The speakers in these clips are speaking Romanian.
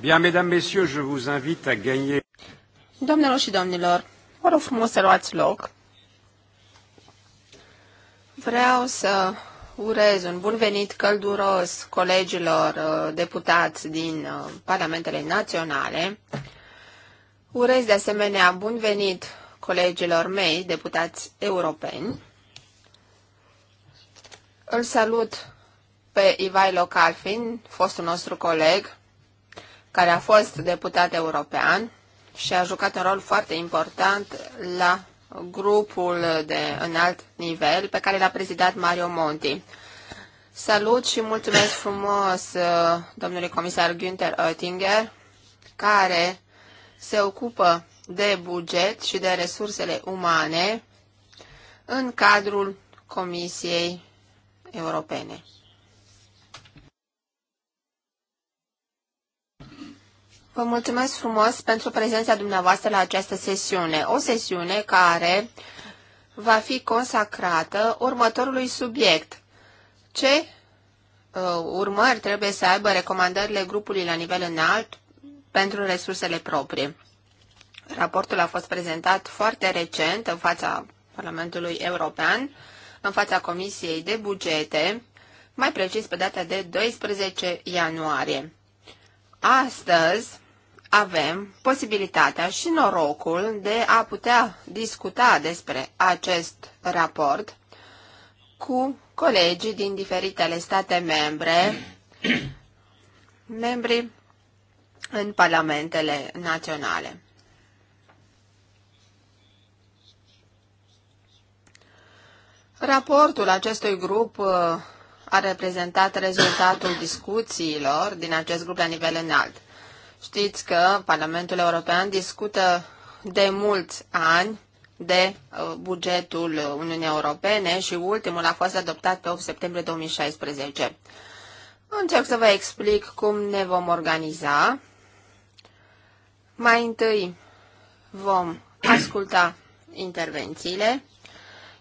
Bien, mesdames, messieurs, je vous invite à gagner. Doamnelor și domnilor, vă rog frumos să luați loc. Vreau să urez un bun venit călduros colegilor uh, deputați din uh, Parlamentele Naționale. Urez de asemenea bun venit colegilor mei, deputați europeni. Îl salut pe Ivailo Calfin, fostul nostru coleg, care a fost deputat european și a jucat un rol foarte important la grupul de înalt nivel pe care l-a prezidat Mario Monti. Salut și mulțumesc frumos uh, domnului comisar Günther Oettinger, care se ocupă de buget și de resursele umane în cadrul Comisiei Europene. Vă mulțumesc frumos pentru prezența dumneavoastră la această sesiune, o sesiune care va fi consacrată următorului subiect. Ce uh, urmări trebuie să aibă recomandările grupului la nivel înalt pentru resursele proprii? Raportul a fost prezentat foarte recent în fața Parlamentului European, în fața Comisiei de Bugete, mai precis pe data de 12 ianuarie. Astăzi, avem posibilitatea și norocul de a putea discuta despre acest raport cu colegii din diferitele state membre, membri în parlamentele naționale. Raportul acestui grup uh, a reprezentat rezultatul discuțiilor din acest grup la nivel înalt. Știți că Parlamentul European discută de mulți ani de uh, bugetul Uniunii Europene și ultimul a fost adoptat pe 8 septembrie 2016. Încerc să vă explic cum ne vom organiza. Mai întâi vom asculta intervențiile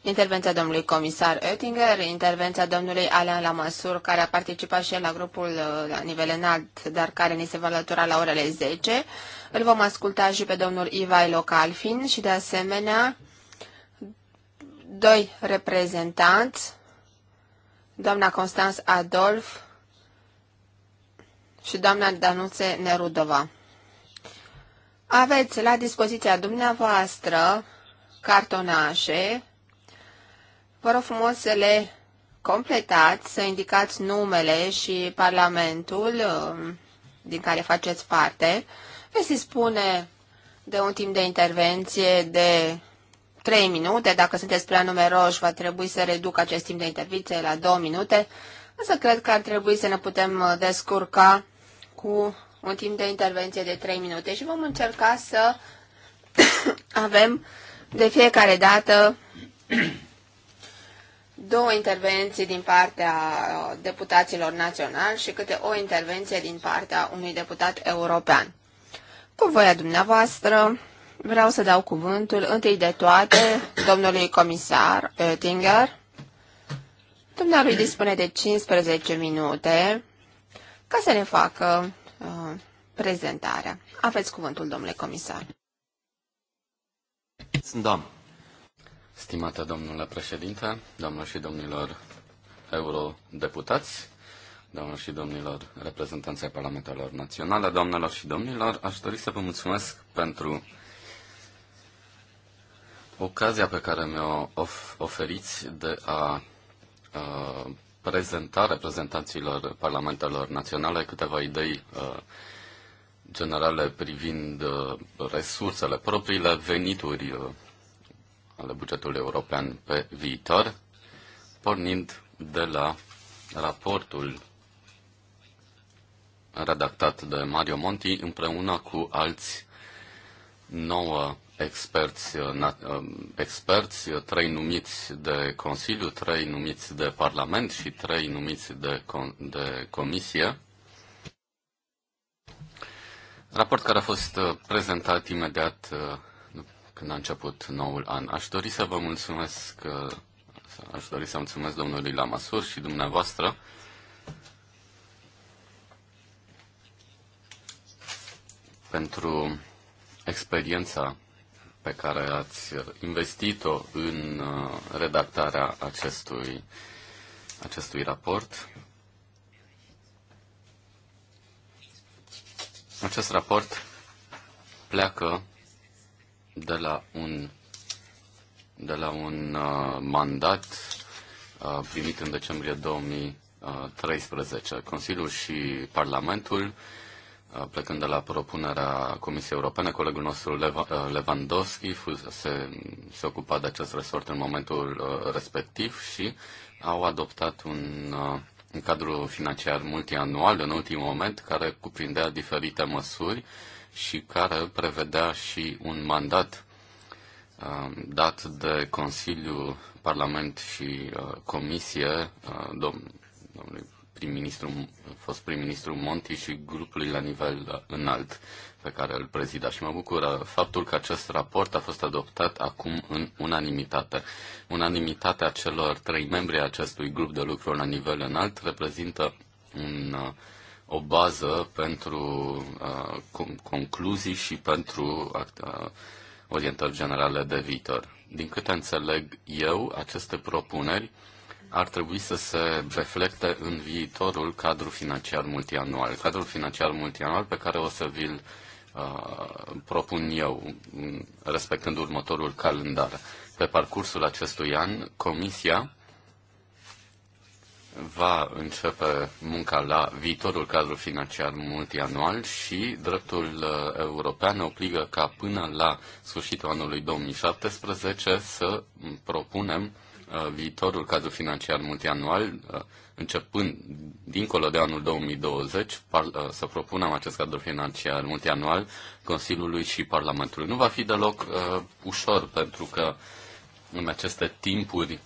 intervenția domnului comisar Oettinger, intervenția domnului Alain Lamassur, care a participat și el la grupul uh, la nivel înalt, dar care ni se va alătura la orele 10. Îl vom asculta și pe domnul Ivai Localfin și, de asemenea, doi reprezentanți, doamna Constanț Adolf și doamna Danuțe Nerudova. Aveți la dispoziția dumneavoastră cartonașe Vă rog frumos să le completați, să indicați numele și parlamentul um, din care faceți parte. Veți spune de un timp de intervenție de 3 minute. Dacă sunteți prea numeroși, va trebui să reduc acest timp de intervenție la 2 minute. Însă cred că ar trebui să ne putem uh, descurca cu un timp de intervenție de 3 minute și vom încerca să avem de fiecare dată două intervenții din partea uh, deputaților naționali și câte o intervenție din partea unui deputat european. Cu voia dumneavoastră, vreau să dau cuvântul întâi de toate domnului comisar Oettinger. Dumnealui dispune de 15 minute ca să ne facă uh, prezentarea. Aveți cuvântul, domnule comisar. Sunt domn. Stimată domnule președinte, doamnelor și domnilor eurodeputați, doamnelor și domnilor reprezentanți ai Parlamentelor Naționale, doamnelor și domnilor, aș dori să vă mulțumesc pentru ocazia pe care mi-o oferiți de a, a prezenta reprezentanților Parlamentelor Naționale câteva idei a, generale privind resursele propriile, venituri ale bugetului european pe viitor, pornind de la raportul redactat de Mario Monti împreună cu alți nouă experți, eh, experți, trei numiți de Consiliu, trei numiți de Parlament și trei numiți de, de Comisie. Raport care a fost eh, prezentat imediat eh, când a început noul an. Aș dori să vă mulțumesc, uh, aș dori să mulțumesc domnului Lamasur și dumneavoastră pentru experiența pe care ați investit-o în uh, redactarea acestui, acestui raport. Acest raport pleacă de la un, de la un uh, mandat uh, primit în decembrie 2013. Consiliul și Parlamentul, uh, plecând de la propunerea Comisiei Europene, colegul nostru Leva, uh, Lewandowski se, se ocupa de acest resort în momentul uh, respectiv și au adoptat un, uh, un cadru financiar multianual în ultimul moment care cuprindea diferite măsuri uh, și care prevedea și un mandat uh, dat de Consiliu, Parlament și uh, Comisie, uh, domnului prim-ministru, fost prim-ministru Monti și grupului la nivel înalt pe care îl prezida. Și mă bucură faptul că acest raport a fost adoptat acum în unanimitate. Unanimitatea celor trei membri acestui grup de lucru la nivel înalt reprezintă un uh, o bază pentru uh, concluzii și pentru uh, orientări generale de viitor. Din câte înțeleg eu, aceste propuneri ar trebui să se reflecte în viitorul cadru financiar multianual. Cadrul financiar multianual pe care o să vi-l uh, propun eu, respectând următorul calendar. Pe parcursul acestui an, Comisia va începe munca la viitorul cadru financiar multianual și dreptul uh, european obligă ca până la sfârșitul anului 2017 să propunem uh, viitorul cadru financiar multianual, uh, începând dincolo de anul 2020, să propunem acest cadru financiar multianual Consiliului și Parlamentului. Nu va fi deloc ușor, pentru că în aceste timpuri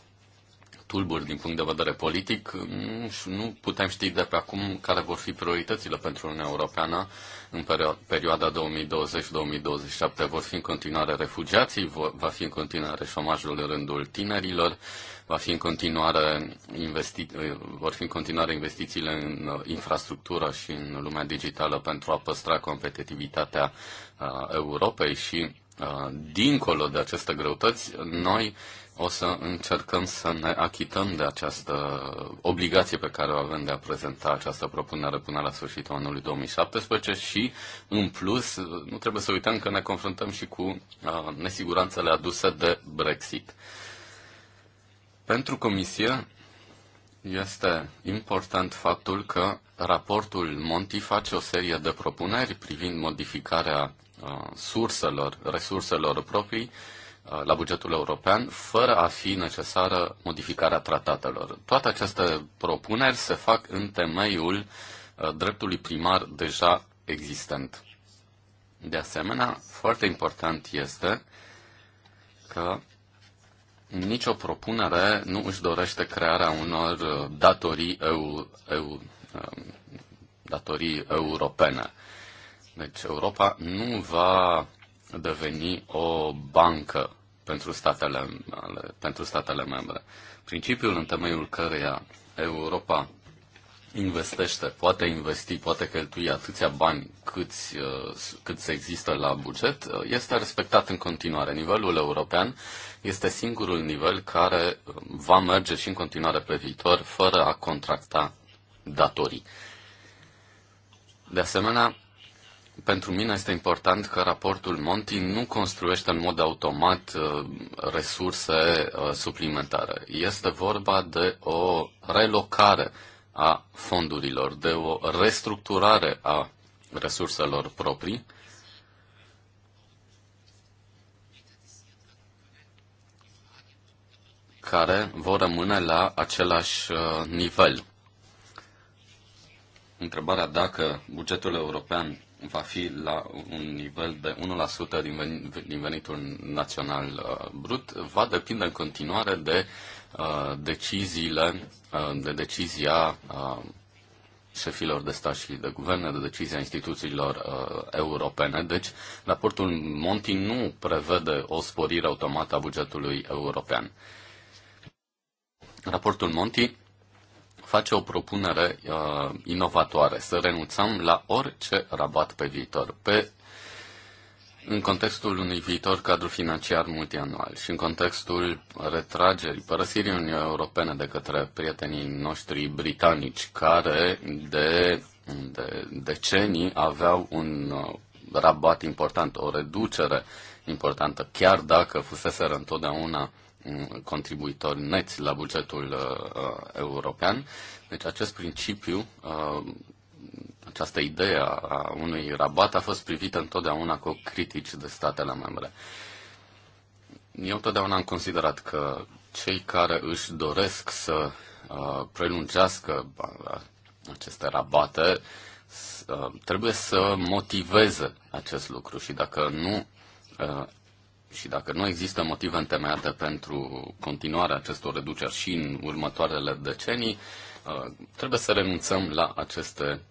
tulburi din punct de vedere politic, mm, nu putem ști de exact pe acum care vor fi prioritățile pentru Uniunea Europeană în perioada 2020-2027. Vor fi în continuare refugiații, va fi în continuare șomajul în rândul tinerilor, va fi în continuare investi- eh, vor fi în continuare investițiile în uh, infrastructură și în lumea digitală pentru a păstra competitivitatea uh, Europei și uh, dincolo de aceste greutăți, noi o să încercăm să ne achităm de această obligație pe care o avem de a prezenta această propunere până la sfârșitul anului 2017 și, în plus, nu trebuie să uităm că ne confruntăm și cu nesiguranțele aduse de Brexit. Pentru Comisie este important faptul că raportul Monti face o serie de propuneri privind modificarea surselor, resurselor proprii, Uh, la bugetul european, fără a fi necesară modificarea tratatelor. Toate aceste propuneri se fac în temeiul uh, dreptului primar deja existent. De asemenea, foarte important este că nicio propunere nu își dorește crearea unor uh, datorii, eu, eu, um, datorii europene. Deci Europa nu va deveni o bancă pentru statele, pentru statele membre. Principiul în temeiul căreia Europa investește, poate investi, poate cheltui atâția bani câți, uh, cât se există la buget, uh, este respectat în continuare. Nivelul european este singurul nivel care uh, va merge și în continuare pe viitor fără a contracta datorii. De asemenea, pentru mine este important că raportul Monti nu construiește în mod automat uh, resurse uh, suplimentare. Este vorba de o relocare a fondurilor, de o restructurare a resurselor proprii. care vor rămâne la același uh, nivel. Întrebarea dacă bugetul european va fi la un nivel de 1% din, venitul național uh, brut, va depinde în continuare de uh, deciziile, uh, de decizia șefilor de stat și de guverne, de decizia instituțiilor uh, europene. Deci, raportul Monti nu prevede o sporire automată a bugetului european. Raportul Monti face o propunere uh, inovatoare, să renunțăm la orice rabat pe viitor, pe, în contextul unui viitor cadru financiar multianual și în contextul retragerii, părăsirii Uniunii Europene de către prietenii noștri britanici, care de, de decenii aveau un uh, rabat important, o reducere importantă, chiar dacă fusese întotdeauna Mm, contribuitori neți la bugetul uh, uh, european. Deci acest principiu, uh, această idee a unui rabat a fost privită întotdeauna cu critici de statele membre. Eu întotdeauna am considerat că cei care își doresc să uh, prelungească aceste rabate uh, trebuie să motiveze acest lucru și dacă nu uh, și dacă nu există motive întemeiate pentru continuarea acestor reduceri și în următoarele decenii, uh, trebuie să renunțăm la aceste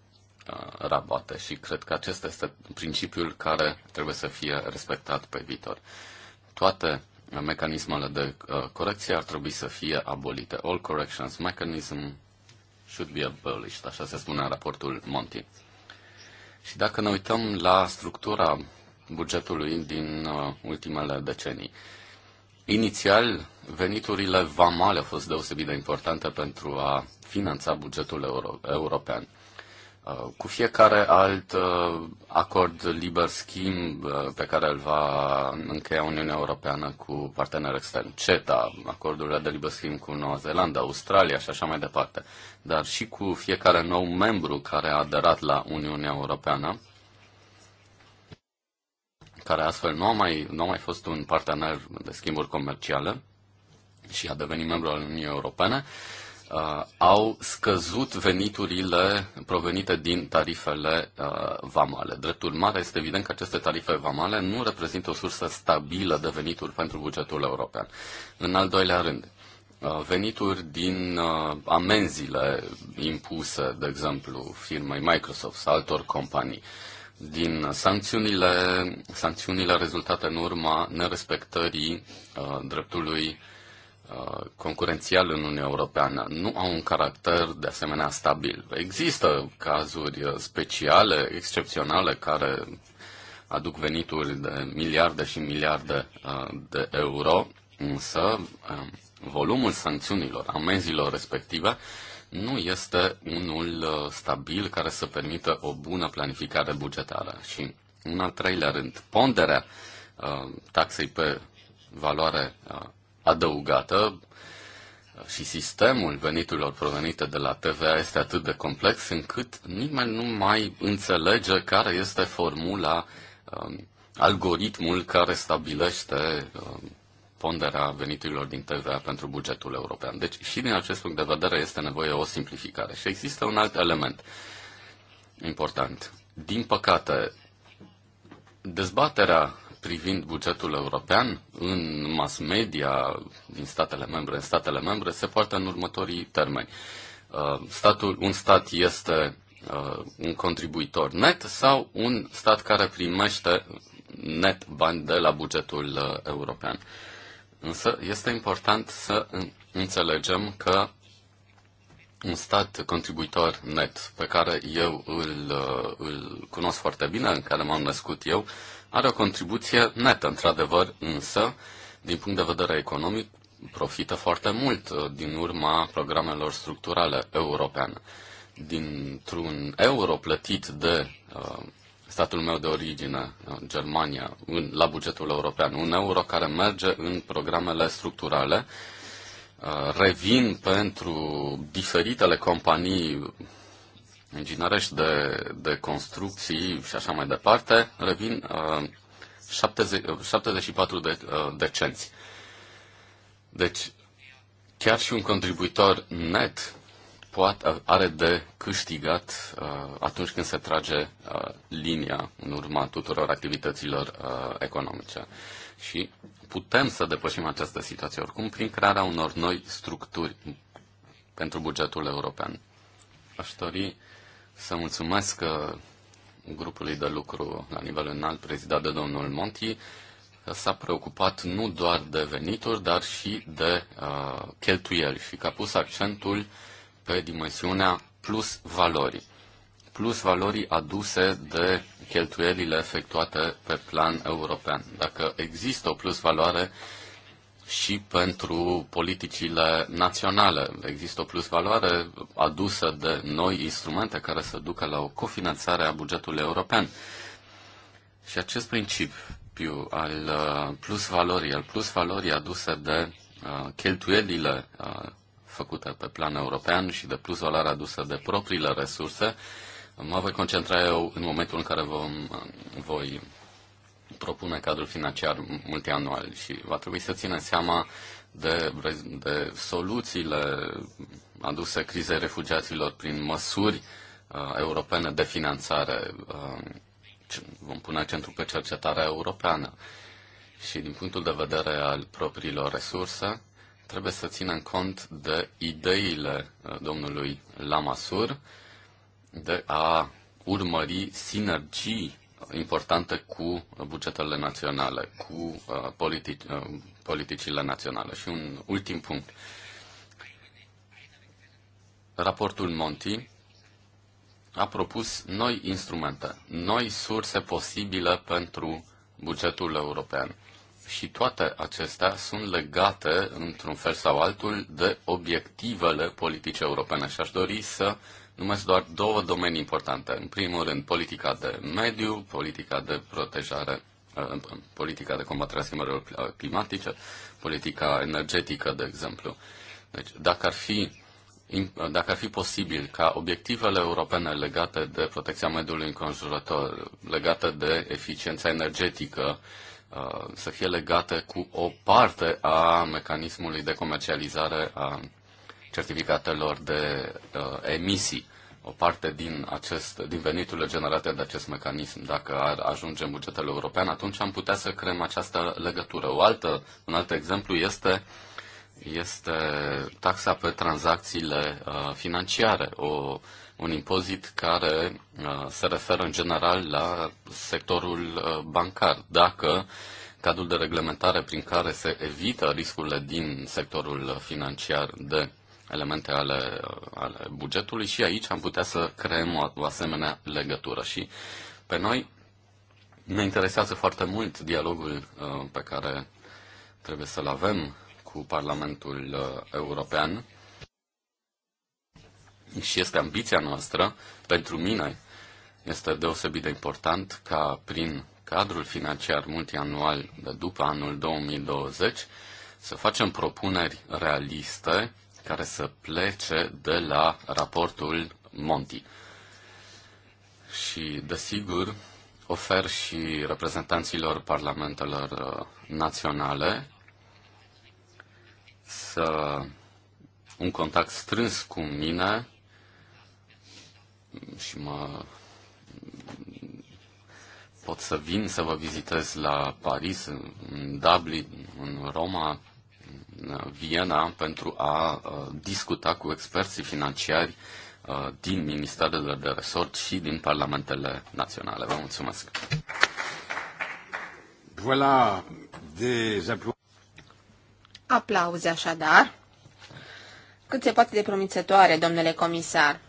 uh, rabate și cred că acesta este principiul care trebuie să fie respectat pe viitor. Toate uh, mecanismele de corecție ar trebui să fie abolite. All corrections mechanism should be abolished, așa se spune în raportul Monti. Și dacă ne uităm la structura bugetului din uh, ultimele decenii. Inițial, veniturile vamale au fost deosebit de importante pentru a finanța bugetul euro- european. Uh, cu fiecare alt uh, acord liber schimb pe care îl va încheia Uniunea Europeană cu parteneri externi, CETA, acordurile de liber schimb cu Noua Zeelandă, Australia și așa mai departe, dar și cu fiecare nou membru care a aderat la Uniunea Europeană, care astfel nu a mai, nu a mai fost un partener de schimburi comerciale și a devenit membru al Uniunii Europene, uh, au scăzut veniturile provenite din tarifele uh, vamale. Drept urmare, este evident că aceste tarife vamale nu reprezintă o sursă stabilă de venituri pentru bugetul european. În al doilea rând, uh, venituri din uh, amenziile impuse, de exemplu, firmei Microsoft sau altor companii. Uh, din sancțiunile, sancțiunile rezultate în urma nerespectării uh, dreptului uh, concurențial în Uniunea Europeană nu au un caracter de asemenea stabil. Există cazuri uh, speciale, excepționale, care aduc venituri de miliarde și miliarde uh, de euro, însă uh, volumul sancțiunilor, amenzilor respective, uh, nu este unul uh, stabil care să permită o bună planificare bugetară. Și în al treilea rând, ponderea uh, taxei pe valoare uh, adăugată și sistemul veniturilor provenite de la TVA este atât de complex încât nimeni nu mai înțelege care este formula, um, algoritmul care stabilește um, ponderea veniturilor din TVA pentru bugetul european. Deci și din acest punct de vedere este nevoie o simplificare. Și există un alt element important. Din păcate, dezbaterea privind bugetul european în mass media din statele membre în statele membre se poartă în următorii termeni. Uh, statul, un stat este uh, un contribuitor net sau un stat care primește net bani de la bugetul uh, european. Însă este important să înțelegem că un stat contribuitor net pe care eu îl, uh, îl cunosc foarte bine, în care m-am născut eu, are o contribuție netă, într-adevăr, însă, din punct de vedere economic, profită foarte mult uh, din urma programelor structurale europene. Dintr-un euro plătit de uh, statul meu de origine, Germania, în, la bugetul european. Un euro care merge în programele structurale, uh, revin pentru diferitele companii inginerești de, de construcții și așa mai departe, revin 70, uh, 74 de, uh, de cenți. Deci, chiar și un contribuitor net poate, are de câștigat uh, atunci când se trage uh, linia în urma tuturor activităților uh, economice. Și putem să depășim această situație oricum prin crearea unor noi structuri pentru bugetul european. Aș dori să mulțumesc că uh, grupului de lucru la nivel înalt prezidat de domnul Monti s-a preocupat nu doar de venituri, dar și de uh, cheltuieli și că a pus accentul uh, pe dimensiunea plus valorii. Plus valorii aduse de cheltuielile efectuate pe plan european. Dacă există o plus valoare și pentru politicile naționale, există o plus valoare adusă de noi instrumente care să ducă la o cofinanțare a bugetului european. Și acest principiu al uh, plus valorii, al plus valorii aduse de uh, cheltuielile uh, făcute pe plan european și de plus valoare adusă de propriile resurse, mă voi concentra eu în momentul în care vom, voi propune cadrul financiar multianual și va trebui să ținem seama de, de soluțiile aduse crizei refugiaților prin măsuri uh, europene de finanțare. Uh, vom pune centru pe cercetarea europeană. Și din punctul de vedere al propriilor resurse, trebuie să ținem cont de ideile uh, domnului Lamasur de a urmări sinergii importante cu bugetele naționale, cu uh, politici, uh, politicile naționale. Și un ultim punct. Raportul Monti a propus noi instrumente, noi surse posibile pentru bugetul european și toate acestea sunt legate, într-un fel sau altul, de obiectivele politice europene. Și aș dori să numesc doar două domenii importante. În primul rând, politica de mediu, politica de protejare, uh, politica de combatere a schimbărilor uh, climatice, politica energetică, de exemplu. Deci, dacă ar fi uh, dacă ar fi posibil ca obiectivele europene legate de protecția mediului înconjurător, legate de eficiența energetică, Uh, să fie legate cu o parte a mecanismului de comercializare a certificatelor de uh, emisii. O parte din, acest, din veniturile generate de acest mecanism, dacă ar ajunge în bugetul european, atunci am putea să creăm această legătură. O altă, un alt exemplu este, este taxa pe tranzacțiile uh, financiare, o un impozit care uh, se referă în general la sectorul uh, bancar. Dacă cadrul de reglementare prin care se evită riscurile din sectorul financiar de elemente ale, uh, ale bugetului și aici am putea să creăm o, o asemenea legătură. Și pe noi ne interesează foarte mult dialogul uh, pe care trebuie să-l avem cu Parlamentul uh, European și este ambiția noastră, pentru mine este deosebit de important ca prin cadrul financiar multianual de după anul 2020 să facem propuneri realiste care să plece de la raportul Monti. Și, desigur, ofer și reprezentanților parlamentelor uh, naționale să un contact strâns cu mine și mă pot să vin să vă vizitez la Paris, în Dublin, în Roma, în Viena, pentru a discuta cu experții financiari din ministerele de resort și din parlamentele naționale. Vă mulțumesc! Voilà des Aplauze așadar. Cât se poate de promițătoare, domnule comisar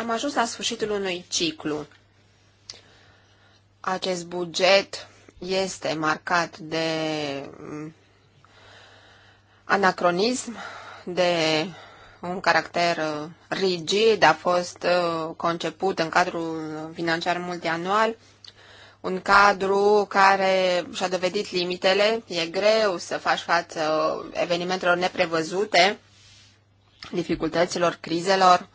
am ajuns la sfârșitul unui ciclu. Acest buget este marcat de mm, anacronism, de un caracter uh, rigid, a fost uh, conceput în cadrul financiar multianual, un cadru care și-a dovedit limitele, e greu să faci față evenimentelor neprevăzute, dificultăților, crizelor,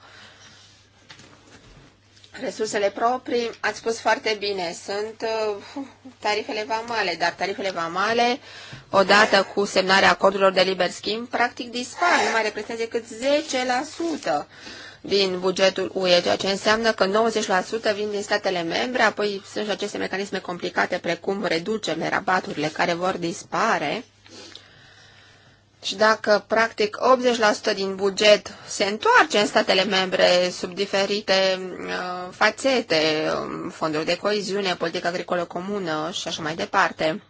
Resursele proprii, ați spus foarte bine, sunt uh, tarifele vamale, dar tarifele vamale, odată cu semnarea acordurilor de liber schimb, practic dispar, nu mai reprezintă decât 10% din bugetul UE, ceea ce înseamnă că 90% vin din statele membre, apoi sunt și aceste mecanisme complicate precum reducerile, rabaturile care vor dispare. Și dacă, practic, 80% din buget se întoarce în statele membre sub diferite uh, fațete, um, fonduri de coeziune, politică agricolă comună și așa mai departe,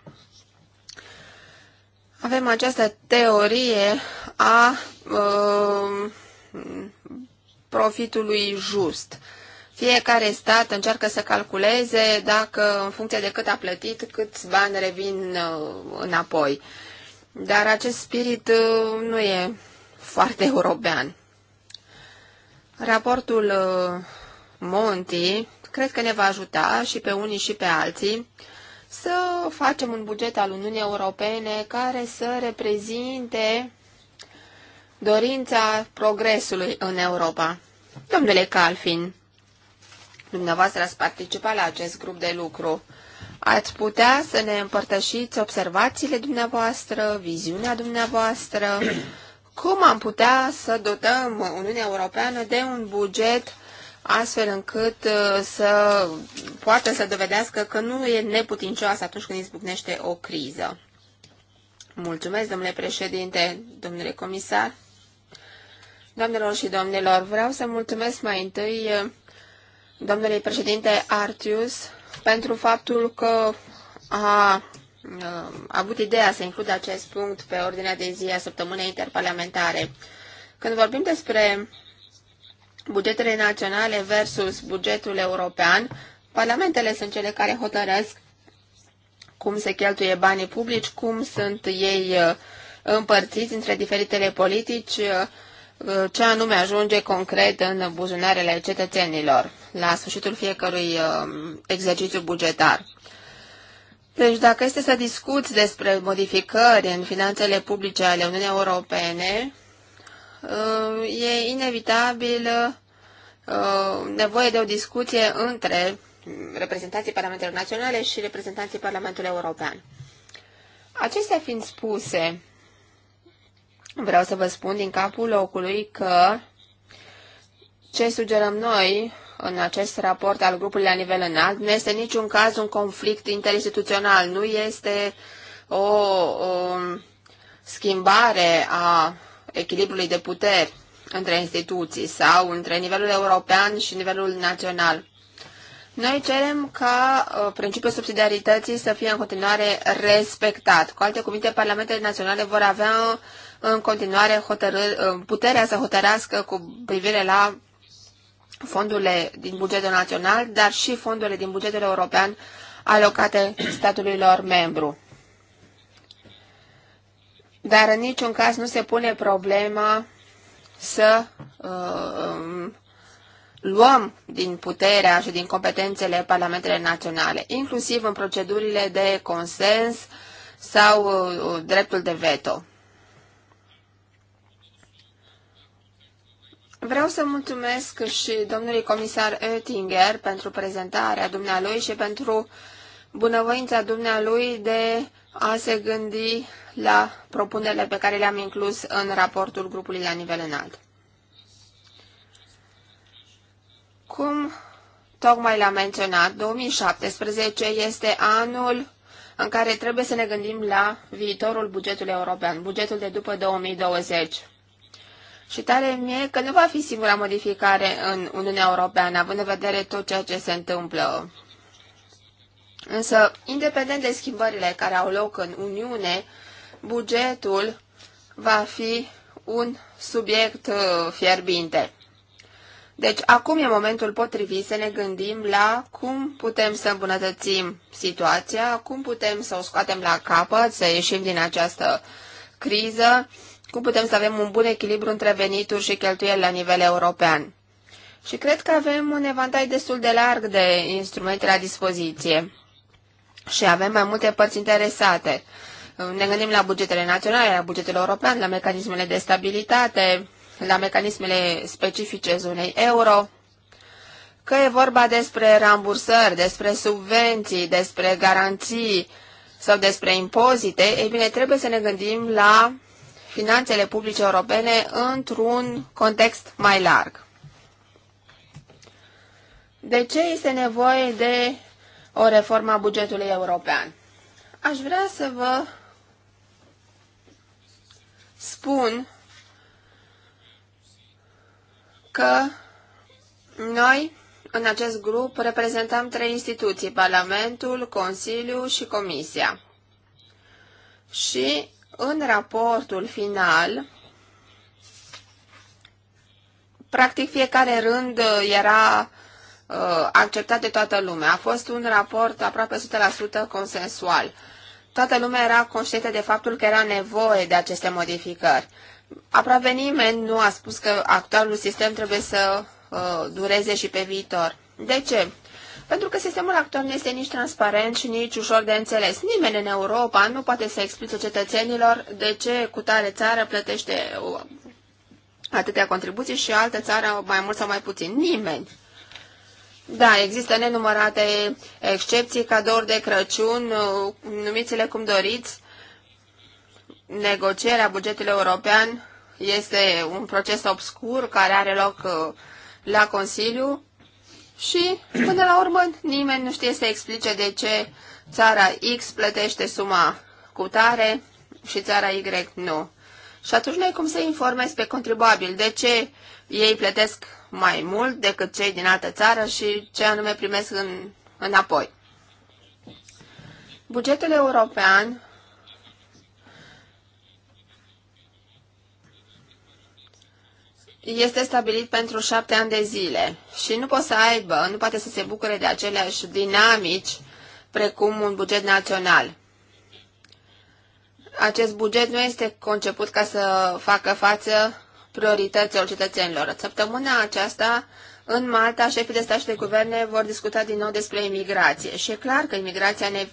avem această teorie a uh, profitului just. Fiecare stat încearcă să calculeze dacă, în funcție de cât a plătit, câți bani revin uh, înapoi. Uh, dar acest spirit uh, nu e foarte european. Raportul uh, Monti cred că ne va ajuta și pe unii și pe alții să facem un buget al Uniunii Europene care să reprezinte dorința progresului în Europa. Domnule Calfin, dumneavoastră ați participat la acest grup de lucru. Ați putea să ne împărtășiți observațiile dumneavoastră, viziunea dumneavoastră, cum am putea să dotăm Uniunea Europeană de un buget astfel încât uh, să poată să dovedească că nu e neputincioasă atunci când izbucnește o criză. Mulțumesc, domnule președinte, domnule comisar. Doamnelor și domnilor, vreau să mulțumesc mai întâi uh, domnului președinte Artius pentru faptul că a a avut ideea să includă acest punct pe ordinea de zi a săptămânei interparlamentare. Când vorbim despre bugetele naționale versus bugetul european, parlamentele sunt cele care hotărăsc cum se cheltuie banii publici, cum sunt ei uh, împărțiți între diferitele politici, uh, Uh, ce anume ajunge concret în buzunarele cetățenilor la sfârșitul fiecărui uh, exercițiu bugetar. Deci dacă este să discuți despre modificări în finanțele publice ale Uniunii Europene, uh, e inevitabil nevoie de o discuție între reprezentanții Parlamentelor Naționale și reprezentanții Parlamentului European. Acestea fiind spuse, Vreau să vă spun din capul locului că ce sugerăm noi în acest raport al grupului la nivel înalt nu este niciun caz un conflict interinstituțional, nu este o, o schimbare a echilibrului de puteri între instituții sau între nivelul european și nivelul național. Noi cerem ca uh, principiul subsidiarității să fie în continuare respectat. Cu alte cuvinte, parlamentele naționale vor avea în continuare hotărâ, puterea să hotărească cu privire la fondurile din bugetul național, dar și fondurile din bugetul european alocate statului lor membru. Dar în niciun caz nu se pune problema să uh, luăm din puterea și din competențele parlamentele naționale, inclusiv în procedurile de consens sau uh, dreptul de veto. Vreau să mulțumesc și domnului comisar Oettinger pentru prezentarea dumnealui și pentru bunăvoința dumnealui de a se gândi la propunerile pe care le-am inclus în raportul grupului la nivel înalt. Cum tocmai l-am menționat, 2017 este anul în care trebuie să ne gândim la viitorul bugetului european, bugetul de după 2020. Și tare mie că nu va fi singura modificare în Uniunea Europeană, având în vedere tot ceea ce se întâmplă. Însă, independent de schimbările care au loc în Uniune, bugetul va fi un subiect uh, fierbinte. Deci, acum e momentul potrivit să ne gândim la cum putem să îmbunătățim situația, cum putem să o scoatem la capăt, să ieșim din această criză, cum putem să avem un bun echilibru între venituri și cheltuieli la nivel european. Și cred că avem un evantai destul de larg de instrumente la dispoziție și avem mai multe părți interesate. Ne gândim la bugetele naționale, la bugetul european, la mecanismele de stabilitate, la mecanismele specifice zonei euro, că e vorba despre rambursări, despre subvenții, despre garanții sau despre impozite, ei bine, trebuie să ne gândim la finanțele publice europene într-un context mai larg. De ce este nevoie de o reformă a bugetului european? Aș vrea să vă spun că noi, în acest grup, reprezentăm trei instituții, Parlamentul, Consiliul și Comisia. Și în raportul final, practic fiecare rând era uh, acceptat de toată lumea. A fost un raport aproape 100% consensual. Toată lumea era conștientă de faptul că era nevoie de aceste modificări. Aproape nimeni nu a spus că actualul sistem trebuie să uh, dureze și pe viitor. De ce? pentru că sistemul actual nu este nici transparent și nici ușor de înțeles. Nimeni în Europa nu poate să explice cetățenilor de ce cu tare țară plătește uh, atâtea contribuții și altă țară mai mult sau mai puțin. Nimeni. Da, există nenumărate excepții, cadouri de Crăciun, uh, numiți-le cum doriți. Negocierea bugetului european este un proces obscur care are loc uh, la Consiliu și, până la urmă, nimeni nu știe să explice de ce țara X plătește suma cu tare și țara Y nu. Și atunci noi cum să informezi pe contribuabil de ce ei plătesc mai mult decât cei din altă țară și ce anume primesc în, înapoi. Bugetul european este stabilit pentru șapte ani de zile și nu poate să aibă, nu poate să se bucure de aceleași dinamici precum un buget național. Acest buget nu este conceput ca să facă față priorităților cetățenilor. Săptămâna aceasta, în Malta, șefii de stat și de guverne vor discuta din nou despre imigrație și e clar că imigrația ne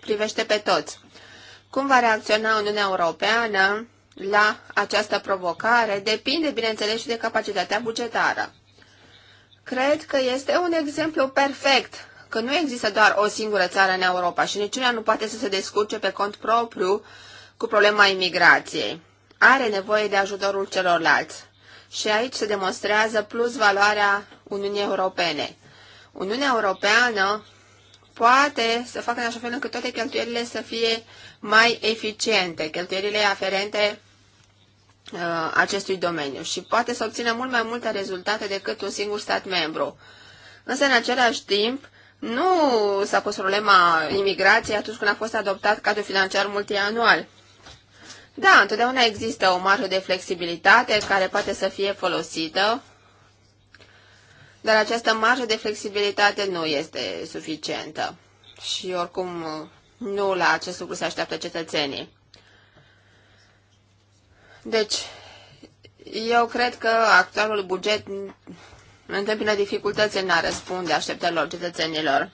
privește pe toți. Cum va reacționa Uniunea Europeană la această provocare depinde, bineînțeles, și de capacitatea bugetară. Cred că este un exemplu perfect că nu există doar o singură țară în Europa și niciuna nu poate să se descurce pe cont propriu cu problema imigrației. Are nevoie de ajutorul celorlalți. Și aici se demonstrează plus valoarea Uniunii Europene. Uniunea Europeană poate să facă în așa fel încât toate cheltuielile să fie mai eficiente, cheltuielile aferente uh, acestui domeniu și poate să obțină mult mai multe rezultate decât un singur stat membru. Însă, în același timp, nu s-a pus problema imigrației atunci când a fost adoptat cadrul financiar multianual. Da, întotdeauna există o marjă de flexibilitate care poate să fie folosită dar această marjă de flexibilitate nu este suficientă și oricum nu la acest lucru se așteaptă cetățenii. Deci, eu cred că actualul buget întâmpină dificultăți în a răspunde așteptărilor cetățenilor.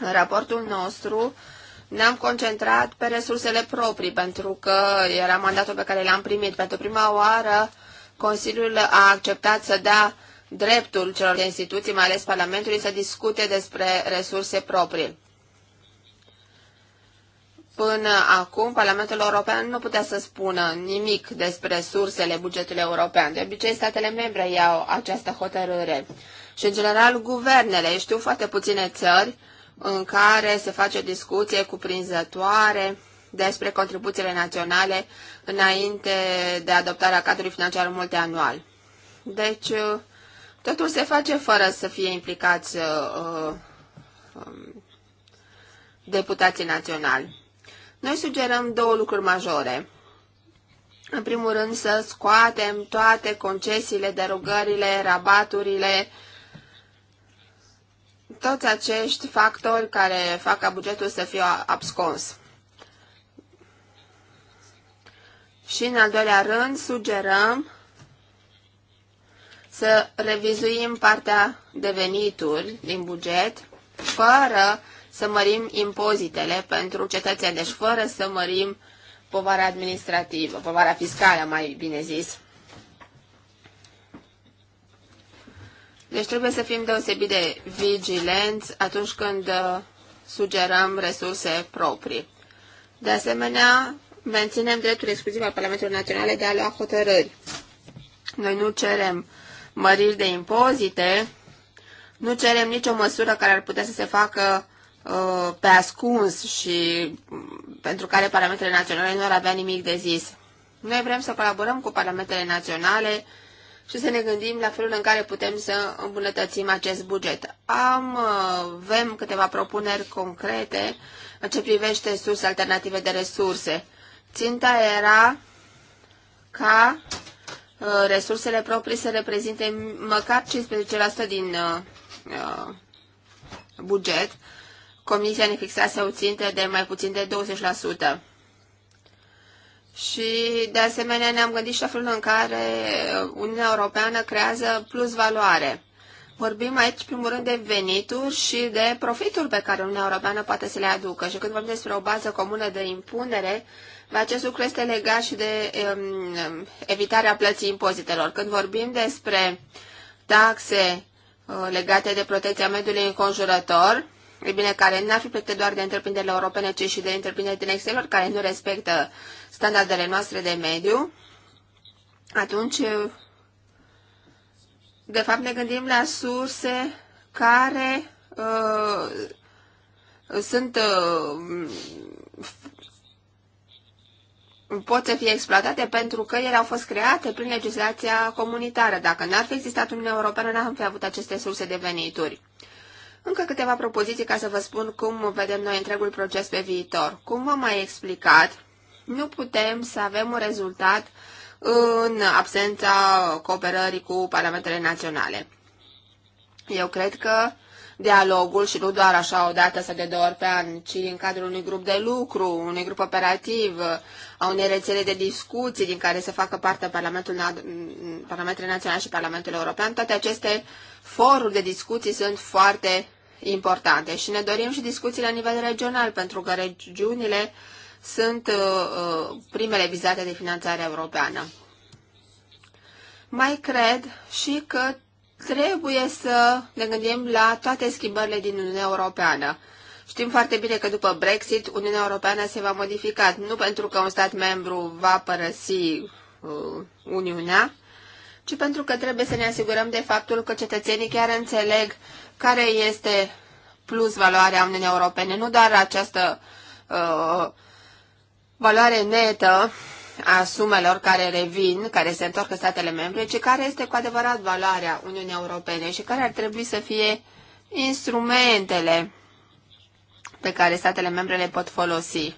În raportul nostru ne-am concentrat pe resursele proprii, pentru că era mandatul pe care l-am primit. Pentru prima oară, Consiliul a acceptat să dea dreptul celor de instituții, mai ales Parlamentului, să discute despre resurse proprii. Până acum, Parlamentul European nu putea să spună nimic despre sursele bugetului european. De obicei, statele membre iau această hotărâre. Și, în general, guvernele. Știu foarte puține țări în care se face o discuție cuprinzătoare despre contribuțiile naționale înainte de adoptarea cadrului financiar multianual. Deci, Totul se face fără să fie implicați uh, uh, um, deputații naționali. Noi sugerăm două lucruri majore. În primul rând să scoatem toate concesiile, derogările, rabaturile, toți acești factori care fac ca bugetul să fie abscons. Și în al doilea rând sugerăm să revizuim partea de venituri din buget fără să mărim impozitele pentru cetățeni, deci fără să mărim povara administrativă, povara fiscală, mai bine zis. Deci trebuie să fim deosebit de vigilenți atunci când uh, sugerăm resurse proprii. De asemenea, menținem dreptul exclusiv al Parlamentului Național de a lua hotărâri. Noi nu cerem măriri de impozite, nu cerem nicio măsură care ar putea să se facă uh, pe ascuns și mm, pentru care parametrele naționale nu ar avea nimic de zis. Noi vrem să colaborăm cu parlamentele naționale și să ne gândim la felul în care putem să îmbunătățim acest buget. Am, avem uh, câteva propuneri concrete în ce privește surse alternative de resurse. Ținta era ca Uh, resursele proprii să reprezinte măcar 15% din uh, uh, buget. Comisia ne fixase o țintă de mai puțin de 20%. Și, de asemenea, ne-am gândit și la felul în care Uniunea Europeană creează plus valoare. Vorbim aici, primul rând, de venituri și de profituri pe care Uniunea Europeană poate să le aducă. Și când vorbim despre o bază comună de impunere, acest lucru este legat și de um, evitarea plății impozitelor. Când vorbim despre taxe uh, legate de protecția mediului înconjurător, e bine, care n-ar fi plătite doar de întreprinderile europene, ci și de întreprinderi din exterior care nu respectă standardele noastre de mediu, atunci uh, de fapt, ne gândim la surse care uh, sunt uh, pot să fie exploatate pentru că ele au fost create prin legislația comunitară. Dacă n-ar fi existat Uniunea Europeană, n-am fi avut aceste surse de venituri. Încă câteva propoziții ca să vă spun cum vedem noi întregul proces pe viitor. Cum v-am mai explicat, nu putem să avem un rezultat în absența cooperării cu parlamentele naționale. Eu cred că dialogul și nu doar așa o dată sau de două ori pe an, ci în cadrul unui grup de lucru, unui grup operativ, a unei rețele de discuții din care să facă parte Parlamentul Parlamentele Naționale și Parlamentul European, toate aceste foruri de discuții sunt foarte importante și ne dorim și discuții la nivel regional, pentru că regiunile uh, sunt uh, uh, primele vizate de finanțare europeană. Mai cred și că trebuie să ne gândim la toate schimbările din Uniunea Europeană. Știm foarte bine că după Brexit Uniunea Europeană se va modifica, nu pentru că un stat membru va părăsi uh, Uniunea, ci pentru că trebuie să ne asigurăm de faptul că cetățenii chiar înțeleg care este plus valoarea Uniunii Europene, nu doar această uh, valoare netă a sumelor care revin, care se întorc în statele membre, ci care este cu adevărat valoarea Uniunii Europene și care ar trebui să fie instrumentele pe care statele membre le pot folosi.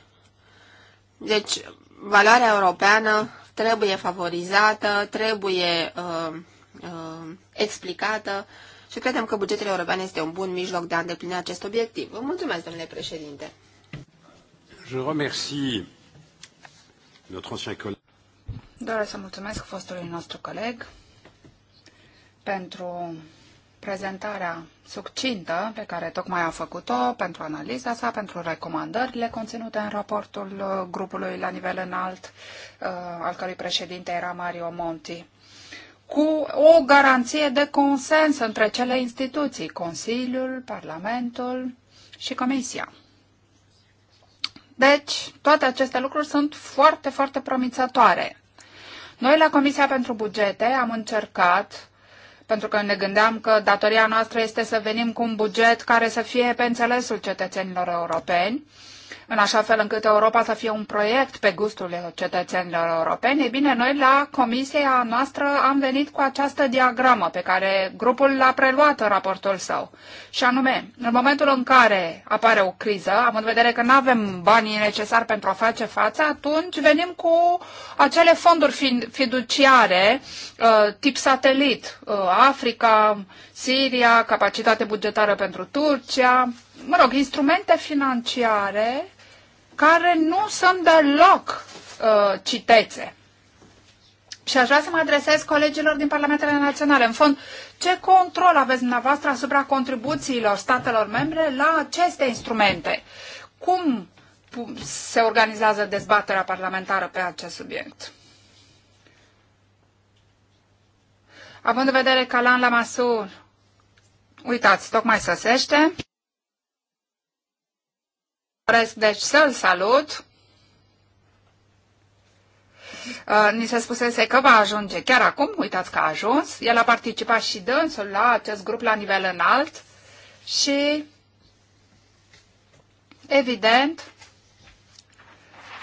Deci, valoarea europeană trebuie favorizată, trebuie uh, uh, explicată și credem că bugetul european este un bun mijloc de a îndeplini acest obiectiv. Vă mulțumesc, domnule președinte. Je remercie Doresc să mulțumesc fostului nostru coleg pentru prezentarea succintă pe care tocmai a făcut-o, pentru analiza sa, pentru recomandările conținute în raportul uh, grupului la nivel înalt, uh, al cărui președinte era Mario Monti, cu o garanție de consens între cele instituții, Consiliul, Parlamentul și Comisia. Deci, toate aceste lucruri sunt foarte, foarte promițătoare. Noi la Comisia pentru Bugete am încercat, pentru că ne gândeam că datoria noastră este să venim cu un buget care să fie pe înțelesul cetățenilor europeni, în așa fel încât Europa să fie un proiect pe gustul cetățenilor europeni, e bine, noi la comisia noastră am venit cu această diagramă pe care grupul l-a preluat în raportul său. Și anume, în momentul în care apare o criză, am în vedere că nu avem banii necesari pentru a face față, atunci venim cu acele fonduri fiduciare uh, tip satelit, uh, Africa, Siria, capacitate bugetară pentru Turcia, mă rog, instrumente financiare care nu sunt deloc uh, citețe. Și aș vrea să mă adresez colegilor din Parlamentele Naționale. În fond, ce control aveți dumneavoastră asupra contribuțiilor statelor membre la aceste instrumente? Cum se organizează dezbaterea parlamentară pe acest subiect? Având în vedere că la masur, uitați, tocmai sosește doresc deci să-l salut. Uh, ni se spusese că va ajunge chiar acum, uitați că a ajuns. El a participat și dânsul la acest grup la nivel înalt și, evident,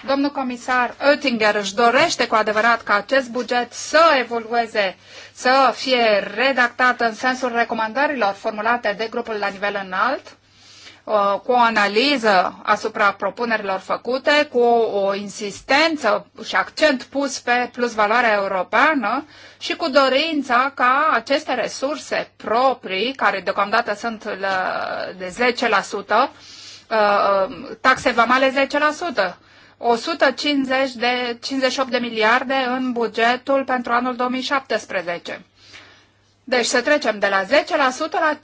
domnul comisar Oettinger își dorește cu adevărat ca acest buget să evolueze, să fie redactat în sensul recomandărilor formulate de grupul la nivel înalt Uh, cu o analiză asupra propunerilor făcute, cu o insistență și accent pus pe plus valoarea europeană și cu dorința ca aceste resurse proprii, care deocamdată sunt de 10%, uh, uh, taxe vamale 10%, 150 de, 58 de miliarde în bugetul pentru anul 2017. Deci să trecem de la 10% la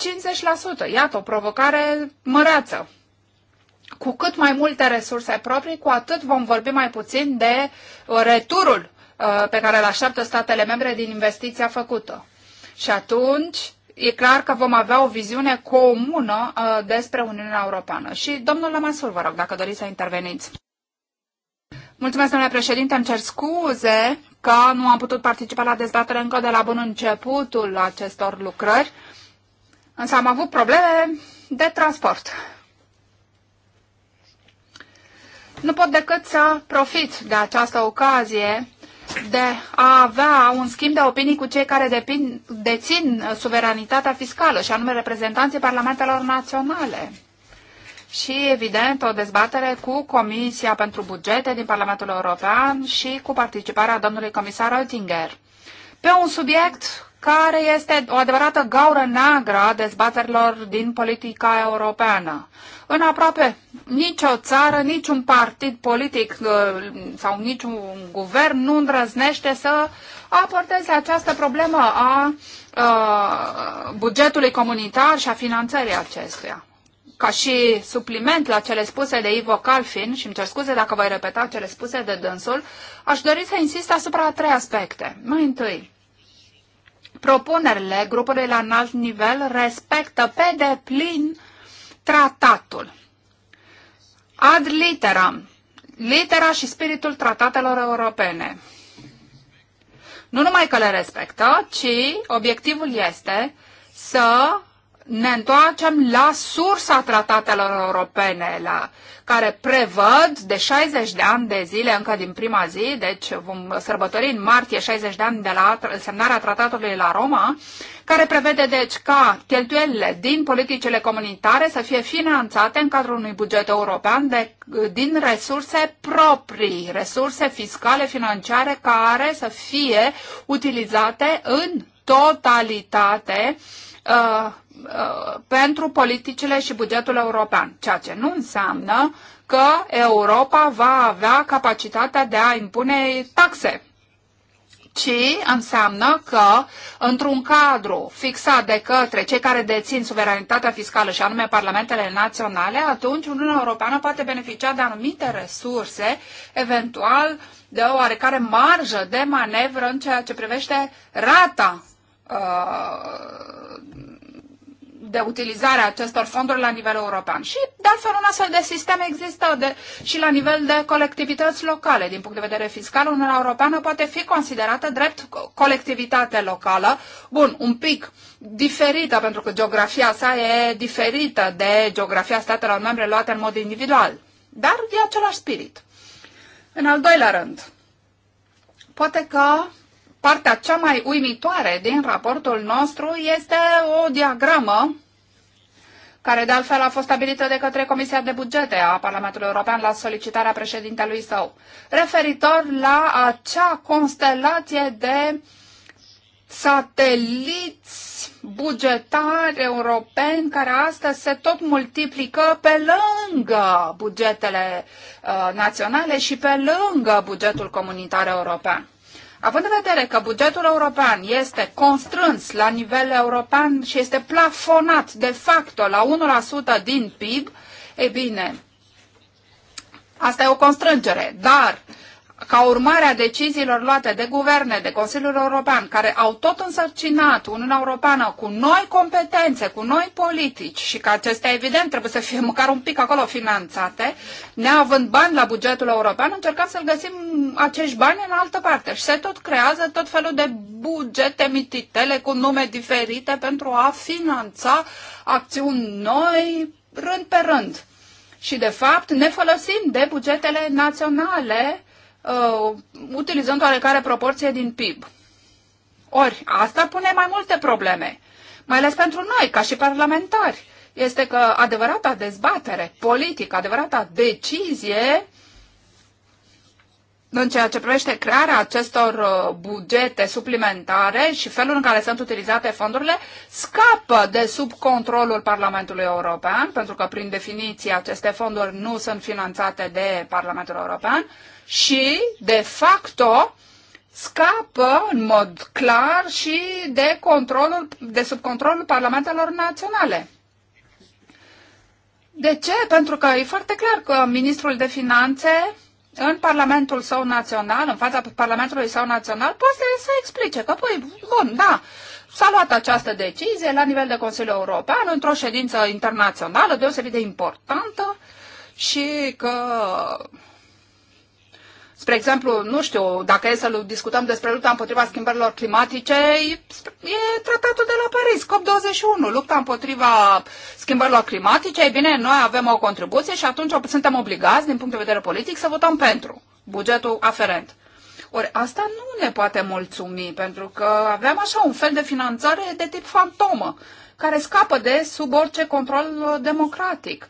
50%. Iată, o provocare măreață. Cu cât mai multe resurse proprii, cu atât vom vorbi mai puțin de uh, returul uh, pe care îl așteaptă statele membre din investiția făcută. Și atunci e clar că vom avea o viziune comună uh, despre Uniunea Europeană. Și domnul Lamasur, vă rog, dacă doriți să interveniți. Mulțumesc, domnule președinte, îmi cer scuze că nu am putut participa la dezbatere încă de la bun începutul acestor lucrări, însă am avut probleme de transport. Nu pot decât să profit de această ocazie de a avea un schimb de opinii cu cei care depin, dețin suveranitatea fiscală, și anume reprezentanții parlamentelor naționale și, evident, o dezbatere cu Comisia pentru Bugete din Parlamentul European și cu participarea domnului comisar Oettinger pe un subiect care este o adevărată gaură neagră a dezbaterilor din politica europeană. În aproape nicio țară, niciun partid politic uh, sau niciun guvern nu îndrăznește să aporteze această problemă a, a uh, bugetului comunitar și a finanțării acestuia ca și supliment la cele spuse de Ivo Calfin, și îmi cer scuze dacă voi repeta cele spuse de dânsul, aș dori să insist asupra a trei aspecte. Mai întâi, propunerile grupului la înalt nivel respectă pe deplin tratatul. Ad literam, litera și spiritul tratatelor europene. Nu numai că le respectă, ci obiectivul este să ne întoarcem la sursa tratatelor europene, la, care prevăd de 60 de ani de zile, încă din prima zi, deci vom sărbători în martie 60 de ani de la semnarea tratatului la Roma, care prevede deci ca cheltuielile din politicile comunitare să fie finanțate în cadrul unui buget european de, din resurse proprii, resurse fiscale, financiare, care să fie utilizate în totalitate uh, Uh, pentru politicile și bugetul european, ceea ce nu înseamnă că Europa va avea capacitatea de a impune taxe ci înseamnă că într-un cadru fixat de către cei care dețin suveranitatea fiscală și anume parlamentele naționale, atunci Uniunea Europeană poate beneficia de anumite resurse, eventual de o oarecare marjă de manevră în ceea ce privește rata uh, de utilizare a acestor fonduri la nivel european. Și, de altfel, un astfel de sistem există de, și la nivel de colectivități locale. Din punct de vedere fiscal, Uniunea Europeană poate fi considerată drept colectivitate locală. Bun, un pic diferită, pentru că geografia sa e diferită de geografia statelor membre luate în mod individual. Dar e același spirit. În al doilea rând, poate că partea cea mai uimitoare din raportul nostru este o diagramă care de altfel a fost stabilită de către Comisia de Bugete a Parlamentului European la solicitarea președintelui său, referitor la acea constelație de sateliți bugetari europeni care astăzi se tot multiplică pe lângă bugetele uh, naționale și pe lângă bugetul comunitar european. Având în vedere că bugetul european este constrâns la nivel european și este plafonat de facto la 1% din PIB, e bine, asta e o constrângere, dar ca urmare a deciziilor luate de guverne, de Consiliul European, care au tot însărcinat Uniunea Europeană cu noi competențe, cu noi politici și că acestea, evident, trebuie să fie măcar un pic acolo finanțate, neavând bani la bugetul european, încercăm să-l găsim acești bani în altă parte. Și se tot creează tot felul de bugete mititele cu nume diferite pentru a finanța acțiuni noi rând pe rând. Și, de fapt, ne folosim de bugetele naționale uh, utilizând oarecare proporție din PIB. Ori, asta pune mai multe probleme, mai ales pentru noi, ca și parlamentari. Este că adevărata dezbatere politică, adevărata decizie în ceea ce privește crearea acestor uh, bugete suplimentare și felul în care sunt utilizate fondurile, scapă de sub controlul Parlamentului European, pentru că, prin definiție, aceste fonduri nu sunt finanțate de Parlamentul European și, de facto, scapă în mod clar și de, controlul, de sub controlul parlamentelor naționale. De ce? Pentru că e foarte clar că ministrul de finanțe în Parlamentul său național, în fața Parlamentului său național, poate să explice că, păi, bun, da, s-a luat această decizie la nivel de Consiliul European, într-o ședință internațională deosebit de importantă și că Spre exemplu, nu știu, dacă e să discutăm despre lupta împotriva schimbărilor climatice, e tratatul de la Paris, COP21, lupta împotriva schimbărilor climatice, e bine, noi avem o contribuție și atunci suntem obligați, din punct de vedere politic, să votăm pentru bugetul aferent. Ori asta nu ne poate mulțumi, pentru că avem așa un fel de finanțare de tip fantomă, care scapă de sub orice control uh, democratic.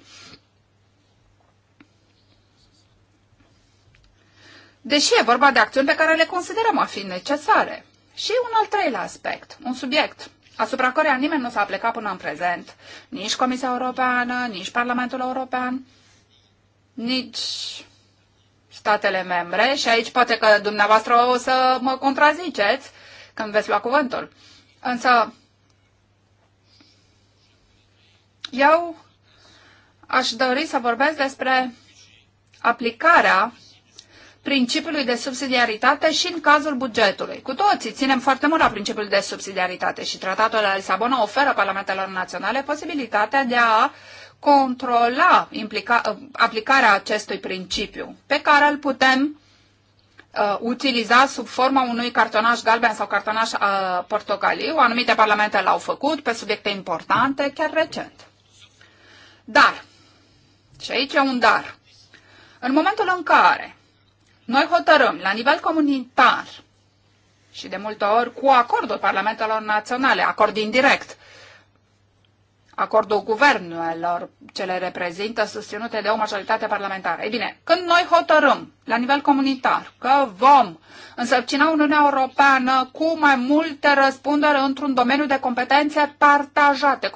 deși e vorba de acțiuni pe care le considerăm a fi necesare. Și un al treilea aspect, un subiect asupra căreia nimeni nu s-a plecat până în prezent, nici Comisia Europeană, nici Parlamentul European, nici statele membre și aici poate că dumneavoastră o să mă contraziceți când veți lua cuvântul. Însă eu aș dori să vorbesc despre aplicarea principiului de subsidiaritate și în cazul bugetului. Cu toții ținem foarte mult la principiul de subsidiaritate și tratatul de la Lisabona oferă parlamentelor naționale posibilitatea de a controla implica, aplicarea acestui principiu, pe care îl putem uh, utiliza sub forma unui cartonaș galben sau cartonaș uh, portocaliu. Anumite parlamente l-au făcut pe subiecte importante, chiar recent. Dar, și aici e un dar, în momentul în care noi hotărâm la nivel comunitar și de multe ori cu acordul parlamentelor naționale, acord indirect, acordul guvernelor ce le reprezintă, susținute de o majoritate parlamentară. Ei bine, când noi hotărâm la nivel comunitar că vom însărcina Uniunea Europeană cu mai multe răspundere într-un domeniu de competențe partajate,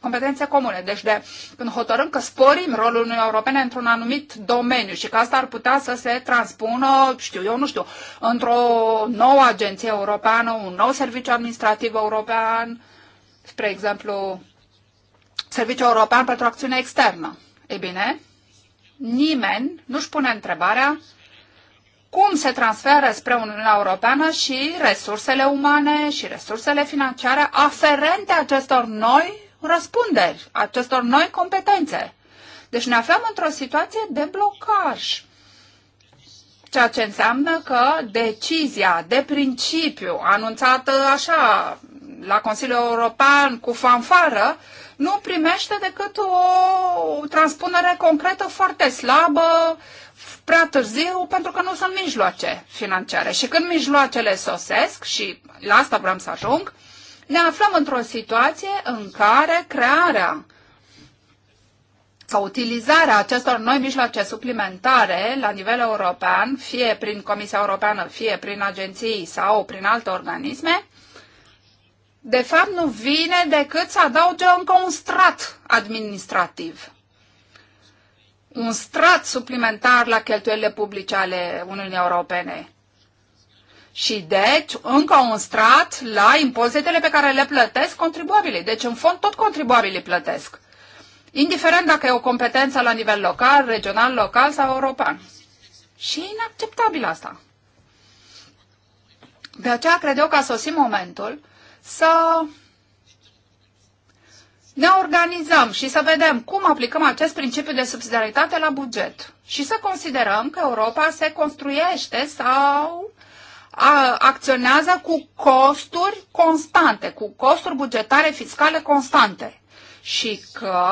competențe comune. Deci de, când hotărâm că sporim rolul Uniunii Europene într-un anumit domeniu și că asta ar putea să se transpună, știu eu, nu știu, într-o nouă agenție europeană, un nou serviciu administrativ european, spre exemplu, Serviciul European pentru Acțiune Externă. Ei bine, nimeni nu-și pune întrebarea cum se transferă spre Uniunea Europeană și resursele umane și resursele financiare aferente acestor noi răspunderi, acestor noi competențe. Deci ne aflăm într-o situație de blocaj, ceea ce înseamnă că decizia de principiu anunțată așa la Consiliul European cu fanfară nu primește decât o transpunere concretă foarte slabă, prea târziu, pentru că nu sunt mijloace financiare. Și când mijloacele sosesc, și la asta vreau să ajung, ne aflăm într-o situație în care crearea sau utilizarea acestor noi mijloace suplimentare la nivel european, fie prin Comisia Europeană, fie prin agenții sau prin alte organisme, de fapt nu vine decât să adauge încă un strat administrativ. Un strat suplimentar la cheltuielile publice ale Uniunii Europene. Și deci încă un strat la impozitele pe care le plătesc contribuabilii. Deci în fond tot contribuabilii plătesc. Indiferent dacă e o competență la nivel local, regional, local sau european. Și e inacceptabil asta. De aceea cred eu că a sosit momentul să ne organizăm și să vedem cum aplicăm acest principiu de subsidiaritate la buget și să considerăm că Europa se construiește sau acționează cu costuri constante, cu costuri bugetare fiscale constante și că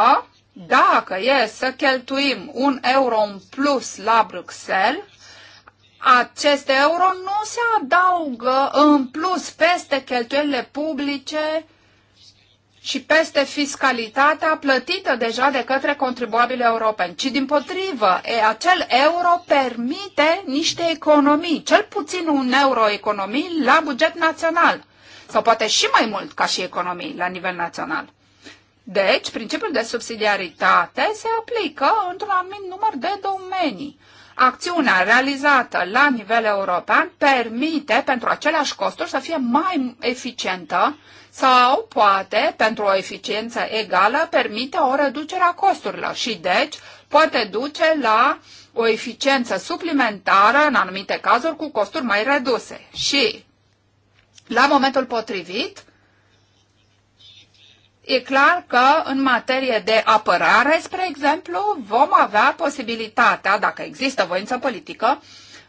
dacă e să cheltuim un euro în plus la Bruxelles, aceste euro nu se adaugă în plus peste cheltuielile publice și peste fiscalitatea plătită deja de către contribuabili europeni, ci din potrivă, e, acel euro permite niște economii, cel puțin un euro economii la buget național, sau poate și mai mult ca și economii la nivel național. Deci, principiul de subsidiaritate se aplică într-un anumit număr de domenii acțiunea realizată la nivel european permite pentru aceleași costuri să fie mai eficientă sau poate, pentru o eficiență egală, permite o reducere a costurilor și deci poate duce la o eficiență suplimentară, în anumite cazuri, cu costuri mai reduse. Și, la momentul potrivit, e clar că în materie de apărare, spre exemplu, vom avea posibilitatea, dacă există voință politică,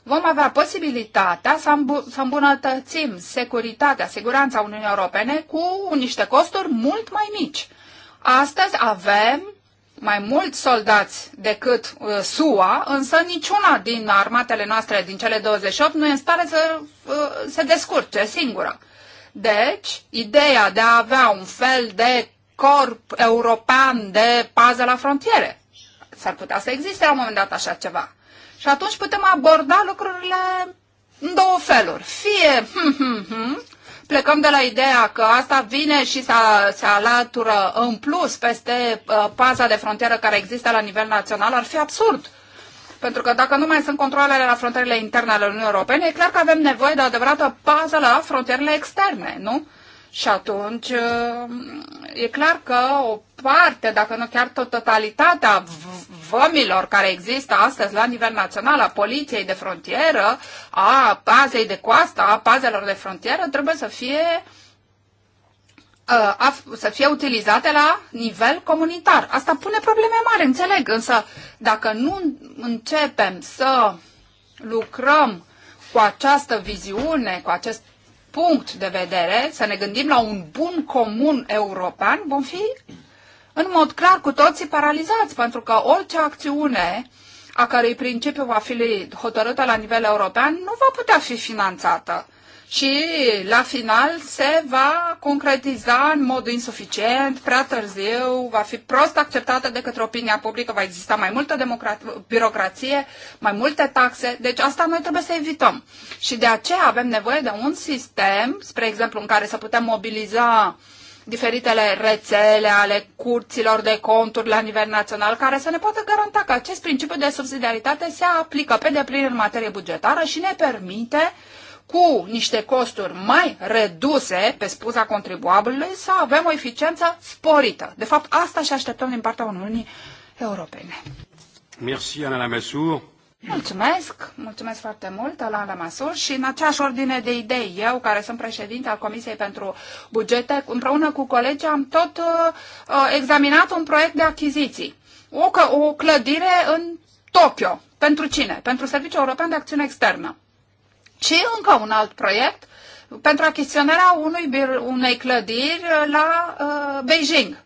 vom avea posibilitatea să, să îmbunătățim securitatea, siguranța Uniunii Europene cu niște costuri mult mai mici. Astăzi avem mai mulți soldați decât uh, SUA, însă niciuna din armatele noastre, din cele 28, nu e în stare să uh, se descurce singură. Deci, ideea de a avea un fel de corp european de pază la frontiere. S-ar putea să existe la un moment dat așa ceva. Și atunci putem aborda lucrurile în două feluri. Fie hum, hum, hum, plecăm de la ideea că asta vine și se, se alătură în plus peste uh, paza de frontieră care există la nivel național, ar fi absurd. Uh, pentru că dacă nu mai sunt controlele la frontierele interne ale Uniunii Europene, e clar că avem nevoie de o adevărată pază la frontierele externe, nu? Și atunci uh, e clar că o parte, dacă nu chiar tot totalitatea vămilor care există astăzi la nivel național, a poliției de frontieră, a pazei de coastă, a pazelor de frontieră, trebuie să fie uh, Uh, să fie utilizate la nivel comunitar. Asta pune probleme mari, înțeleg, însă dacă nu începem să lucrăm cu această viziune, cu acest punct de vedere, să ne gândim la un bun comun european, vom fi în mod clar cu toții paralizați, pentru că orice acțiune a cărei principiu va fi hotărâtă la nivel european nu va putea fi finanțată și la final se va concretiza în mod insuficient, prea târziu, va fi prost acceptată de către opinia publică, va exista mai multă birocrație, mai multe taxe, deci asta noi trebuie să evităm. Și de aceea avem nevoie de un sistem, spre exemplu, în care să putem mobiliza diferitele rețele ale curților de conturi la nivel național care să ne poată garanta că acest principiu de subsidiaritate se aplică pe deplin în materie bugetară și ne permite uh, cu niște costuri mai reduse pe spuza contribuabilului să avem o eficiență sporită. De fapt, asta și așteptăm din partea Uniunii Europene. Merci, Ana Lamassoure. Mulțumesc, mulțumesc foarte mult, Alain Lamassur, și în aceeași ordine de idei, eu, care sunt președinte al Comisiei pentru Bugete, împreună cu colegii am tot uh, uh examinat un proiect de achiziții. O, o clădire în Tokyo. Pentru cine? Pentru Serviciul European de Acțiune Externă ci încă un alt proiect pentru achiziționarea unui, unei clădiri la uh, Beijing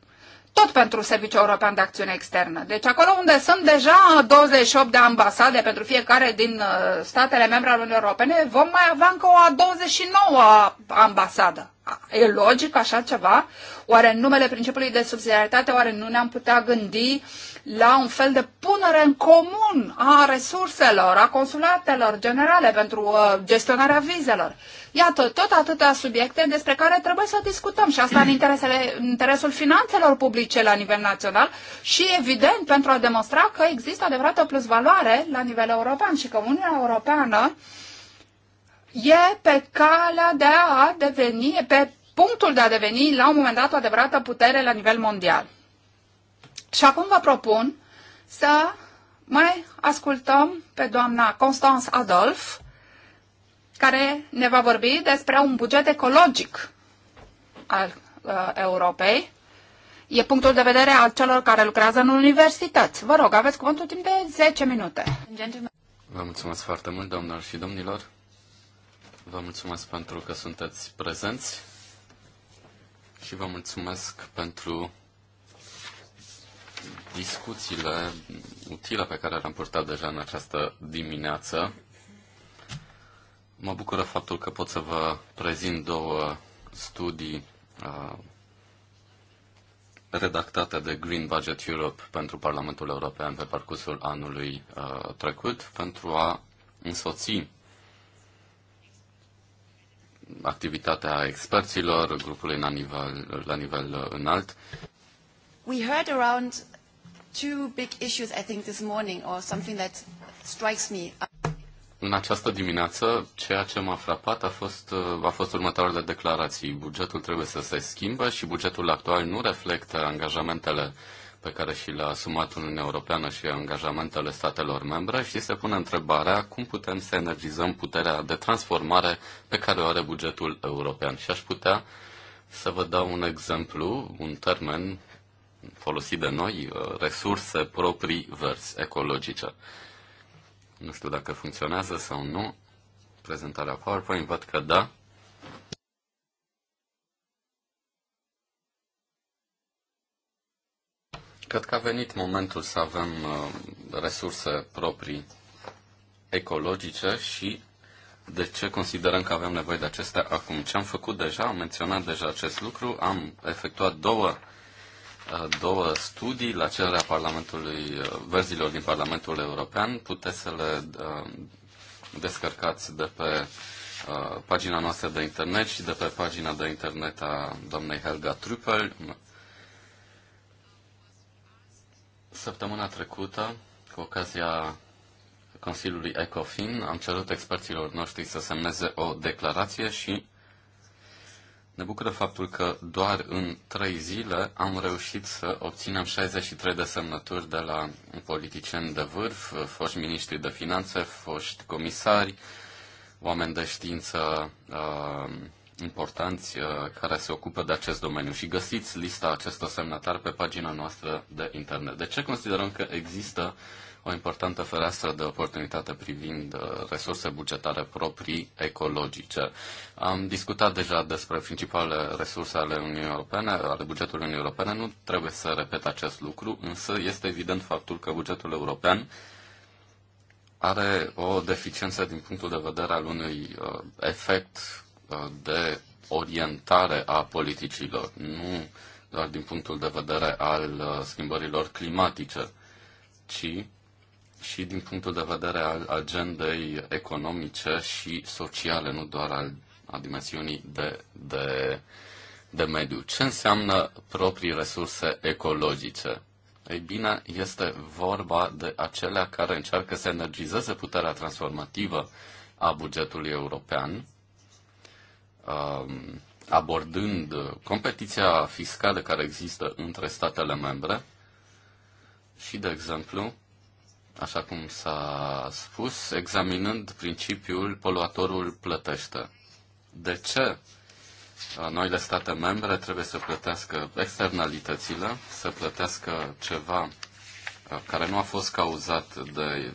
tot pentru Serviciul European de Acțiune Externă. Deci acolo unde sunt deja 28 de ambasade pentru fiecare din uh, statele membre ale Uniunii Europene, vom mai avea încă o a 29-a ambasadă. E logic așa ceva? Oare în numele principiului de subsidiaritate, oare nu ne-am putea gândi la un fel de punere în comun a resurselor, a consulatelor generale pentru uh, gestionarea vizelor. Iată, tot atâtea subiecte despre care trebuie să discutăm și asta în, interesele, în interesul finanțelor publice la nivel național și, evident, pentru a demonstra că există adevărată plusvaloare la nivel european și că Uniunea Europeană e pe calea de a deveni, pe punctul de a deveni la un moment dat o adevărată putere la nivel mondial. Și acum vă propun să mai ascultăm pe doamna Constance Adolf, care ne va vorbi despre un buget ecologic al uh, Europei. E punctul de vedere al celor care lucrează în universități. Vă rog, aveți cuvântul timp de 10 minute. Vă mulțumesc foarte mult, doamnelor și domnilor. Vă mulțumesc pentru că sunteți prezenți și vă mulțumesc pentru discuțiile utile pe care le-am purtat deja în această dimineață. Mă bucură faptul că pot să vă prezint două studii uh, redactate de Green Budget Europe pentru Parlamentul European pe parcursul anului uh, trecut pentru a însoți activitatea experților, grupului la nivel, la nivel înalt. We heard around two big issues, I think, this morning, or something that strikes me. În această dimineață, ceea ce m-a frapat a fost, uh, a fost următoarele declarații. Bugetul trebuie să se schimbe și bugetul actual nu reflectă angajamentele pe care și le-a asumat Uniunea Europeană și angajamentele statelor membre și se pune întrebarea cum putem să energizăm puterea de transformare pe care o are bugetul european. Și aș putea să vă dau un exemplu, un termen folosi de noi uh, resurse proprii verzi, ecologice. Nu știu dacă funcționează sau nu prezentarea PowerPoint, văd că da. Cred că a venit momentul să avem uh, resurse proprii ecologice și de ce considerăm că avem nevoie de acestea acum. Ce am făcut deja, am menționat deja acest lucru, am efectuat două două studii la cererea Parlamentului, verzilor din Parlamentul European. Puteți să le uh, descărcați de pe uh, pagina noastră de internet și de pe pagina de internet a doamnei Helga Trüppel. Săptămâna trecută, cu ocazia Consiliului ECOFIN, am cerut experților noștri să semneze o declarație și ne bucură faptul că doar în trei zile am reușit să obținem 63 de semnături de la politicieni de vârf, foști miniștri de finanțe, foști comisari, oameni de știință uh, importanți uh, care se ocupă de acest domeniu. Și găsiți lista acestor semnatari pe pagina noastră de internet. De ce considerăm că există uh, o importantă fereastră de oportunitate privind uh, resurse bugetare proprii ecologice. Am discutat deja despre principalele resurse ale Uniunii Europene, ale bugetului Uniunii Europene, nu trebuie să repet acest lucru, însă este evident faptul că bugetul european are o deficiență din punctul de vedere al unui uh, efect uh, de orientare a politicilor, nu doar din punctul de vedere al schimbărilor climatice, ci și din punctul de vedere al agendei economice și sociale, nu doar al, a dimensiunii de, de, de mediu. Ce înseamnă proprii resurse ecologice? Ei bine, este vorba de acelea care încearcă să energizeze puterea transformativă a bugetului european, um, abordând competiția fiscală care există între statele membre și, de exemplu, așa cum s-a spus, examinând principiul poluatorul plătește. De ce noile state membre trebuie să plătească externalitățile, să plătească ceva uh, care nu a fost cauzat de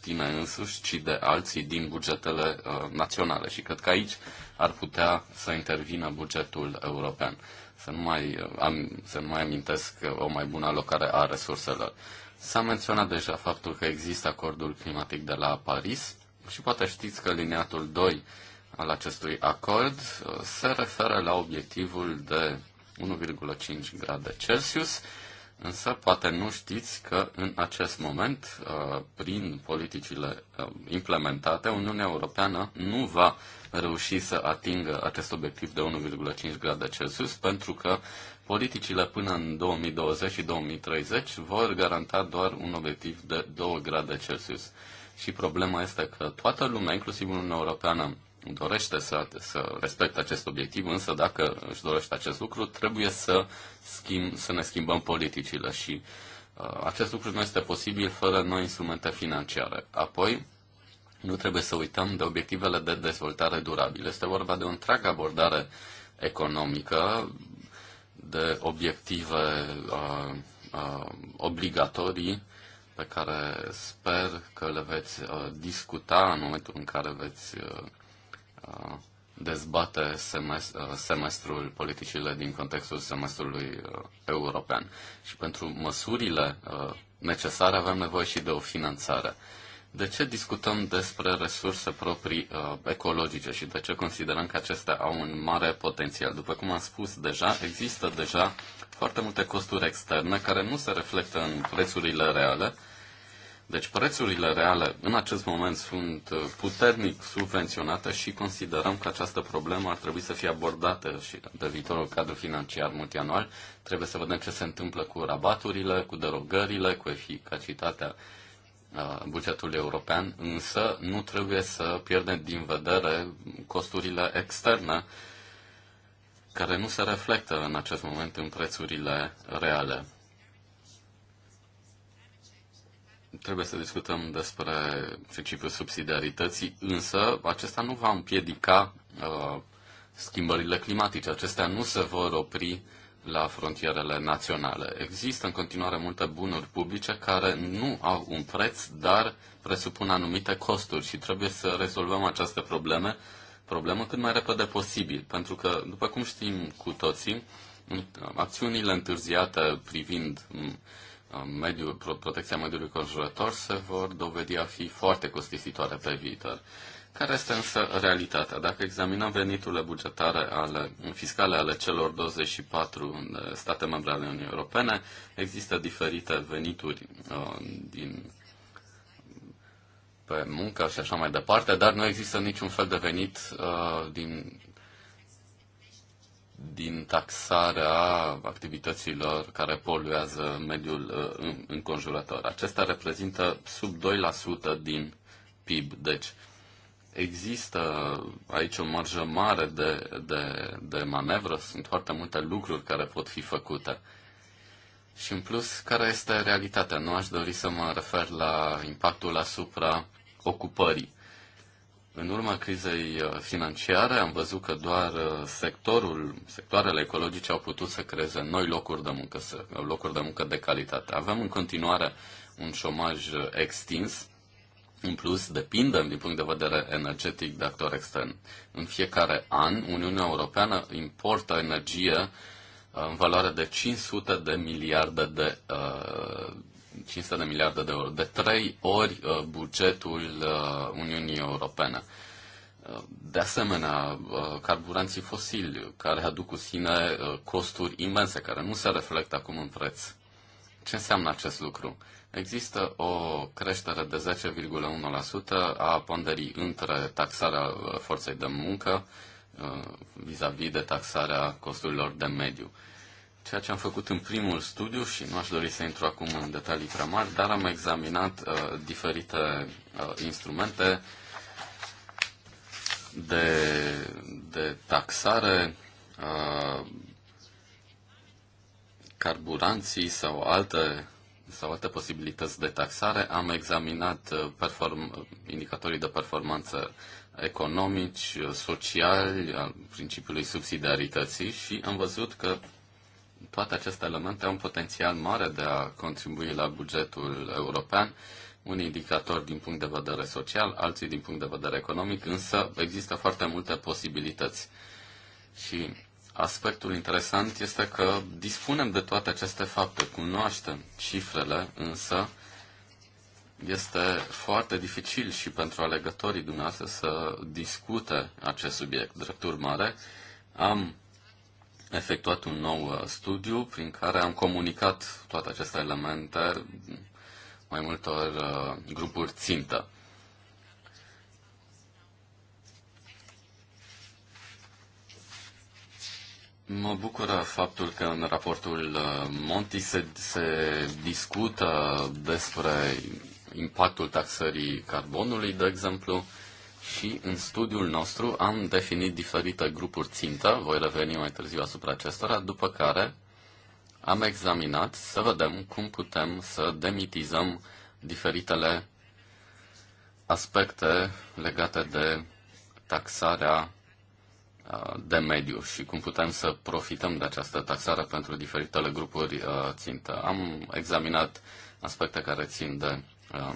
tine însuși, ci de alții din bugetele uh, naționale. Și cred că aici ar putea să intervină bugetul european. Să nu mai, uh, am, să nu mai amintesc o mai bună alocare a resurselor. S-a menționat deja faptul că există acordul climatic de la Paris și poate știți că lineatul 2 al acestui acord uh, se referă la obiectivul de 1,5 grade Celsius, însă poate nu știți că în acest moment, uh, prin politicile uh, implementate, Uniunea Europeană nu va reuși să atingă acest obiectiv de 1,5 grade Celsius pentru că Politicile până în 2020 și 2030 vor garanta doar un obiectiv de 2 grade Celsius. Și problema este că toată lumea, inclusiv Uniunea Europeană, dorește să, să respecte acest obiectiv, însă dacă își dorește acest lucru, trebuie să, schimb, să ne schimbăm politicile și uh, acest lucru nu este posibil fără noi instrumente financiare. Apoi, nu trebuie să uităm de obiectivele de dezvoltare durabilă. Este vorba de o întreagă abordare economică de obiective uh, uh, obligatorii pe care sper că le veți uh, discuta în momentul în care veți uh, uh, dezbate semest, uh, semestrul, politicile din contextul semestrului uh, european. Și pentru măsurile uh, necesare avem nevoie și de o finanțare. Uh, de ce discutăm despre resurse proprii uh, ecologice și de ce considerăm că acestea au un mare potențial? După cum am spus deja, există deja foarte multe costuri externe care nu se reflectă în prețurile reale. Deci prețurile reale în acest moment sunt uh, puternic subvenționate și considerăm că această problemă ar trebui să fie abordată și de viitorul cadru financiar multianual. Trebuie să vedem ce se întâmplă cu rabaturile, cu derogările, cu eficacitatea uh, Uh, bugetul european, însă nu trebuie să pierdem din vedere costurile externe care nu se reflectă în acest moment în prețurile reale. Trebuie să discutăm despre principiul subsidiarității, însă acesta nu va împiedica uh, schimbările climatice. Acestea nu se vor opri uh, la frontierele naționale. Există în continuare multe bunuri publice care nu au un preț, dar presupun anumite costuri și trebuie să rezolvăm aceste probleme, problemă cât mai repede posibil, pentru că, după cum știm cu toții, acțiunile întârziate privind mm, mm, mediul, protecția mediului conjurător se vor dovedi a fi foarte costisitoare pe viitor. Care este însă realitatea? Dacă examinăm veniturile bugetare ale, fiscale ale celor 24 eh, state membre ale Uniunii Europene, există diferite venituri uh, din, pe muncă și așa mai departe, dar nu există niciun fel de venit uh, din, din taxarea activităților care poluează mediul uh, înconjurător. Acesta reprezintă sub 2% din PIB, deci uh, Există aici o marjă mare de, de, de manevră, sunt foarte multe lucruri care pot fi făcute. Și în plus, care este realitatea? Nu aș dori să mă refer la impactul asupra ocupării. În urma crizei uh, financiare am văzut că doar uh, sectorul, sectoarele ecologice au putut să creeze noi locuri de muncă, locuri de muncă de calitate. Avem în continuare un șomaj uh, extins, în plus, depindem din punct de vedere energetic de actor extern. În fiecare an, Uniunea Europeană importă energie uh, în valoare de 500 de miliarde de, uh, 500 de miliarde de euro, de trei ori uh, bugetul uh, Uniunii Europene. Uh, de asemenea, uh, carburanții fosili, care aduc cu sine costuri imense, care nu se reflectă acum în preț. Ce înseamnă acest lucru? Există o creștere de 10,1% a ponderii între taxarea uh, forței de muncă uh, vis-a-vis -vis de taxarea costurilor de mediu. Ceea ce am făcut în primul studiu, și nu aș dori să intru acum în detalii prea mari, dar am examinat uh, diferite uh, instrumente de, de taxare, uh, carburanții sau alte sau alte posibilități de taxare. Am examinat uh, perform- uh, indicatorii de performanță economici, uh, sociali, al principiului subsidiarității și am văzut că toate aceste elemente au un potențial mare de a contribui la bugetul european, un indicator din punct de vedere social, alții din punct de vedere economic, însă există foarte multe posibilități. Și aspectul interesant este că dispunem de toate aceste fapte, cunoaștem cifrele, însă este foarte dificil și pentru alegătorii dumneavoastră să discute acest subiect. Drept urmare, am efectuat un nou uh, studiu prin care am comunicat toate aceste elemente mai multor uh, grupuri țintă. Mă bucură faptul că în raportul uh, Monti se, se discută despre impactul taxării carbonului, de exemplu, și în studiul nostru am definit diferite grupuri țintă, voi reveni mai târziu asupra acestora, după care am examinat să vedem cum putem să demitizăm diferitele aspecte legate de taxarea de mediu și cum putem să profităm de această taxare pentru diferitele grupuri uh, țintă. Am examinat aspecte care țin de uh,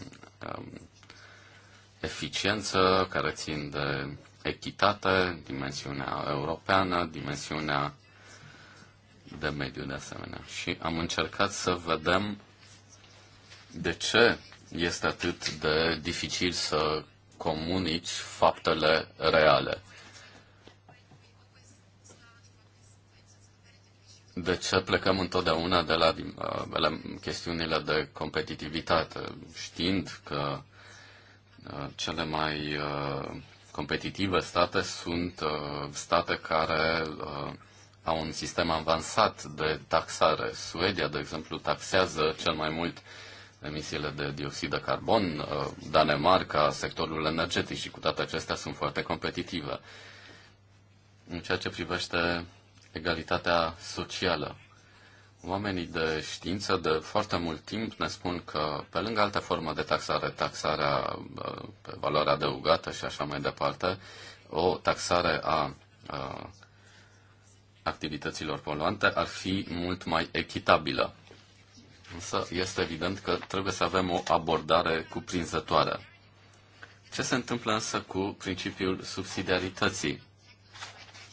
um, eficiență, care țin de echitate, dimensiunea europeană, dimensiunea de mediu de asemenea. Și am încercat să vedem de ce este atât de dificil să comunici faptele reale. de ce plecăm întotdeauna de la, uh, la chestiunile de competitivitate, știind că uh, cele mai uh, competitive state sunt state care au un sistem avansat de taxare. Suedia, de exemplu, taxează cel mai mult emisiile de dioxid de carbon, Danemarca, sectorul energetic și cu toate acestea sunt foarte competitive. În ceea ce privește egalitatea socială. Oamenii de știință de foarte mult timp ne spun că, pe lângă alte forme de taxare, taxarea pe valoare adăugată și așa mai departe, o taxare a, a activităților poluante ar fi mult mai echitabilă. Însă este evident că trebuie să avem o abordare cuprinzătoare. Ce se întâmplă însă cu principiul subsidiarității?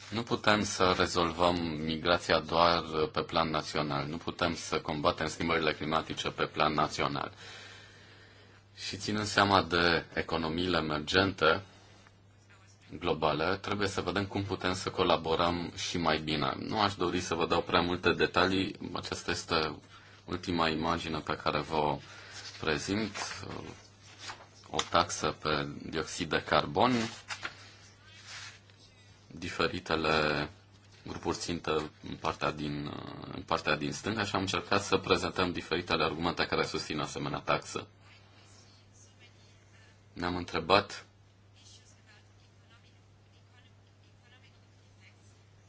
Nu putem să rezolvăm migrația doar pe plan național. Nu putem să combatem schimbările climatice pe plan național. Și ținând seama de economiile emergente globale, trebuie să vedem cum putem să colaborăm și mai bine. Nu aș dori să vă dau prea multe detalii. Aceasta este ultima imagine pe care vă prezint. O taxă pe dioxid de carbon diferitele grupuri țintă în partea din, în partea din stânga și am încercat să prezentăm diferitele argumente care susțin asemenea taxă. Ne-am întrebat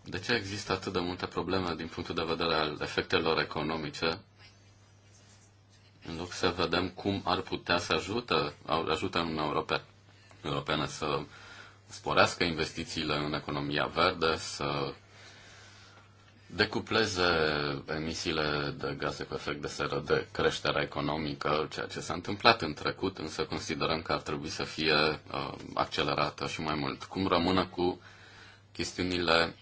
de ce există atât de multe probleme din punctul de vedere al efectelor economice în loc să vedem cum ar putea să ajută, ajută Europa, Europeană să sporească investițiile în economia verde, să decupleze emisiile de gaze cu efect de seră de creșterea economică, ceea ce s-a întâmplat în trecut, însă considerăm că ar trebui să fie uh, accelerată și mai mult. Cum rămână cu chestiunile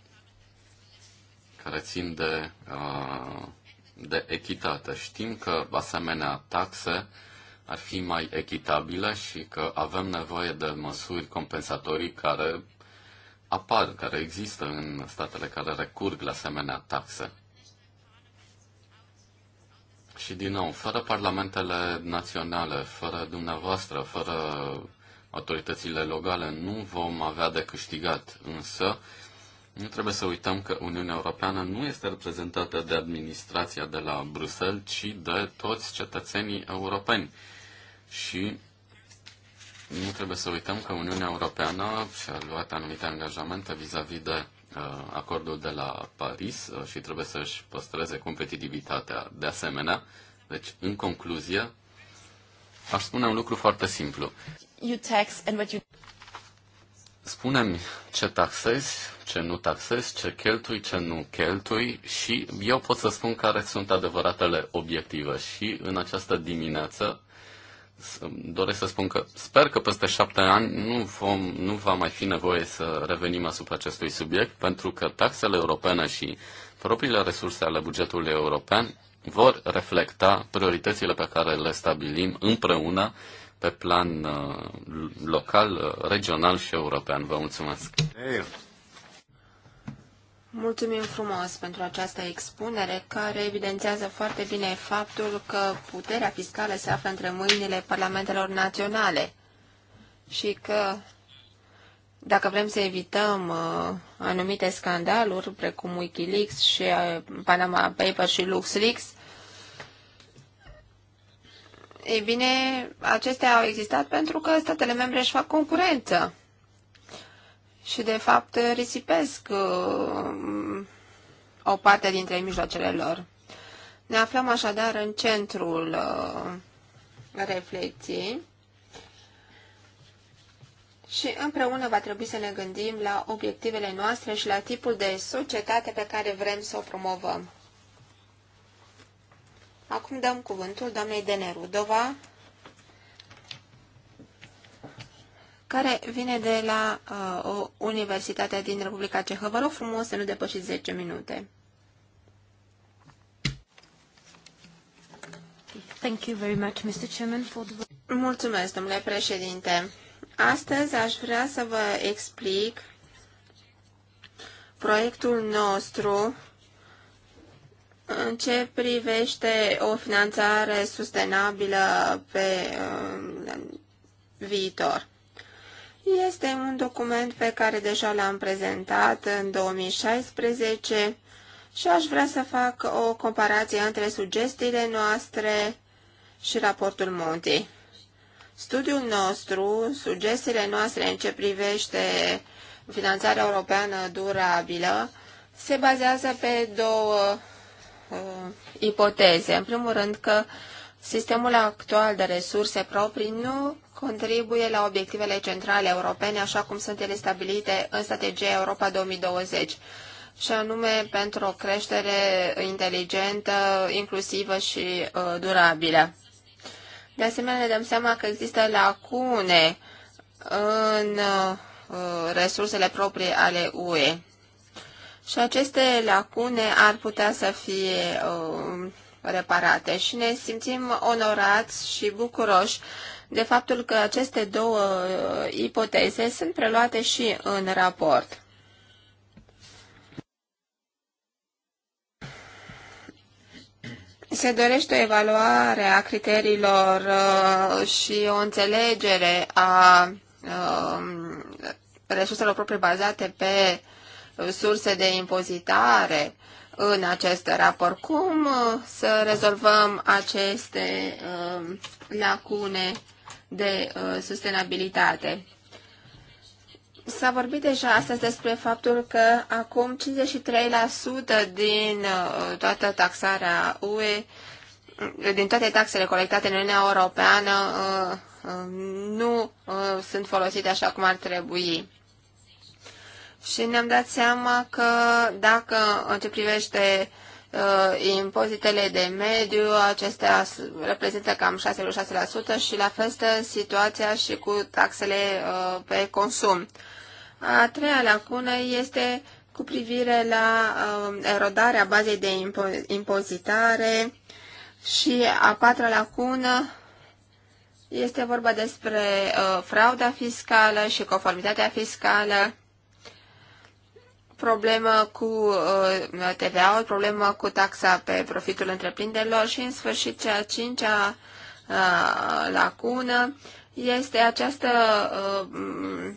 care țin de, uh, de echitate? Știm că asemenea taxe uh, ar fi mai echitabile și că avem nevoie de măsuri compensatorii care apar, care există în statele care recurg la asemenea taxe. Și din nou, fără parlamentele naționale, fără dumneavoastră, fără autoritățile locale, nu vom avea de câștigat. Însă, nu trebuie să uităm că Uniunea Europeană nu este reprezentată de administrația de la Bruxelles, ci de toți cetățenii europeni și nu trebuie să uităm că Uniunea Europeană și-a luat anumite angajamente vis-a-vis -vis de uh, acordul de la Paris uh, și trebuie să-și păstreze competitivitatea de asemenea. Deci, în concluzie, aș spune un lucru foarte simplu. You tax and what you... Spune-mi ce taxezi, ce nu taxezi, ce cheltui, ce nu cheltui și eu pot să spun care sunt adevăratele obiective. Și în această dimineață doresc să spun că sper că peste șapte ani nu, vom, nu va mai fi nevoie să revenim asupra acestui subiect, pentru că taxele europene și propriile resurse ale bugetului european vor reflecta prioritățile pe care le stabilim împreună pe plan uh, local, uh, regional și european. Vă mulțumesc! Hey. Mulțumim frumos pentru această expunere care evidențiază foarte bine faptul că puterea fiscală se află între mâinile parlamentelor naționale și că dacă vrem să evităm uh, anumite scandaluri precum Wikileaks și uh, Panama Papers și LuxLeaks, e bine, acestea au existat pentru că statele membre își fac concurență și de fapt risipesc uh, o parte dintre mijloacele lor. Ne aflăm așadar în centrul uh, reflecției și împreună va trebui să ne gândim la obiectivele noastre și la tipul de societate pe care vrem să o promovăm. Acum dăm cuvântul doamnei Dova. care vine de la uh, o universitate din Republica Cehă. Vă rog frumos să nu depășiți 10 minute. Thank you very much, Mr. Chairman, for the... Mulțumesc, domnule președinte. Astăzi aș vrea să vă explic proiectul nostru în ce privește o finanțare sustenabilă pe uh, viitor. Este un document pe care deja l-am prezentat în 2016 și aș vrea să fac o comparație între sugestiile noastre și raportul Monti. Studiul nostru, sugestiile noastre în ce privește finanțarea europeană durabilă, se bazează pe două uh, ipoteze. În primul rând că uh, Sistemul actual de resurse proprii nu contribuie la obiectivele centrale europene, așa cum sunt ele stabilite în strategia Europa 2020, și anume pentru o creștere inteligentă, inclusivă și uh, durabilă. De asemenea, ne dăm seama că există lacune în uh, resursele proprii ale UE. Și aceste lacune ar putea să fie uh, reparate și ne simțim onorați și bucuroși de faptul că aceste două uh, ipoteze sunt preluate și în raport. Se dorește o evaluare a criteriilor uh, și o înțelegere a um, resurselor proprii bazate pe uh, surse de impozitare, în acest raport. Cum uh, să rezolvăm aceste um, lacune de uh, sustenabilitate? S-a vorbit deja astăzi despre faptul că acum 53% din uh, toată taxarea UE, din toate taxele colectate în Uniunea Europeană, nu sunt folosite așa cum ar trebui. Și ne-am dat seama că dacă în ce privește uh, impozitele de mediu, acestea reprezintă cam 6,6% și la fel stă situația și cu taxele uh, pe consum. A treia lacună este cu privire la uh, erodarea bazei de impo- impozitare și a patra lacună este vorba despre uh, frauda fiscală și conformitatea fiscală problemă cu uh, TVA, o problemă cu taxa pe profitul întreprinderilor și, în sfârșit, cea cincea uh, lacună este această uh,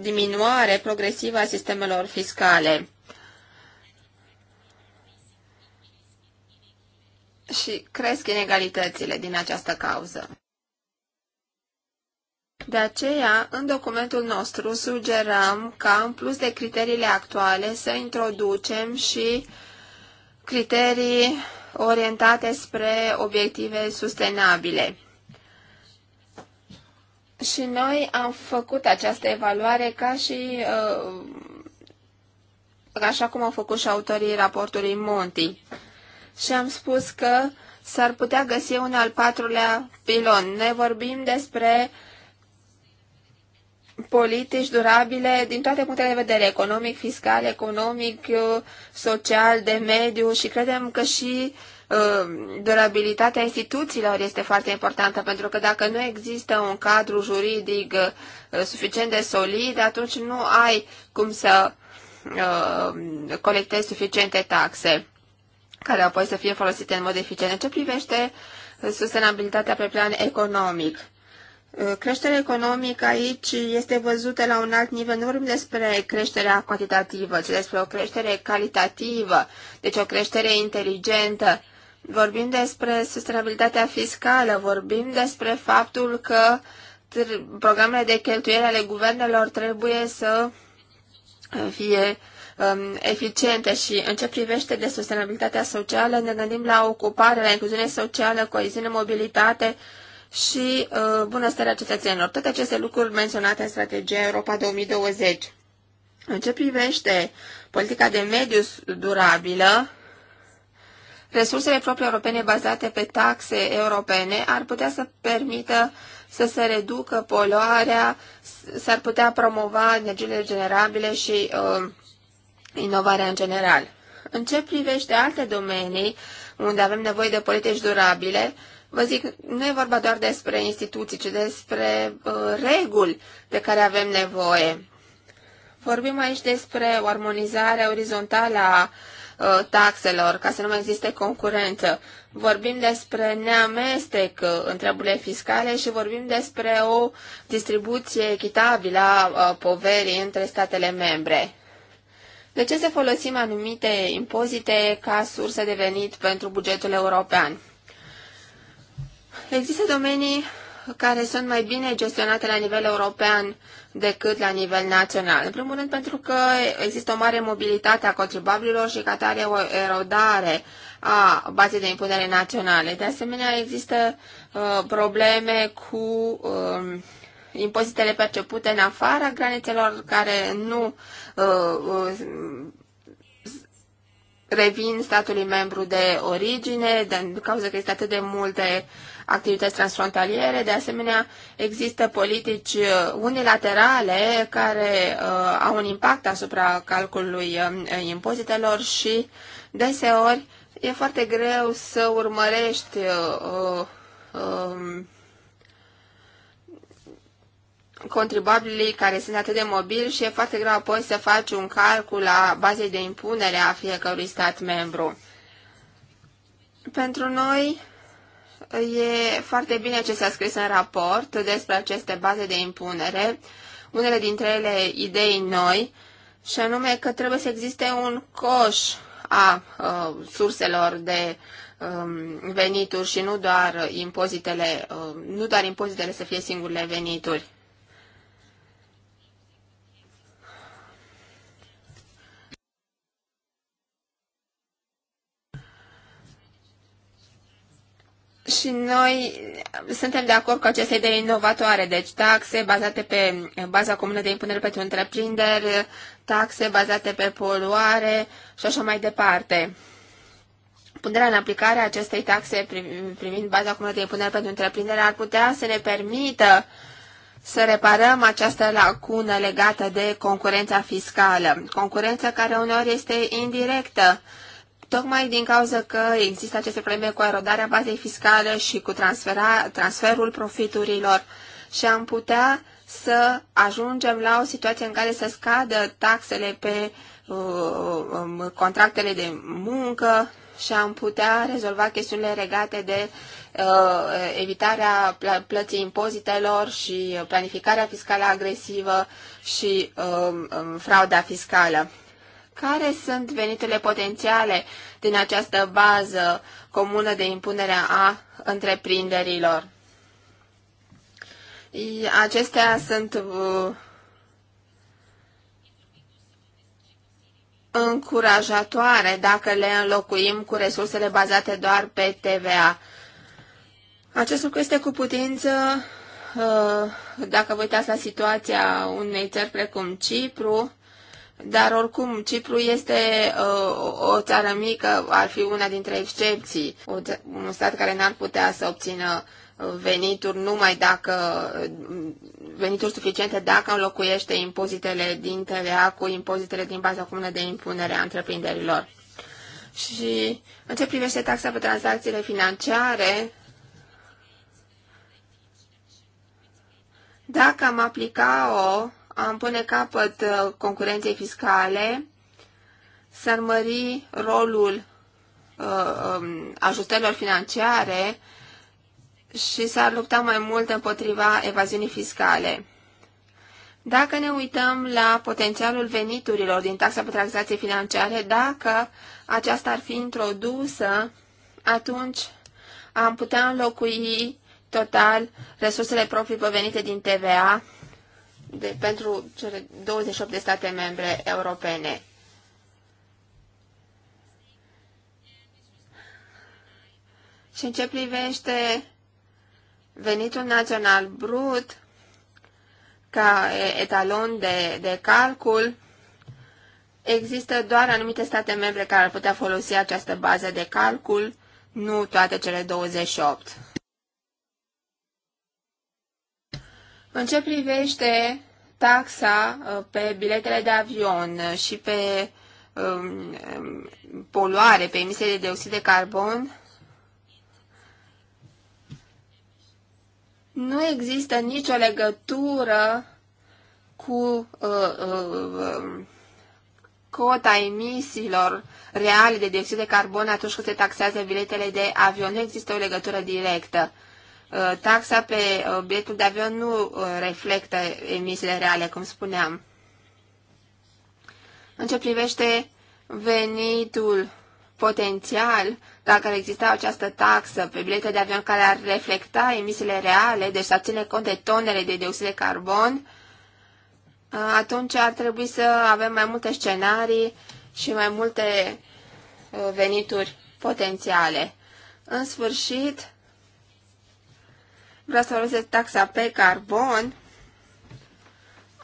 diminuare progresivă a sistemelor fiscale. Și cresc inegalitățile din această cauză. De aceea, în documentul nostru sugerăm ca, în plus de criteriile actuale, să introducem și criterii orientate spre obiective sustenabile. Și noi am făcut această evaluare ca și uh, așa cum au făcut și autorii raportului Monti. Și am spus că s-ar putea găsi un al patrulea pilon. Ne vorbim despre uh, politici durabile din toate punctele de vedere, economic, fiscal, economic, uh, social, de mediu și credem că și uh, durabilitatea instituțiilor este foarte importantă, pentru că dacă nu există un cadru juridic uh, suficient de solid, atunci nu ai cum să colectezi suficiente taxe care apoi să fie folosite în mod eficient. În ce privește sustenabilitatea pe plan economic? Uh, creșterea economică aici este văzută la un alt nivel. Nu vorbim despre creșterea cantitativă, ci despre o creștere calitativă, deci o creștere inteligentă. Vorbim despre sustenabilitatea fiscală, vorbim despre faptul că programele de cheltuieli ale guvernelor trebuie să uh, fie um, eficiente și în ce privește de sustenabilitatea socială ne gândim la ocupare, la incluziune socială, coeziune, mobilitate, și uh, bunăstarea cetățenilor. Toate aceste lucruri menționate în strategia Europa 2020. În ce privește politica de mediu durabilă, resursele proprii europene bazate pe taxe europene ar putea să permită să se reducă poluarea, s-ar putea promova energiile regenerabile și uh, inovarea în general. În ce privește alte domenii unde avem nevoie de politici durabile, Vă zic, nu e vorba doar despre instituții, ci despre uh, reguli de care avem nevoie. Vorbim aici despre o armonizare orizontală a uh, taxelor, ca să nu mai existe concurență. Vorbim despre neamestec uh, în treburile fiscale și vorbim despre o distribuție echitabilă a poverii între statele membre. De ce să folosim anumite impozite ca sursă de venit pentru bugetul european? Există domenii care sunt mai bine gestionate la nivel european decât la nivel național. În primul rând pentru că există o mare mobilitate a contribuabililor și ca tare o erodare a bazei de impunere naționale. De asemenea, există uh, probleme cu uh, impozitele percepute în afara granițelor care nu uh, uh, revin statului membru de origine, din cauza că este atât de multe uh, activități transfrontaliere. De asemenea, există politici uh, unilaterale care uh, au un impact asupra calculului uh, impozitelor și deseori e foarte greu să urmărești uh, uh, um, contribuabilii care sunt atât de mobili și e foarte greu apoi să faci un calcul a bazei de impunere a fiecărui stat membru. Pentru noi, E foarte bine ce s-a scris în raport despre aceste baze de impunere, unele dintre ele idei noi, și anume că trebuie să existe un coș a uh, surselor de um, venituri și nu doar impozitele, uh, nu doar impozitele să fie singurele venituri. Și noi uh, suntem de acord cu aceste idei inovatoare, deci taxe bazate pe uh, baza comună de impunere pentru întreprinderi, uh, taxe bazate pe poluare și așa mai departe. Punerea în aplicare a acestei taxe privind baza comună de impunere pentru întreprindere ar putea să ne permită să reparăm această lacună legată de concurența fiscală, concurența care uneori este indirectă, tocmai din cauza că există aceste probleme cu erodarea bazei fiscale și cu transfera, transferul profiturilor și am putea să ajungem la o situație în care să scadă taxele pe uh, um, contractele de muncă și am putea rezolva chestiunile legate de uh, evitarea pl- plății impozitelor și uh, planificarea fiscală agresivă și uh, frauda fiscală care sunt veniturile potențiale din această bază comună de impunere a întreprinderilor. Acestea sunt uh, încurajatoare dacă le înlocuim cu resursele bazate doar pe TVA. Acest lucru este cu putință uh, dacă vă uitați la situația unei țări precum Cipru, dar oricum, Cipru este uh, o țară mică, ar fi una dintre excepții, un stat care n-ar putea să obțină uh, venituri numai dacă uh, venituri suficiente dacă înlocuiește impozitele din TVA cu impozitele din baza comună de impunere a întreprinderilor. Și în ce privește taxa pe tranzacțiile financiare, dacă am aplica-o am pune capăt uh, concurenței fiscale, s-ar mări rolul uh, um, ajustărilor financiare și s-ar lupta mai mult împotriva evaziunii fiscale. Dacă ne uităm la potențialul veniturilor din taxa pe tranzacții financiare, dacă aceasta ar fi introdusă, atunci am putea înlocui total resursele proprii provenite din TVA de, pentru cele 28 de state membre europene. Și în ce privește venitul național brut ca etalon de, de calcul, există doar anumite state membre care ar putea folosi această bază de calcul, nu toate cele 28. În ce privește taxa uh, pe biletele de avion și pe um, um, poluare, pe emisie de dioxid de carbon, nu există nicio legătură cu uh, uh, um, cota emisiilor reale de dioxid de carbon atunci când se taxează biletele de avion. Nu există o legătură directă. Uh, taxa pe uh, biletul de avion nu uh, reflectă emisiile reale, cum spuneam. În ce privește venitul potențial, dacă ar exista această taxă pe bilete de avion care ar reflecta emisiile reale, deci să ține cont de tonele de dioxid de carbon, atunci ar trebui să avem mai multe scenarii și mai multe venituri potențiale. În sfârșit, vreau să folosesc taxa pe carbon,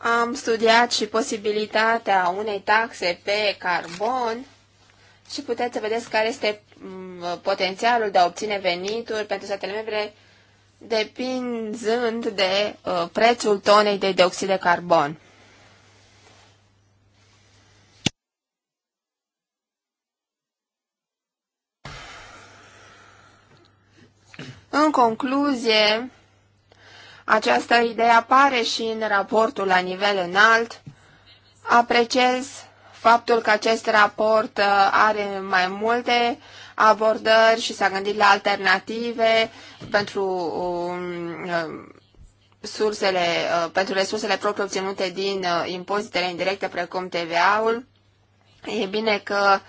am studiat și posibilitatea unei taxe pe carbon și puteți să vedeți care este mm, potențialul de a obține venituri pentru statele membre depinzând de uh, prețul tonei de dioxid de carbon. În concluzie, această idee apare și în raportul la nivel înalt. Apreciez faptul că acest raport uh, are mai multe abordări și s-a gândit la alternative pentru um, uh, sursele, uh, pentru resursele proprii obținute din impozitele indirecte, precum TVA-ul. E bine că uh,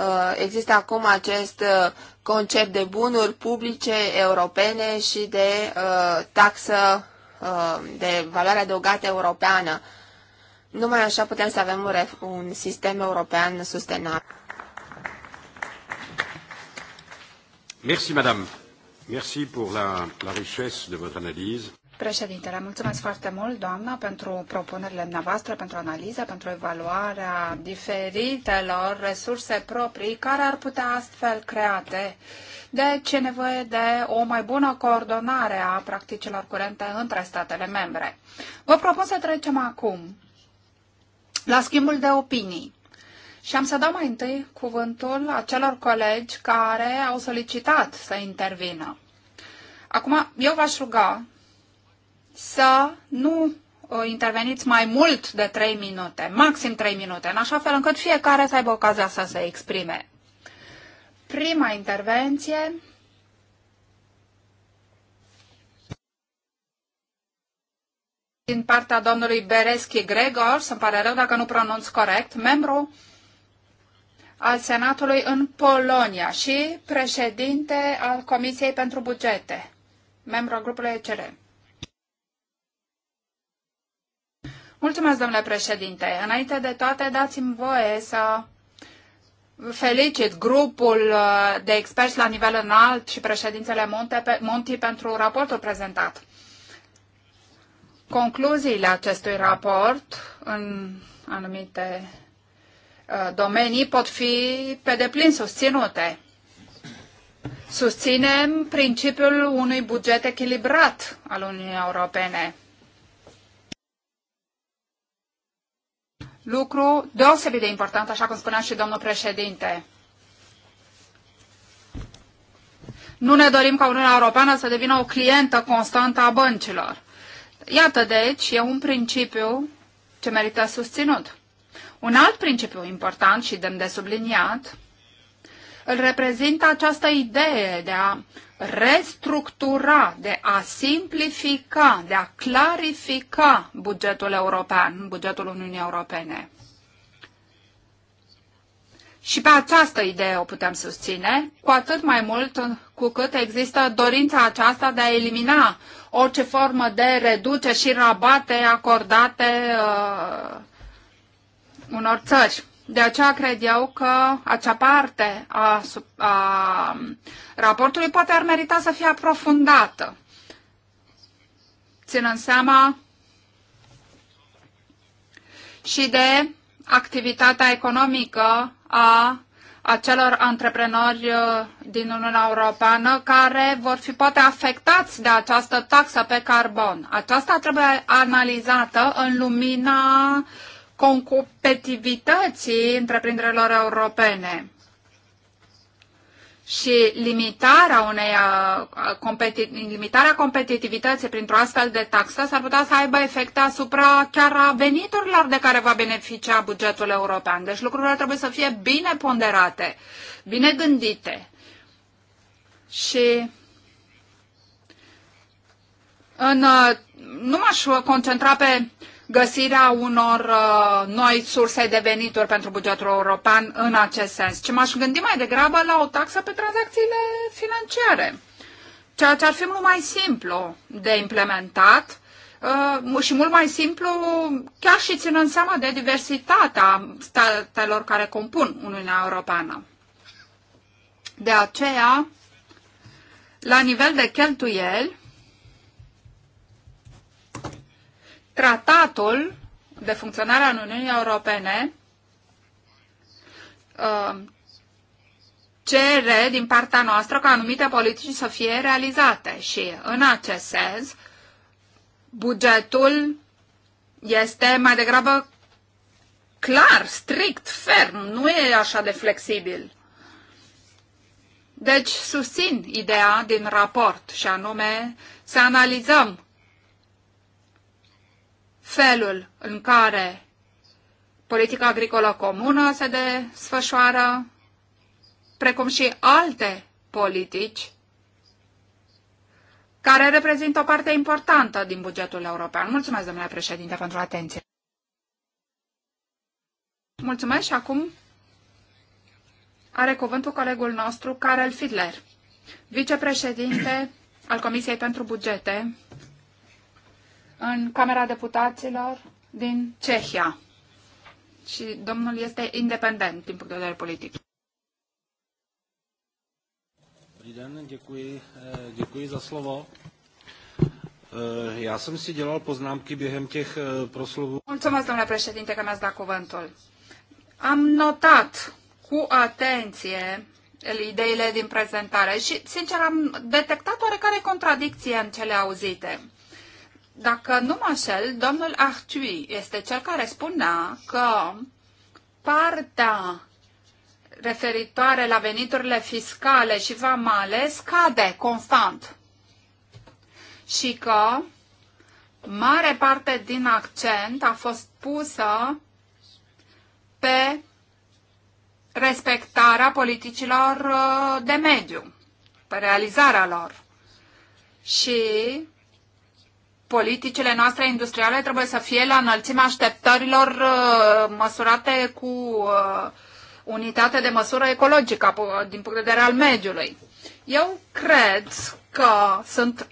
Uh, există acum acest uh, concept de bunuri publice europene și de uh, taxă de valoare adăugată europeană. Numai așa putem să avem un, sistem european sustenabil. Merci, madame. Merci pour la, la richesse de votre analyse. Președintele, mulțumesc foarte mult, doamna, pentru propunerile noastre, pentru analiza pentru evaluarea diferitelor resurse proprii care ar putea astfel create. Deci e nevoie de o mai bună coordonare a practicilor curente între statele membre. Vă propun să trecem acum la schimbul de opinii. Și am să dau mai întâi cuvântul acelor colegi care au solicitat să intervină. Acum, eu v-aș ruga să nu uh, interveniți mai mult de 3 minute, maxim 3 minute, în așa fel încât fiecare să aibă ocazia să se exprime. Prima intervenție din partea domnului Bereschi Gregor, să pare rău dacă nu pronunț corect, membru al Senatului în Polonia și președinte al Comisiei pentru Bugete, membru al grupului ECR. Mulțumesc, domnule președinte. Înainte de toate, dați-mi voie să felicit grupul uh, de experți la nivel înalt și președintele Monte, Monti pentru raportul prezentat. Concluziile acestui raport în anumite uh, domenii pot fi pe deplin susținute. Susținem principiul unui buget echilibrat al Uniunii Europene lucru deosebit de important, așa cum spunea și domnul președinte. Nu ne dorim ca Uniunea Europeană să devină o clientă constantă a băncilor. Iată, deci, e un principiu ce merită susținut. Un alt principiu important și demn de subliniat îl reprezintă această idee de a restructura, de a simplifica, de a clarifica bugetul european, bugetul Uniunii Europene. Și pe această idee o putem susține, cu atât mai mult cu cât există dorința aceasta de a elimina orice formă de reduce și rabate acordate uh, unor țări. De aceea cred eu că acea parte a, a raportului poate ar merita să fie aprofundată, ținând seama și de activitatea economică a acelor antreprenori uh, din Uniunea Europeană care vor fi poate afectați de această taxă pe carbon. Aceasta trebuie analizată în lumina competitivității întreprinderilor europene și limitarea unei competi- limitarea competitivității printr-o astfel de taxă s-ar putea să aibă efecte asupra chiar a veniturilor de care va beneficia bugetul european. Deci lucrurile trebuie să fie bine ponderate, bine gândite. Și în, nu m-aș concentra pe găsirea unor uh, noi surse de venituri pentru bugetul european în acest sens, ci m-aș gândi mai degrabă la o taxă pe tranzacțiile financiare, ceea ce ar fi mult mai simplu de implementat uh, și mult mai simplu chiar și ținând seama de diversitatea statelor care compun Uniunea Europeană. De aceea, la nivel de cheltuieli, tratatul de funcționare a Uniunii Europene uh, cere din partea noastră ca anumite politici să fie realizate și în acest sens bugetul este mai degrabă clar, strict, ferm, nu e așa de flexibil. Deci susțin ideea din raport și anume să analizăm felul în care politica agricolă comună se desfășoară, precum și alte politici care reprezintă o parte importantă din bugetul european. Mulțumesc, domnule președinte, pentru atenție. Mulțumesc și acum are cuvântul colegul nostru, Karel Fidler, vicepreședinte al Comisiei pentru Bugete în Camera Deputaților din Cehia. Și domnul este independent din punct de vedere politic. den, děkuji, eh, děkuji za slovo. Eh, já jsem si dělal poznámky během těch eh, proslovů. Mulțumesc, domnule președinte, că mi-ați dat cuvântul. Am notat cu atenție ideile din prezentare și, sincer, am detectat oarecare contradicție în cele auzite. Dacă nu mă șel, domnul Arthui este cel care spunea că partea referitoare la veniturile fiscale și vamale scade constant și că mare parte din accent a fost pusă pe respectarea politicilor uh, de mediu, pe realizarea lor. Și politicile noastre industriale trebuie să fie la înălțimea așteptărilor uh, măsurate cu uh, unitate de măsură ecologică din punct de vedere al mediului. Eu cred că sunt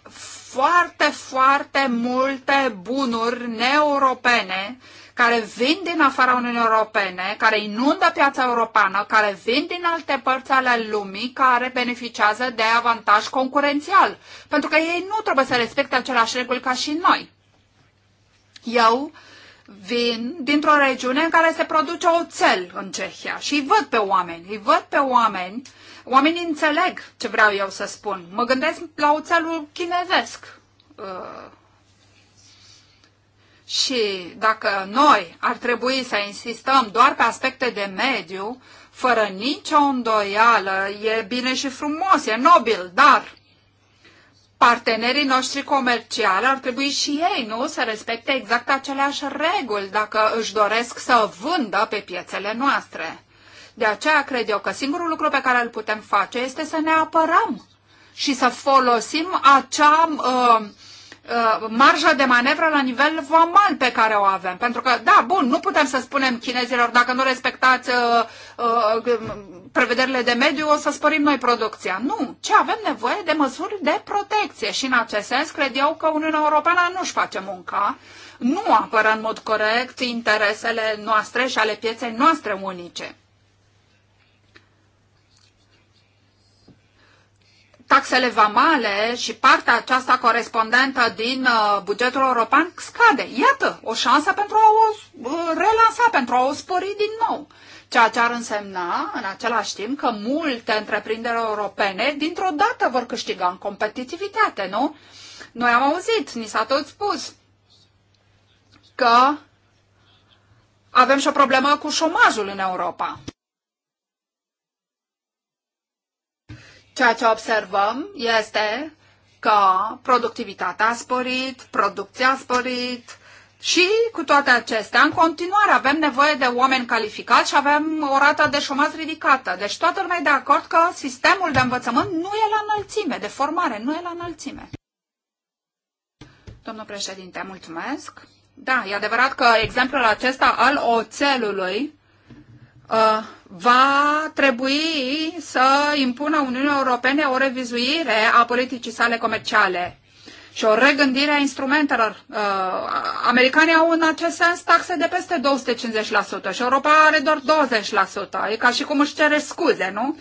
foarte, foarte multe bunuri neeuropene care vin din afara Uniunii Europene, care inundă piața europeană, care vin din alte părți ale lumii, care beneficiază de avantaj concurențial, pentru că ei nu trebuie să respecte aceleași reguli ca și noi. Eu vin dintr-o regiune în care se produce oțel în Cehia și îi văd pe oameni, îi văd pe oameni, oamenii înțeleg ce vreau eu să spun. Mă gândesc la oțelul chinezesc. Uh și dacă noi ar trebui să insistăm doar pe aspecte de mediu, fără nicio îndoială, e bine și frumos, e nobil, dar partenerii noștri comerciali ar trebui și ei, nu, să respecte exact aceleași reguli dacă își doresc să vândă pe piețele noastre. De aceea cred eu că singurul lucru pe care îl putem face este să ne apărăm și să folosim acea uh, Uh, marja de manevră la nivel vamal pe care o avem. Pentru că, da, bun, nu putem să spunem chinezilor, dacă nu respectați uh, uh, uh prevederile de mediu, o să spărim noi producția. Nu, ce avem nevoie de măsuri de protecție și în acest sens cred eu că Uniunea Europeană nu-și face munca, nu apără în mod corect interesele noastre și ale pieței noastre unice. taxele vamale și partea aceasta corespondentă din uh, bugetul european scade. Iată, o șansă pentru a o uh, relansa, pentru a o spori din nou. Ceea ce ar însemna, în același timp, că multe întreprinderi europene dintr-o dată vor câștiga în competitivitate, nu? Noi am auzit, ni s-a tot spus că avem și o problemă cu șomajul în Europa. Ceea ce observăm este că productivitatea a sporit, producția a sporit și cu toate acestea, în continuare avem nevoie de oameni calificați și avem o rată de șomaz ridicată. Deci toată lumea e de acord că sistemul de învățământ nu e la înălțime, de formare nu e la înălțime. Domnul președinte, mulțumesc. Da, e adevărat că exemplul acesta al oțelului Uh, va trebui să impună Uniunea Europene o revizuire a politicii sale comerciale și o regândire a instrumentelor. Uh, americanii au în acest sens taxe de peste 250% și Europa are doar 20%. E ca și cum își cere scuze, nu?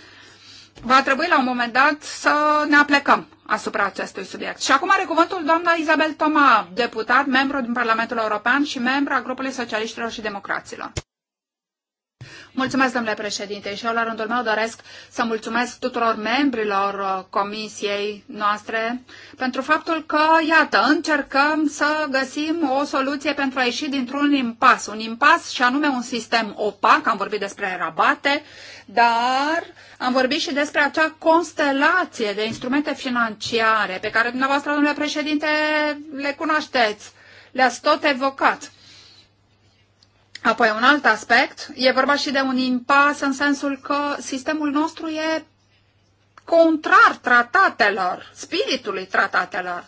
Va trebui la un moment dat să ne aplecăm asupra acestui subiect. Și acum are cuvântul doamna Isabel Toma, deputat, membru din Parlamentul European și membru a grupului socialiștilor și democraților. Mulțumesc, domnule președinte, și eu la rândul meu doresc să mulțumesc tuturor membrilor uh, comisiei noastre pentru faptul că, iată, încercăm să găsim o soluție pentru a ieși dintr-un impas. Un impas și anume un sistem opac, am vorbit despre rabate, dar am vorbit și despre acea constelație de instrumente financiare pe care dumneavoastră, domnule președinte, le cunoașteți. Le-ați tot evocat. Apoi, un alt aspect, e vorba și de un impas în sensul că sistemul nostru e contrar tratatelor, spiritului tratatelor.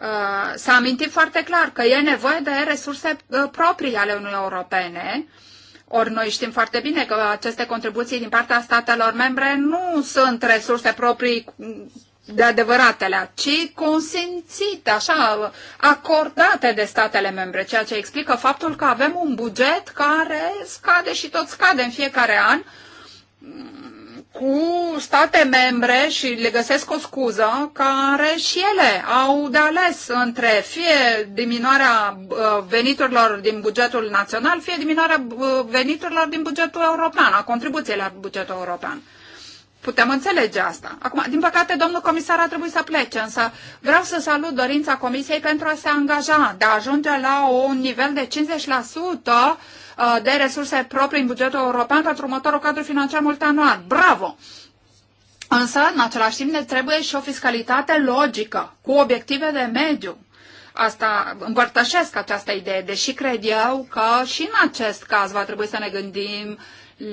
Uh, s-a amintit foarte clar că e nevoie de resurse uh, proprii ale Uniunii Europene, ori noi știm foarte bine că aceste contribuții din partea statelor membre nu sunt resurse proprii de adevăratele, ci consimțite, așa, acordate de statele membre, ceea ce explică faptul că avem un buget care scade și tot scade în fiecare an cu state membre și le găsesc o scuză care și ele au de ales între fie diminuarea uh, veniturilor din bugetul național, fie diminuarea uh, veniturilor din bugetul european, a contribuției la bugetul european. Putem înțelege asta. Acum, din păcate, domnul comisar a trebuit să plece, însă vreau să salut dorința comisiei pentru a se angaja, de a ajunge la un nivel de 50% uh, de resurse proprii în bugetul european pentru următorul cadru financiar multianual. Bravo! Însă, în același timp, ne trebuie și o fiscalitate logică, cu obiective de mediu. Asta împărtășesc această idee, deși cred eu că și în acest caz va trebui să ne gândim uh,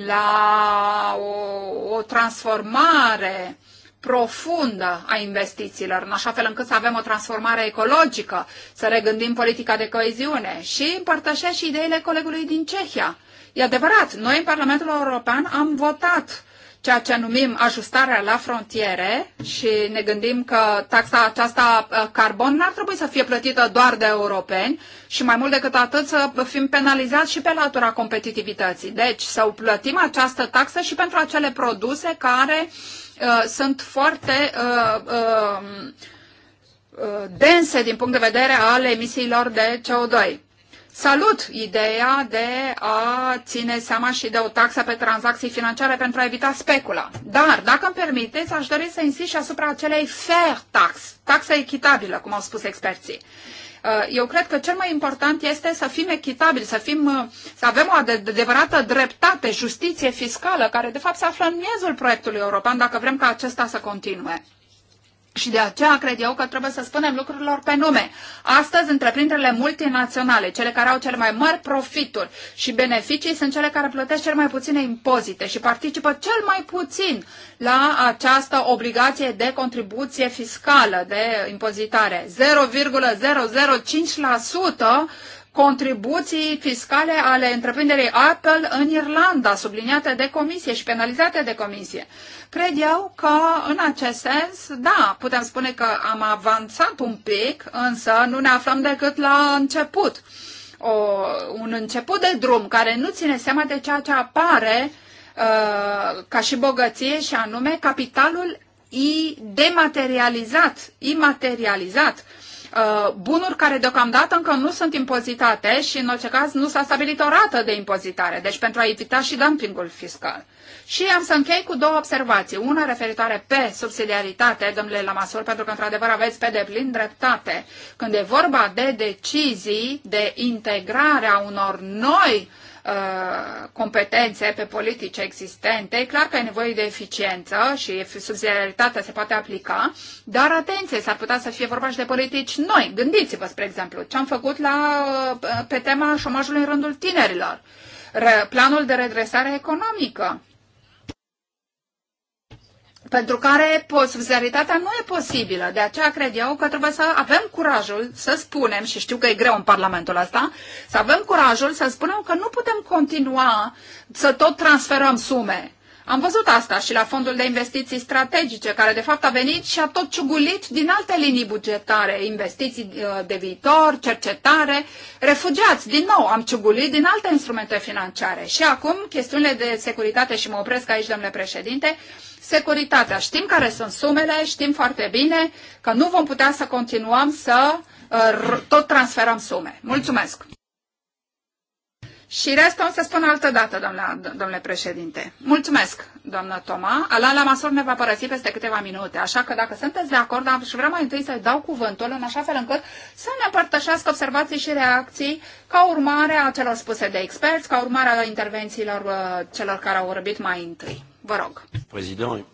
la o, o transformare profundă a investițiilor, în așa fel încât să avem o transformare ecologică, să regândim politica de coeziune și împărtășesc și ideile colegului din Cehia. E adevărat, noi în Parlamentul European am votat ceea ce numim ajustarea la frontiere și ne gândim că taxa aceasta uh, carbon n-ar trebui să fie plătită doar de europeni și mai mult decât atât să fim penalizați și pe latura competitivității. Deci să plătim această taxă și pentru acele produse care uh, sunt foarte uh, um, uh, dense din punct de vedere al emisiilor de CO2. Salut ideea de a ține seama și de o taxă pe tranzacții financiare pentru a evita specula. Dar, dacă îmi permiteți, aș dori să insist și asupra acelei fair tax, taxă echitabilă, cum au spus experții. Uh, eu cred că cel mai important este să fim echitabili, să, fim, uh, să avem o adevărată dreptate, justiție fiscală, care de fapt se află în miezul proiectului european, dacă vrem ca acesta să continue. Și de aceea cred eu că trebuie să spunem lucrurilor pe nume. Astăzi, întreprinderile multinaționale, cele care au cele mai mari profituri și beneficii, sunt cele care plătesc cel mai puține impozite și participă cel mai puțin la această obligație de contribuție fiscală, de impozitare. 0,005% contribuții fiscale ale întreprinderii Apple în Irlanda, subliniate de comisie și penalizate de comisie. Cred eu că în acest sens, da, putem spune că am avansat un pic, însă nu ne aflăm decât la început. O, un început de drum care nu ține seama de ceea ce apare uh, ca și bogăție și anume capitalul dematerializat, imaterializat, Uh, bunuri care deocamdată încă nu sunt impozitate și în orice caz nu s-a stabilit o rată de impozitare, deci pentru a evita și dumpingul fiscal. Și am să închei cu două observații. Una referitoare pe subsidiaritate, domnule Lamasur, pentru că într-adevăr aveți pe deplin dreptate. Când e vorba de decizii, de integrare a unor noi uh, Uh, competențe pe politice existente. E clar că e nevoie de eficiență și subsidiaritatea se poate aplica, dar atenție, s-ar putea să fie vorba și de politici noi. Gândiți-vă, spre exemplu, ce am făcut la, uh, pe tema șomajului în rândul tinerilor, planul de redresare economică pentru care subsidiaritatea nu e posibilă. De aceea cred eu că trebuie să avem curajul să spunem, și știu că e greu în Parlamentul ăsta, să avem curajul să spunem că nu putem continua să tot transferăm sume am văzut asta și la fondul de investiții strategice, care de fapt a venit și a tot ciugulit din alte linii bugetare, investiții uh, de viitor, cercetare, refugiați. Din nou, am ciugulit din alte instrumente financiare. Și acum, chestiunile de securitate, și mă opresc aici, domnule președinte, securitatea. Știm care sunt sumele, știm foarte bine că nu vom putea să continuăm să uh, tot transferăm sume. Mulțumesc! Și restul o să spun altă dată, domnule, domnule președinte. Mulțumesc, doamnă Toma. Alain masur ne va părăsi peste câteva minute, așa că dacă sunteți de acord, și vrea mai întâi să-i dau cuvântul în așa fel încât să ne împărtășească observații și reacții ca urmare a celor spuse de experți, ca urmare a intervențiilor uh, celor care au vorbit mai întâi. Vă rog. Prezident.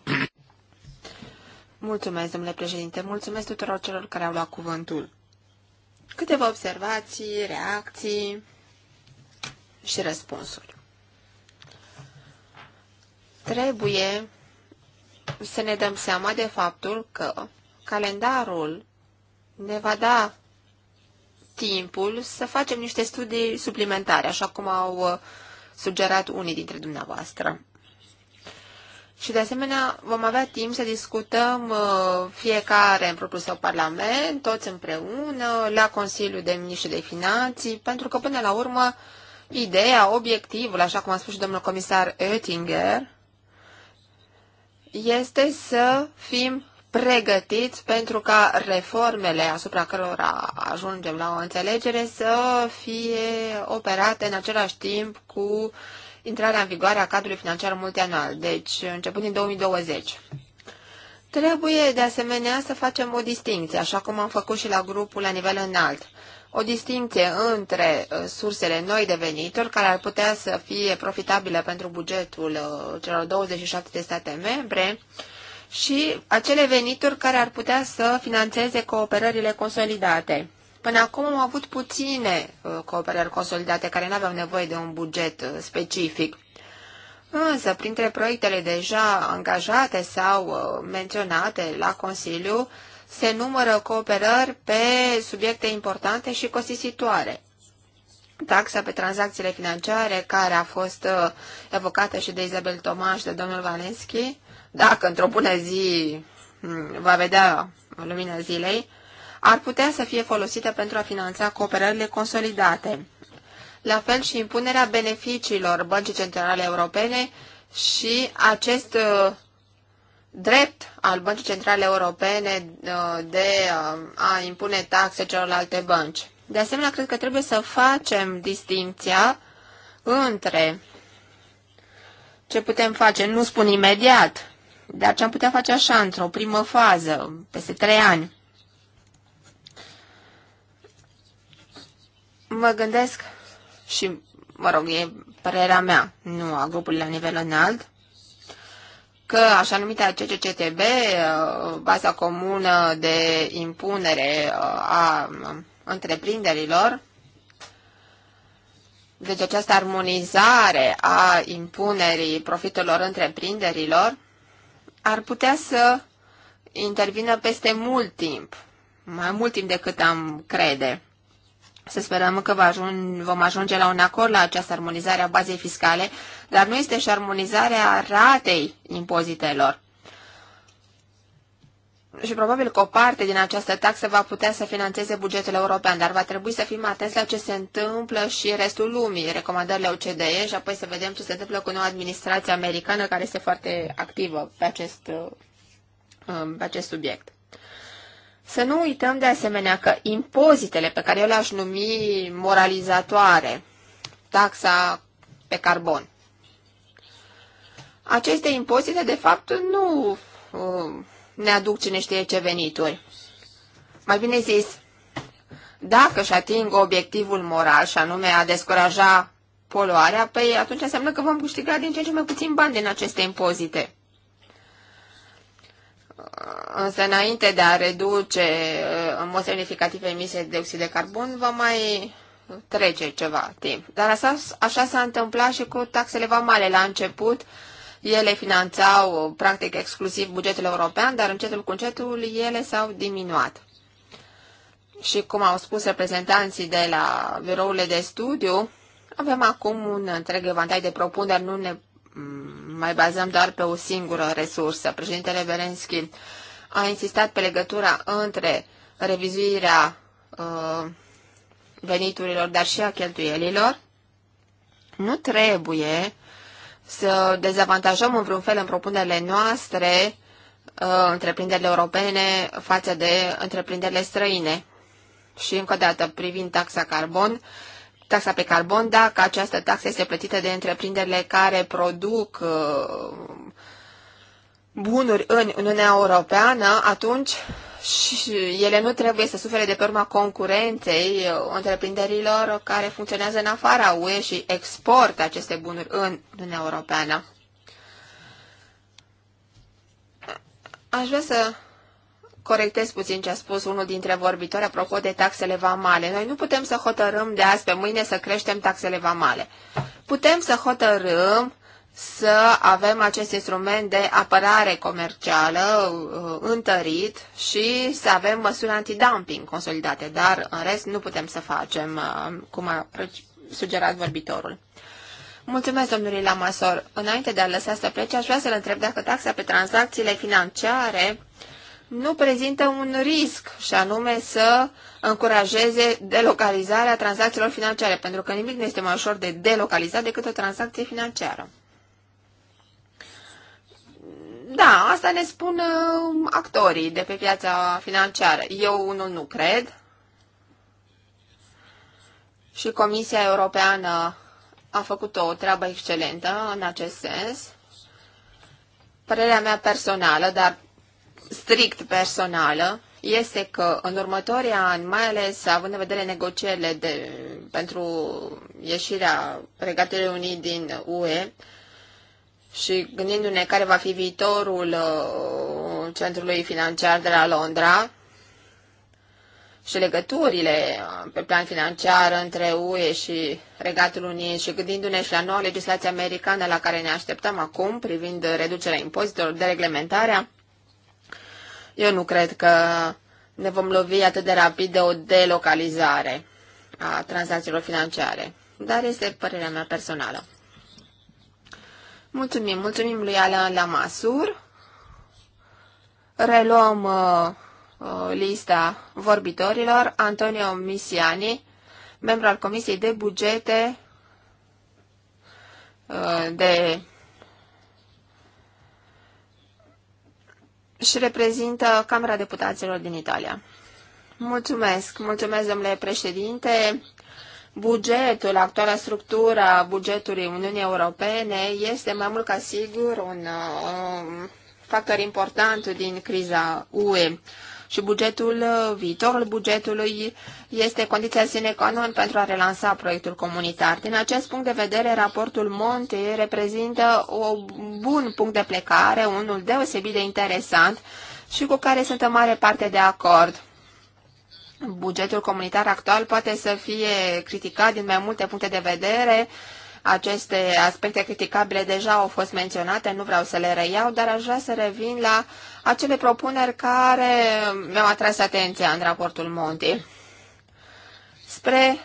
Mulțumesc, domnule președinte. Mulțumesc tuturor celor care au luat cuvântul. Câteva observații, reacții și răspunsuri. Trebuie să ne dăm seama de faptul că calendarul ne va da timpul să facem niște studii suplimentare, așa cum au uh, sugerat unii dintre dumneavoastră. Și de asemenea vom avea timp să discutăm uh, fiecare în propriul său parlament, toți împreună, la Consiliul de Miniștri de Finanții, pentru că până la urmă Ideea, obiectivul, așa cum a spus și domnul comisar Oettinger, este să fim pregătiți pentru ca reformele asupra cărora ajungem la o înțelegere să fie operate în același timp cu intrarea în vigoare a cadrului financiar multianual, deci începând din 2020. Trebuie de asemenea să facem o distinție, așa cum am făcut și la grupul la nivel înalt, o distinție între uh, sursele noi de venituri, care ar putea să fie profitabile pentru bugetul uh, celor 27 de state membre, și acele venituri care ar putea să financeze cooperările consolidate. Până acum am avut puține uh, cooperări consolidate care nu aveau nevoie de un buget specific. Însă, printre proiectele deja angajate sau menționate la Consiliu, se numără cooperări pe subiecte importante și costisitoare. Taxa pe tranzacțiile financiare, care a fost uh, evocată și de Isabel Tomaș, de domnul Valenski, dacă într-o bună zi hmm, va vedea lumina zilei, ar putea să fie folosită pentru a finanța cooperările consolidate. La fel și impunerea beneficiilor Băncii Centrale Europene și acest uh, drept al Băncii Centrale Europene uh, de uh, a impune taxe celorlalte bănci. De asemenea, cred că trebuie să facem distinția între ce putem face, nu spun imediat, dar ce am putea face așa, într-o primă fază, peste trei ani. Mă gândesc și, mă rog, e părerea mea, nu a grupului la nivel înalt, că așa numita CCCTB, uh, baza comună de impunere uh, a um, întreprinderilor, deci această armonizare a impunerii profitelor întreprinderilor ar putea să intervină peste mult timp, mai mult timp decât am crede. Să sperăm că vom ajunge la un acord la această armonizare a bazei fiscale, dar nu este și armonizarea ratei impozitelor. Și probabil că o parte din această taxă va putea să financeze bugetul european, dar va trebui să fim atenți la ce se întâmplă și restul lumii, recomandările OCDE și apoi să vedem ce se întâmplă cu noua administrație americană care este foarte activă pe acest, uh, pe acest subiect. Să nu uităm de asemenea că impozitele pe care eu le-aș numi moralizatoare, taxa pe carbon, aceste impozite de fapt nu uh, ne aduc cine știe ce venituri. Mai bine zis, dacă își ating obiectivul moral și anume a descuraja poluarea, păi atunci înseamnă că vom câștiga din ce în ce mai puțin bani din aceste impozite. Însă înainte de a reduce uh, în mod semnificativ emisiile de dioxid de carbon, va mai trece ceva timp. Dar așa, așa s-a întâmplat și cu taxele vamale. La început, ele finanțau practic exclusiv bugetul european, dar încetul cu încetul ele s-au diminuat. Și cum au spus reprezentanții de la birourile de studiu, avem acum un întreg evantai de propuneri, nu ne mai bazăm doar pe o singură resursă. Președintele Berenski a insistat pe legătura între revizuirea uh, veniturilor, dar și a cheltuielilor. Nu trebuie să dezavantajăm în vreun fel în propunerile noastre uh, întreprinderile europene față de întreprinderile străine. Și încă o dată, privind taxa carbon, uh, taxa pe carbon, dacă această taxă este plătită de întreprinderile care produc uh, bunuri în Uniunea Europeană, atunci ele nu trebuie să sufere de pe urma concurenței uh, întreprinderilor care funcționează în afara UE și exportă aceste bunuri în Uniunea Europeană. Aș vrea să corectez puțin ce a spus unul dintre vorbitori apropo de taxele vamale. Noi nu putem să hotărâm de azi pe mâine să creștem taxele vamale. Putem să hotărâm să avem acest instrument de apărare comercială uh, întărit și să avem măsuri antidumping consolidate, dar în rest nu putem să facem uh, cum a sugerat vorbitorul. Mulțumesc, domnului Lamasor. Înainte de a lăsa să plece, aș vrea să-l întreb dacă taxa pe tranzacțiile financiare nu prezintă un risc și anume să încurajeze delocalizarea tranzacțiilor financiare, pentru că nimic nu este mai ușor de delocalizat decât o tranzacție financiară. Da, asta ne spun um, actorii de pe piața financiară. Eu unul nu cred. Și Comisia Europeană a făcut o treabă excelentă în acest sens. Părerea mea personală, dar strict personală este că în următorii ani, mai ales având în vedere negocierile de, pentru ieșirea Regatului Unii din UE și gândindu-ne care va fi viitorul uh, centrului financiar de la Londra și legăturile uh, pe plan financiar între UE și Regatul Unii și gândindu-ne și la noua legislație americană la care ne așteptăm acum privind reducerea impozitelor, de reglementarea, eu nu cred că ne vom lovi atât de rapid de o delocalizare a tranzacțiilor financiare, dar este părerea mea personală. Mulțumim, mulțumim lui Alain Lamasur. Reluăm uh, uh, lista vorbitorilor. Antonio Misiani, membru al Comisiei de Bugete uh, de și reprezintă Camera Deputaților din Italia. Mulțumesc, mulțumesc, domnule președinte. Bugetul, actuala structură a bugetului Uniunii Europene este mai mult ca sigur un, uh, un factor important din criza UE și bugetul, viitorul bugetului este condiția sine qua non pentru a relansa proiectul comunitar. Din acest punct de vedere, raportul Monte reprezintă un bun punct de plecare, unul deosebit de interesant și cu care sunt în mare parte de acord. Bugetul comunitar actual poate să fie criticat din mai multe puncte de vedere, aceste aspecte criticabile deja au fost menționate, nu vreau să le reiau, dar aș vrea să revin la acele propuneri care mi-au atras atenția în raportul Monti. Spre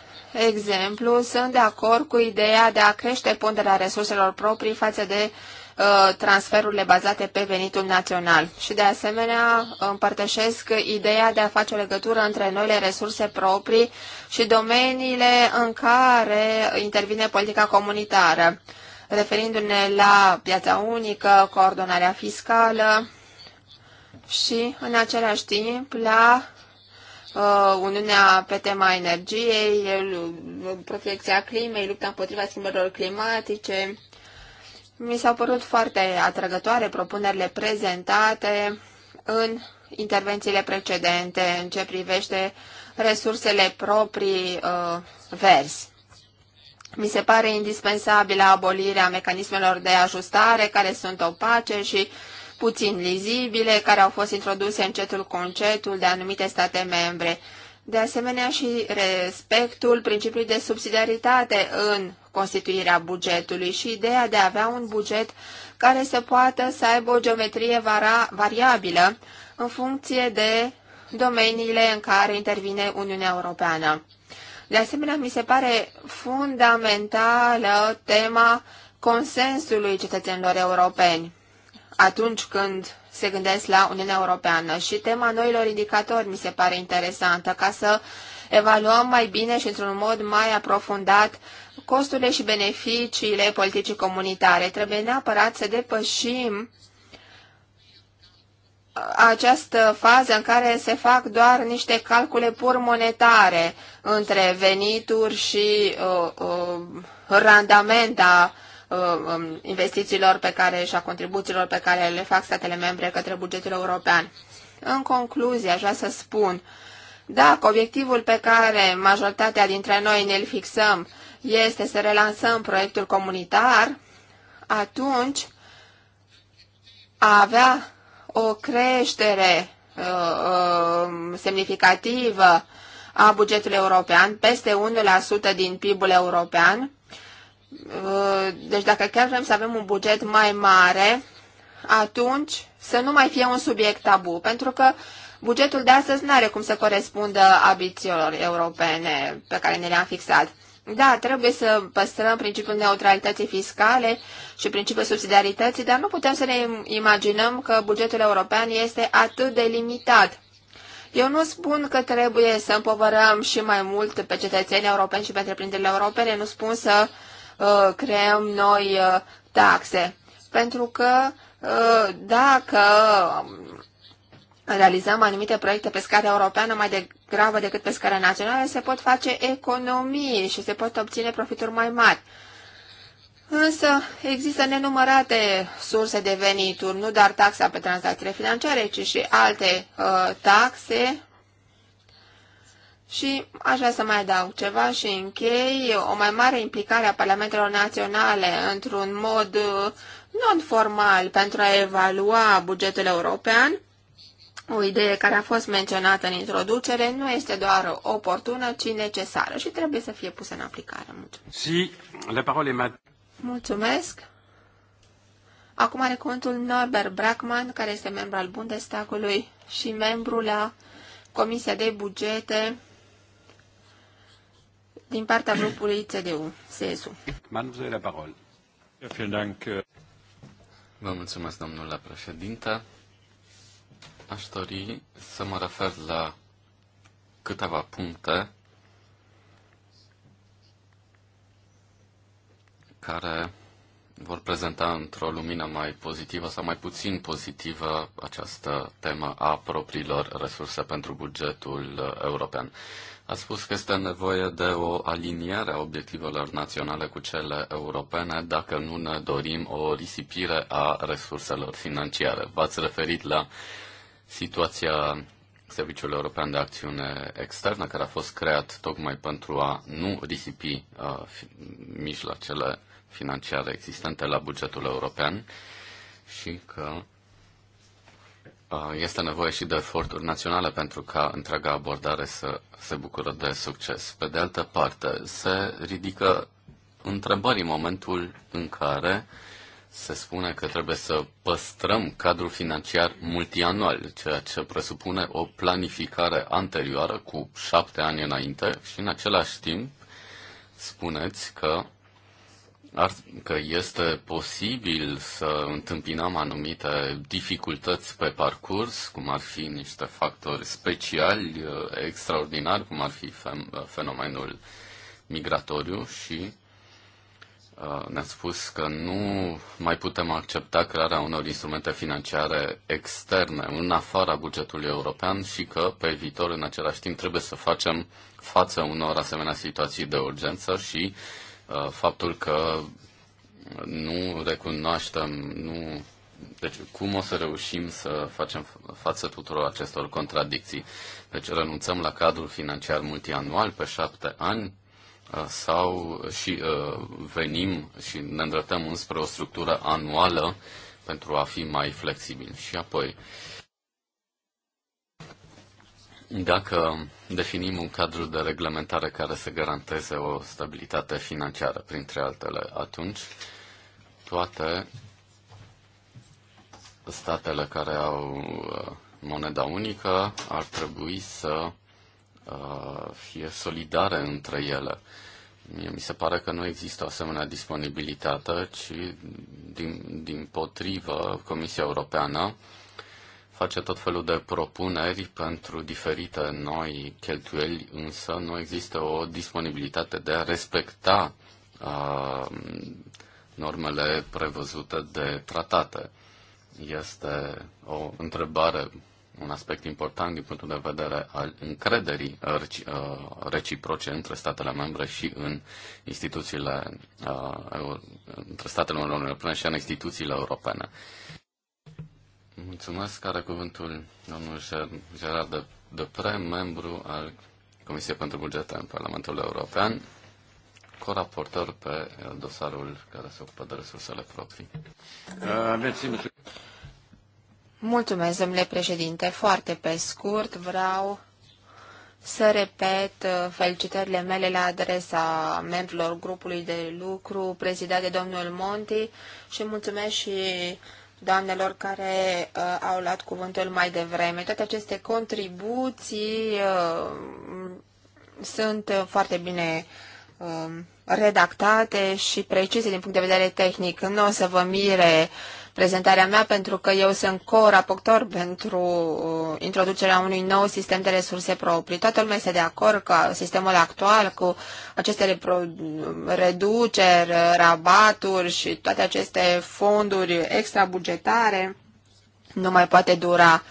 exemplu, sunt de acord cu ideea de a crește ponderea resurselor proprii față de uh, Uh, transferurile bazate pe venitul național. Și de asemenea împărtășesc ideea de a face o legătură între noile resurse proprii și domeniile în care intervine politica comunitară, referindu-ne la piața unică, coordonarea fiscală și, în același timp, la uh, Uniunea pe tema energiei, protecția climei, lupta împotriva schimbărilor climatice, mi s-au părut foarte atrăgătoare propunerile prezentate în intervențiile precedente în ce privește resursele proprii uh, verzi. Mi se pare indispensabilă abolirea mecanismelor de ajustare care sunt opace și puțin lizibile, care au fost introduse încetul cu încetul de anumite state membre de asemenea și respectul principiului de subsidiaritate în constituirea bugetului și ideea de a avea un buget care să poată să aibă o geometrie variabilă în funcție de domeniile în care intervine Uniunea Europeană. De asemenea, mi se pare fundamentală tema consensului cetățenilor europeni atunci când se gândesc la Uniunea Europeană. Și tema noilor indicatori mi se pare interesantă, ca să evaluăm mai bine și într-un mod mai aprofundat costurile și beneficiile politicii comunitare. Trebuie neapărat să depășim uh, această fază în care se fac doar niște calcule pur monetare între venituri și uh, uh, randamenta Uh, um, investițiilor pe care și a contribuțiilor pe care le fac statele membre către bugetul european. În concluzie, aș vrea să spun, dacă obiectivul pe care majoritatea dintre noi ne-l fixăm este să relansăm proiectul comunitar, atunci a avea o creștere uh, um, semnificativă a bugetului european, peste 1% din PIB-ul european, Uh, deci dacă chiar vrem să avem un buget mai mare, atunci să nu mai fie un subiect tabu, pentru că bugetul de astăzi nu are cum să corespundă ambițiilor europene pe care ne le-am fixat. Da, trebuie să păstrăm principiul neutralității fiscale și principiul subsidiarității, dar nu putem să ne imaginăm că bugetul european este atât de limitat. Eu nu spun că trebuie să împovărăm și mai mult pe cetățenii europeni și pe întreprinderile europene, nu spun să uh, Uh, creăm noi uh, taxe. Pentru că uh, dacă um, realizăm anumite proiecte pe scară europeană mai degrabă decât pe scară națională, se pot face economii și se pot obține profituri mai mari. Însă există nenumărate surse de venituri, nu doar taxa pe tranzacțiile financiare, ci și alte uh, taxe și aș vrea să mai adaug ceva și închei o mai mare implicare a parlamentelor naționale într-un mod uh, non-formal pentru a evalua bugetul european. O idee care a fost menționată în introducere nu este doar oportună, ci necesară și trebuie să fie pusă în aplicare. Mulțumesc. la Mulțumesc. Acum are cuvântul Norbert Brackman, care este membru al Bundestagului și membru la Comisia de Bugete din partea grupului CDU, CSU. Eh. Vă mulțumesc, domnule președinte. Aș dori să mă refer la câteva puncte care vor prezenta într-o lumină mai pozitivă sau mai puțin pozitivă această temă a propriilor resurse pentru bugetul european. A spus că este nevoie de o aliniere a obiectivelor naționale cu cele europene dacă nu ne dorim o risipire a resurselor financiare. V-ați referit la situația Serviciului European de Acțiune Externă, care a fost creat tocmai pentru a nu risipi uh, mijloacele financiare existente la bugetul european și că este nevoie și de eforturi naționale pentru ca întreaga abordare să se bucură de succes. Pe de altă parte, se ridică întrebări în momentul în care se spune că trebuie să păstrăm cadrul financiar multianual, ceea ce presupune o planificare anterioară cu șapte ani înainte și în același timp spuneți că ar, că este posibil să întâmpinăm anumite dificultăți pe parcurs, cum ar fi niște factori speciali, uh, extraordinari, cum ar fi uh, fenomenul migratoriu și uh, ne-a spus că nu mai putem accepta crearea unor instrumente financiare externe în afara bugetului european și că pe viitor, în același timp, trebuie să facem față unor asemenea situații de urgență și uh, Uh, faptul că nu recunoaștem, nu... Deci cum o să reușim să facem față tuturor acestor contradicții? Deci renunțăm la cadrul financiar multianual pe șapte ani uh, sau și uh, venim și ne îndreptăm înspre o structură anuală pentru a fi mai flexibili. Și apoi, uh, dacă definim un cadru de reglementare care să garanteze o stabilitate financiară, printre altele, atunci toate statele care au uh, moneda unică ar trebui să uh, fie solidare între ele. Mie mi se pare că nu există o asemenea disponibilitate, ci din, din potrivă Comisia Europeană face tot felul de propuneri pentru diferite noi cheltuieli, însă nu există o disponibilitate de a respecta uh, normele prevăzute de tratate. Este o întrebare, un aspect important din punctul de vedere al încrederii uh, reciproce între statele membre și în instituțiile, uh, între statele membre Europene și în instituțiile europene. Mulțumesc. care cuvântul domnul Gerard de Pre, membru al Comisiei pentru Bugete în Parlamentul European, coraportor pe dosarul care se ocupă de resursele proprii. Uh, mulțumesc, domnule președinte. Foarte pe scurt vreau să repet uh, felicitările mele la adresa membrilor grupului de lucru prezidat de domnul Monti și mulțumesc și doamnelor care uh, au luat cuvântul mai devreme. Toate aceste contribuții uh, sunt foarte bine uh, redactate și precise din punct de vedere tehnic. Nu o să vă mire uh, prezentarea mea pentru că eu sunt co-raportor pentru uh, introducerea unui nou sistem de resurse proprii. Toată lumea este de acord că sistemul actual cu aceste reduceri, rabaturi și toate aceste fonduri extrabugetare nu mai poate dura.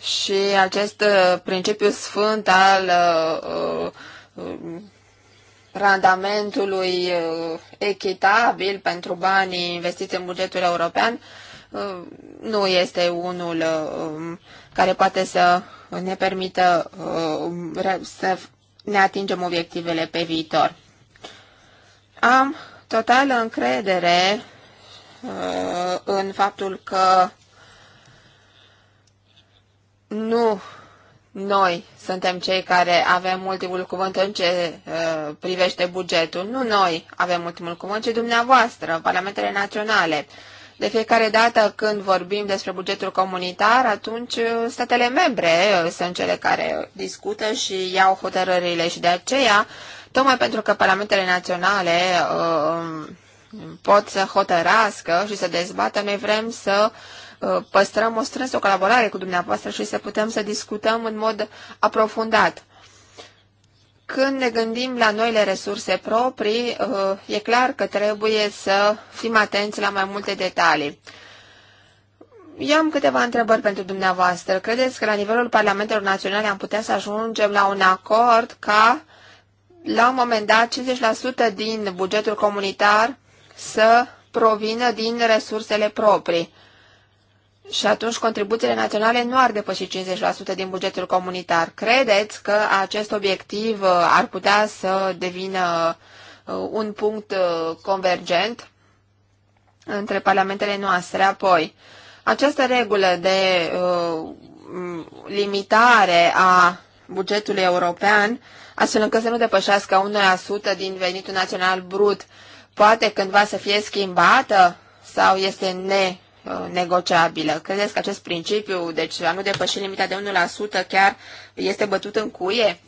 Și acest uh, principiu sfânt al uh, uh, randamentului uh, echitabil pentru banii investiți în bugetul european uh, nu este unul uh, um, care poate să ne permită să ne atingem obiectivele pe viitor. Am totală încredere în faptul că nu noi suntem cei care avem ultimul cuvânt în ce uh, privește bugetul. Nu noi avem ultimul cuvânt, ci dumneavoastră, parlamentele naționale. De fiecare dată când vorbim despre bugetul comunitar, atunci uh, statele membre uh, sunt cele care discută și iau hotărârile și de aceea, tocmai pentru că parlamentele naționale uh, pot să hotărască și să dezbată, noi vrem să uh, păstrăm o strânsă colaborare cu dumneavoastră și să putem să discutăm în mod aprofundat. Când ne gândim la noile resurse proprii, e clar că trebuie să fim atenți la mai multe detalii. Eu am câteva întrebări pentru dumneavoastră. Credeți că la nivelul Parlamentelor Naționale am putea să ajungem la un acord ca la un moment dat 50% din bugetul comunitar să provină din resursele proprii? și atunci contribuțiile naționale nu ar depăși 50% din bugetul comunitar. Credeți că acest obiectiv uh, ar putea să devină uh, un punct uh, convergent între parlamentele noastre? Apoi, această regulă de limitare a bugetului european, astfel încât să nu depășească 1% din venitul național brut, poate cândva să fie schimbată sau este ne Uh, negociabilă. Credeți că acest principiu, deci a nu depăși limita de 1%, chiar este bătut în cuie?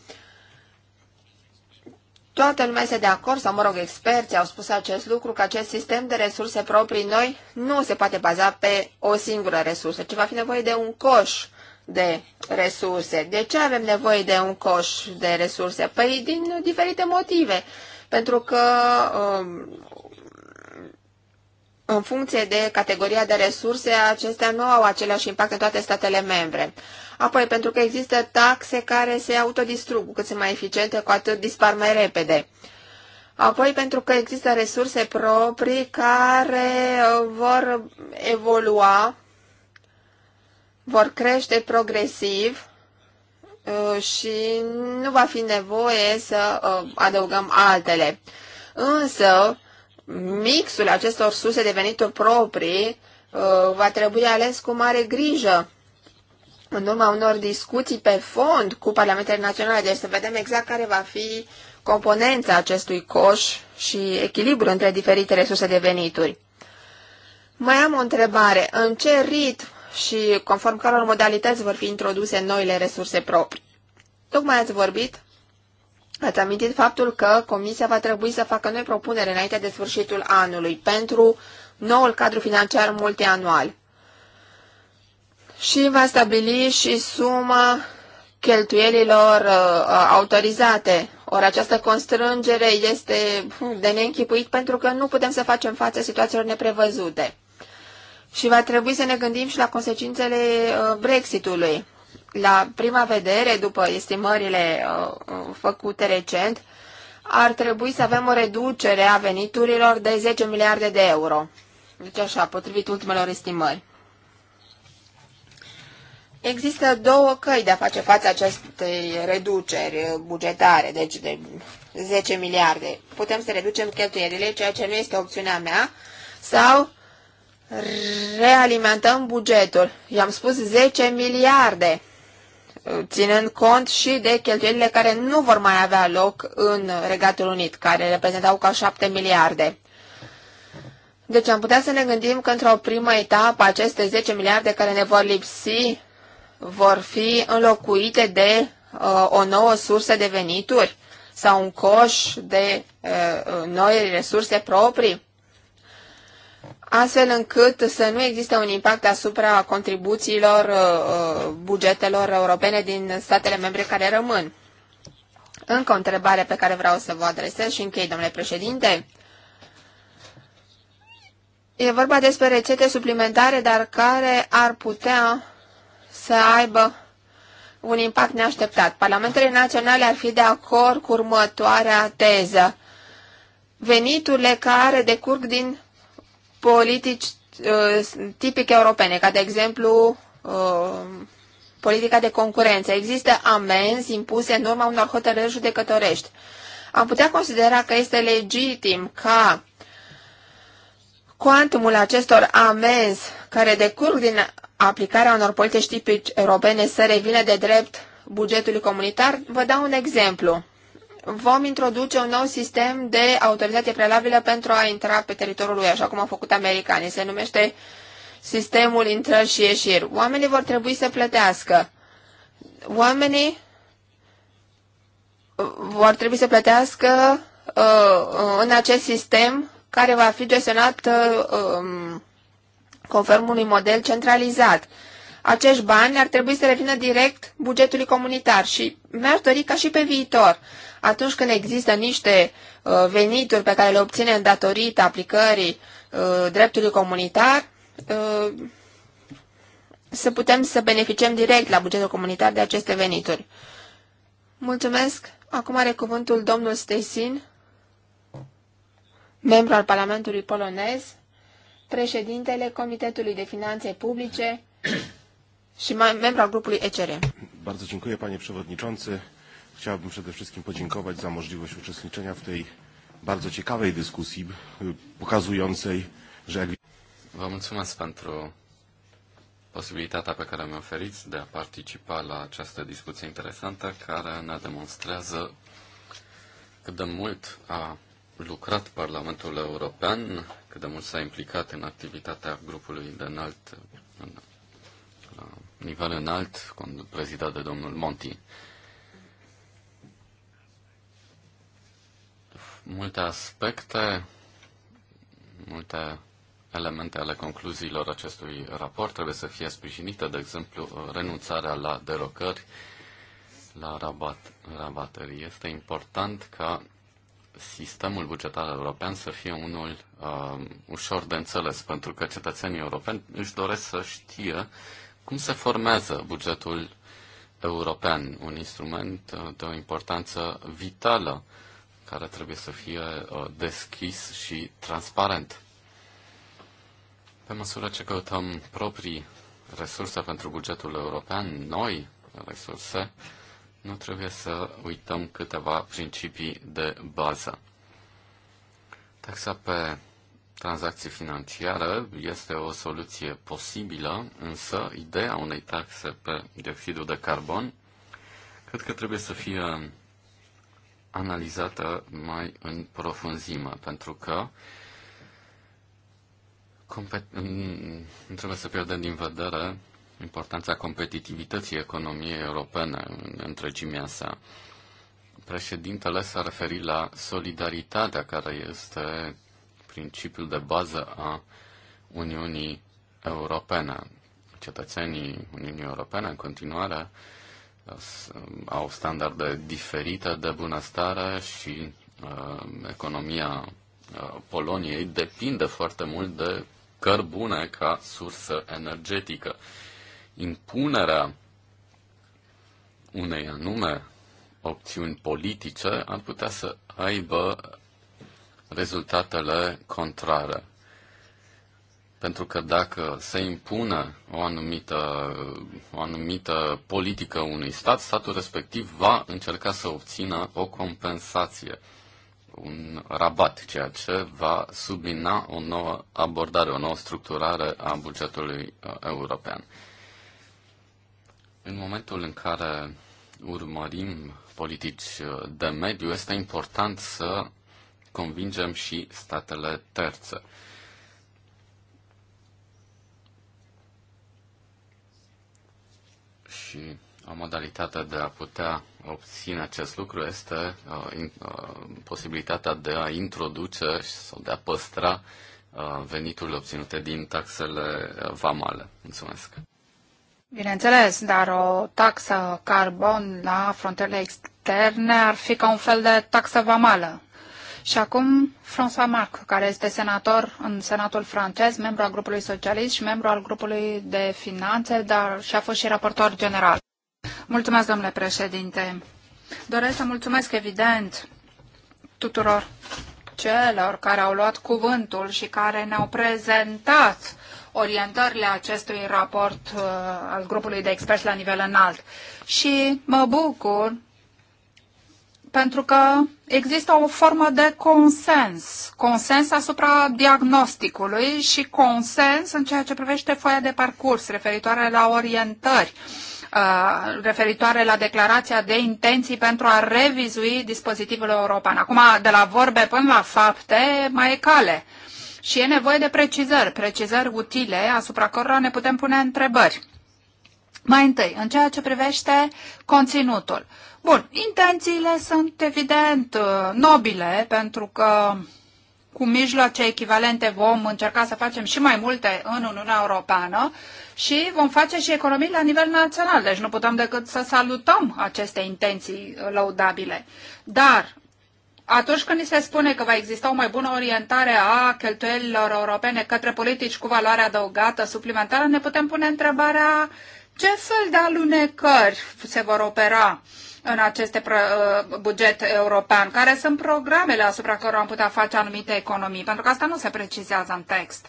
Toată lumea este de acord, sau mă rog, experții au spus acest lucru, că acest sistem de resurse proprii noi nu se poate baza pe o singură resursă, ci va fi nevoie de un coș de resurse. De ce avem nevoie de un coș de resurse? Păi din diferite motive. Pentru că um, în funcție de categoria de resurse, acestea nu au același impact în toate statele membre. Apoi, pentru că există taxe care se autodistrug, cu cât sunt mai eficiente, cu atât dispar mai repede. Apoi, pentru că există resurse proprii care uh, vor evolua, vor crește progresiv uh, și nu va fi nevoie să uh, adăugăm altele. Însă, mixul acestor surse de venituri proprii uh, va trebui ales cu mare grijă în urma unor discuții pe fond cu parlamentele naționale, deci să vedem exact care va fi componența acestui coș și echilibru între diferitele surse de venituri. Mai am o întrebare. În ce ritm și conform căror modalități vor fi introduse noile resurse proprii? Tocmai ați vorbit Ați amintit faptul că Comisia va trebui să facă noi propunere înainte de sfârșitul anului pentru noul cadru financiar multianual și va stabili și suma cheltuielilor uh, autorizate. Ori această constrângere este de neînchipuit pentru că nu putem să facem față situațiilor neprevăzute. Și va trebui să ne gândim și la consecințele uh, Brexitului la prima vedere, după estimările uh, uh, făcute recent, ar trebui să avem o reducere a veniturilor de 10 miliarde de euro. Deci așa, potrivit ultimelor estimări. Există două căi de a face față acestei reduceri bugetare, deci de 10 miliarde. Putem să reducem cheltuielile, ceea ce nu este opțiunea mea, sau realimentăm bugetul. I-am spus 10 miliarde ținând cont și de cheltuielile care nu vor mai avea loc în Regatul Unit, care reprezentau ca 7 miliarde. Deci am putea să ne gândim că într-o primă etapă aceste 10 miliarde care ne vor lipsi vor fi înlocuite de uh, o nouă sursă de venituri sau un coș de uh, uh noi resurse proprii astfel încât să nu existe un impact asupra contribuțiilor uh, uh, bugetelor europene din statele membre care rămân. Încă o întrebare pe care vreau să vă adresez și închei, domnule președinte. E vorba despre rețete suplimentare, dar care ar putea să aibă un impact neașteptat. Parlamentele naționale ar fi de acord cu următoarea teză. Veniturile care decurg din politici uh, tipic europene, ca de exemplu uh, politica de concurență. Există amenzi impuse în urma unor hotărâri judecătorești. Am putea considera că este legitim ca cuantumul acestor amenzi care decurg din aplicarea unor politici tipici europene să revină de drept bugetului comunitar? Vă dau un exemplu vom introduce un nou sistem de autorizație prealabilă pentru a intra pe teritoriul lui, așa cum au făcut americanii. Se numește sistemul intrări și ieșiri. Oamenii vor trebui să plătească. Oamenii uh, vor trebui să plătească uh, în acest sistem care va fi gestionat uh, um, conform unui model centralizat. Acești bani ar trebui să revină direct bugetului comunitar și mi-aș dori ca și pe viitor atunci când există niște uh, venituri pe care le obținem datorită aplicării uh, dreptului comunitar, uh, să putem să beneficiem direct la bugetul comunitar de aceste venituri. Mulțumesc. Acum are cuvântul domnul Stesin, membru al Parlamentului polonez, președintele Comitetului de Finanțe Publice și membru al grupului ECR. Bardzo dziękuję, panie przewodniczący. Chciałbym przede wszystkim podziękować za możliwość uczestniczenia w tej bardzo ciekawej dyskusji, pokazującej, że jak... Vă mulțumesc pentru posibilitatea pe care mi-o oferiți de a participa la această discuție interesantă care ne demonstrează cât de mult a lucrat Parlamentul European, cât de mult s-a implicat în activitatea grupului de înalt, în, la nivel înalt, prezidat de domnul Monti. multe aspecte, multe elemente ale concluziilor acestui raport trebuie să fie sprijinite, de exemplu, renunțarea la derocări, la rabat, rabatări. Este important ca sistemul bugetar european să fie unul uh, ușor de înțeles, pentru că cetățenii europeni își doresc să știe cum se formează bugetul european, un instrument uh, de o importanță vitală uh, care trebuie să fie uh, deschis și transparent. Pe măsură ce căutăm proprii resurse pentru bugetul european, noi resurse, nu trebuie să uităm câteva principii de bază. Taxa pe tranzacții financiare este o soluție posibilă, însă ideea unei taxe pe dioxidul de carbon cred că trebuie să fie analizată mai în profunzime, pentru că nu trebuie să pierdem din vedere importanța competitivității economiei europene în întregimea sa. Președintele s-a referit la solidaritatea care este principiul de bază a Uniunii Europene. Cetățenii Uniunii Europene în continuare au standarde diferite de bunăstare și uh, economia uh, Poloniei depinde foarte mult de cărbune ca sursă energetică. Impunerea unei anume opțiuni politice ar putea să aibă rezultatele contrare. Pentru că dacă se impune o anumită, o anumită politică unui stat, statul respectiv va încerca să obțină o compensație, un rabat, ceea ce va submina o nouă abordare, o nouă structurare a bugetului uh, european. În momentul în care urmărim politici uh, de mediu, este important să convingem și statele terțe. și o modalitate de a putea obține acest lucru este uh, in, uh, posibilitatea de a introduce sau de a păstra uh, veniturile obținute din taxele uh, vamale. Mulțumesc! Bineînțeles, dar o taxă carbon la frontierele externe ar fi ca un fel de taxă vamală. Și acum François Marc, care este senator în Senatul francez, membru al grupului socialist și membru al grupului de finanțe, dar și a fost și raportor general. Mulțumesc, domnule președinte. Doresc să mulțumesc, evident, tuturor celor care au luat cuvântul și care ne-au prezentat orientările acestui raport uh, al grupului de experți la nivel înalt. Și mă bucur pentru că există o formă de consens, consens asupra diagnosticului și consens în ceea ce privește foaia de parcurs referitoare la orientări uh, referitoare la declarația de intenții pentru a revizui dispozitivul european. Acum, de la vorbe până la fapte, mai e cale. Și e nevoie de precizări, precizări utile asupra cărora ne putem pune întrebări. Mai întâi, în ceea ce privește conținutul. Bun, intențiile sunt evident uh, nobile, pentru că cu mijloace echivalente vom încerca să facem și mai multe în Uniunea Europeană și vom face și economii la nivel național. Deci nu putem decât să salutăm aceste intenții uh, laudabile. Dar atunci când ni se spune că va exista o mai bună orientare a cheltuielilor europene către politici cu valoare adăugată suplimentară, ne putem pune întrebarea ce fel de alunecări se vor opera în acest uh, buget european, care sunt programele asupra cărora am putea face anumite economii, pentru că asta nu se precizează în text.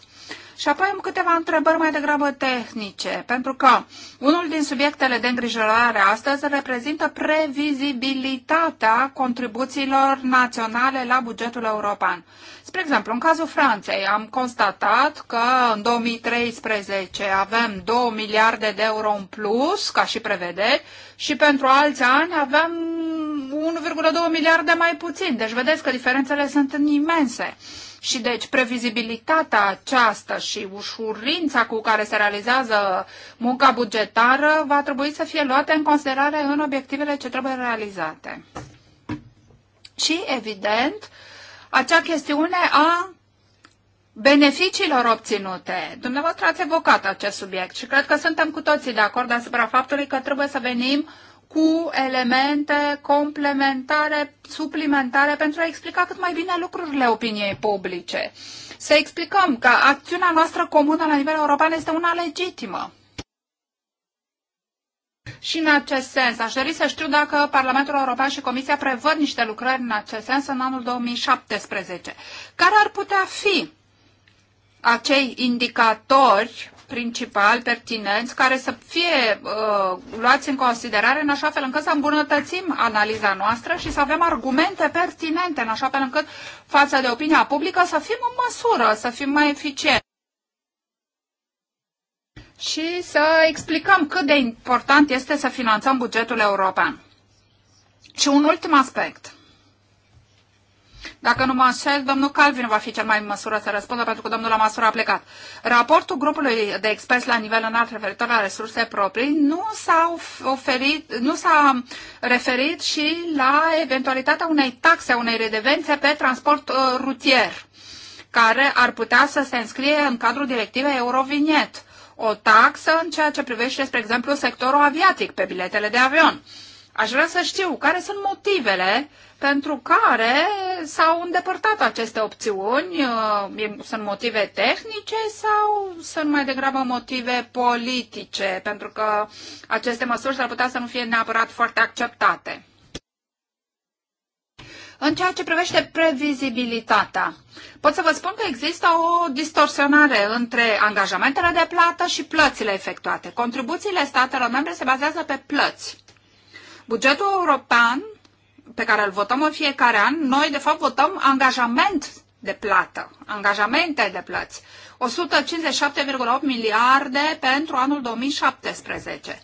Și apoi am câteva întrebări mai degrabă tehnice, pentru că unul din subiectele de îngrijorare astăzi reprezintă previzibilitatea contribuțiilor naționale la bugetul european. Spre exemplu, în cazul Franței am constatat că în 2013 avem 2 miliarde de euro în plus, ca și prevederi, și pentru alți ani avem 1,2 miliarde mai puțin. Deci vedeți că diferențele sunt imense. Și deci previzibilitatea aceasta și ușurința cu care se realizează munca bugetară va trebui să fie luate în considerare în obiectivele ce trebuie realizate. Și, evident, acea chestiune a beneficiilor obținute. Dumneavoastră ați evocat acest subiect și cred că suntem cu toții de acord asupra faptului că trebuie să venim cu elemente complementare, suplimentare, pentru a explica cât mai bine lucrurile opiniei publice. Să explicăm că acțiunea noastră comună la nivel european este una legitimă. Și în acest sens, aș dori să știu dacă Parlamentul European și Comisia prevăd niște lucrări în acest sens în anul 2017. Care ar putea fi acei indicatori principal, pertinenți care să fie uh, luați în considerare în așa fel încât să îmbunătățim analiza noastră și să avem argumente pertinente în așa fel încât față de opinia publică să fim în măsură, să fim mai eficienți și să explicăm cât de important este să finanțăm bugetul european. Și un ultim aspect. Dacă nu mă înșel, domnul Calvin va fi cel mai în măsură să răspundă, pentru că domnul la măsură a plecat. Raportul grupului de experți la nivel înalt referitor la resurse proprii nu s-a oferit, nu s-a referit și la eventualitatea unei taxe, unei redevențe pe transport uh, rutier care ar putea să se înscrie în cadrul directivei Eurovignet, o taxă în ceea ce privește, spre exemplu, sectorul aviatic pe biletele de avion. Aș vrea să știu care sunt motivele uh, pentru care s-au îndepărtat aceste opțiuni. Uh, sunt motive tehnice sau sunt mai degrabă motive politice, pentru că aceste măsuri s-ar putea să nu fie neapărat foarte acceptate. În ceea ce privește previzibilitatea, pot să vă spun că există o distorsionare între angajamentele de plată și plățile efectuate. Contribuțiile statelor membre se bazează pe plăți. Bugetul european pe care îl votăm în fiecare an, noi de fapt votăm angajament de plată, angajamente de plăți. 157,8 miliarde pentru anul 2017.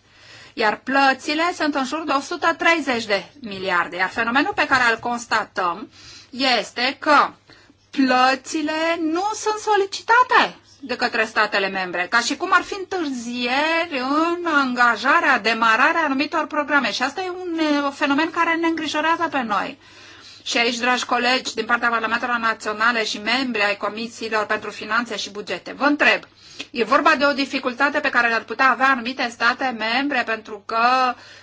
Iar plățile sunt în jur de 130 de miliarde. Iar fenomenul pe care îl constatăm este că plățile nu sunt solicitate de către statele membre, ca și cum ar fi întârzieri în angajarea, demararea anumitor programe. Și asta e un fenomen care ne îngrijorează pe noi. Și aici, dragi colegi, din partea Parlamentelor Naționale și membri ai Comisiilor pentru Finanțe și Bugete, vă întreb, e vorba de o dificultate pe care le-ar putea avea anumite state membre pentru că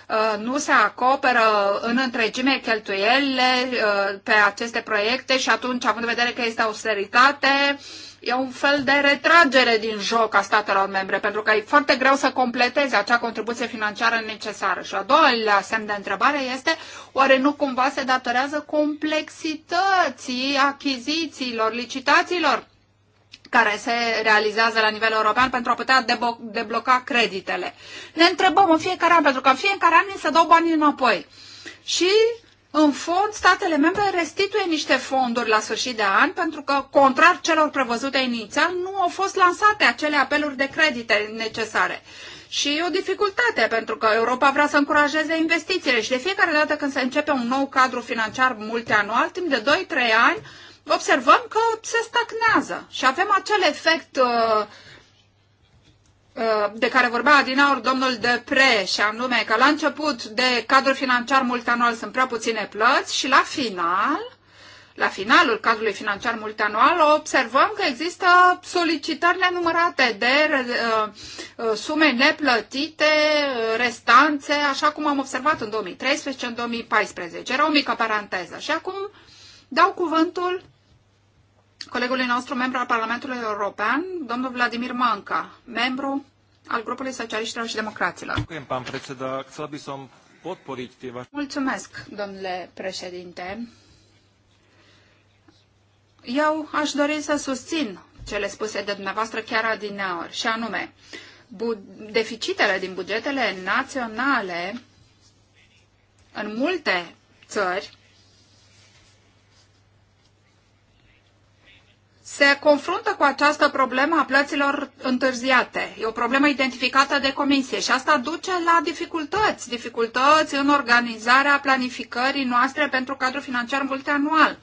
uh, nu se acoperă în întregime cheltuielile uh, pe aceste proiecte și atunci, având în vedere că este austeritate, uh, e un fel de retragere din joc a statelor membre, pentru că e foarte greu să completeze acea contribuție financiară necesară. Și a doua semn de întrebare este, oare nu cumva se datorează complexității achizițiilor, licitațiilor care se realizează la nivel european pentru a putea debloca creditele. Ne întrebăm în fiecare an, pentru că în fiecare an ni se dau banii înapoi. Și în fond, statele membre restituie niște fonduri la sfârșit de an, pentru că, contrar celor prevăzute inițial, nu au fost lansate acele apeluri de credite necesare. Și e o dificultate, pentru că Europa vrea să încurajeze investițiile și de fiecare dată când se începe un nou cadru financiar multianual, timp de 2-3 ani, observăm că se stagnează și avem acel efect uh, Uh, de care vorbea adinaur domnul Depre, și anume că la început de cadrul financiar multianual sunt prea puține plăți și la final, la finalul cadrului financiar multianual, observăm că există solicitări nenumărate de uh, uh sume neplătite, uh, restanțe, așa cum am observat în 2013, și în 2014. Era o mică paranteză. Și acum dau cuvântul colegului nostru, membru al Parlamentului European, domnul Vladimir Manca, membru al grupului socialiștilor și democraților. Mulțumesc, domnule președinte. Eu aș dori să susțin cele spuse de dumneavoastră chiar adineori, și anume, deficitele din bugetele naționale în multe țări se confruntă cu această problemă a plăților întârziate. E o problemă identificată de comisie și asta duce la dificultăți, dificultăți în organizarea planificării noastre pentru cadrul financiar multianual.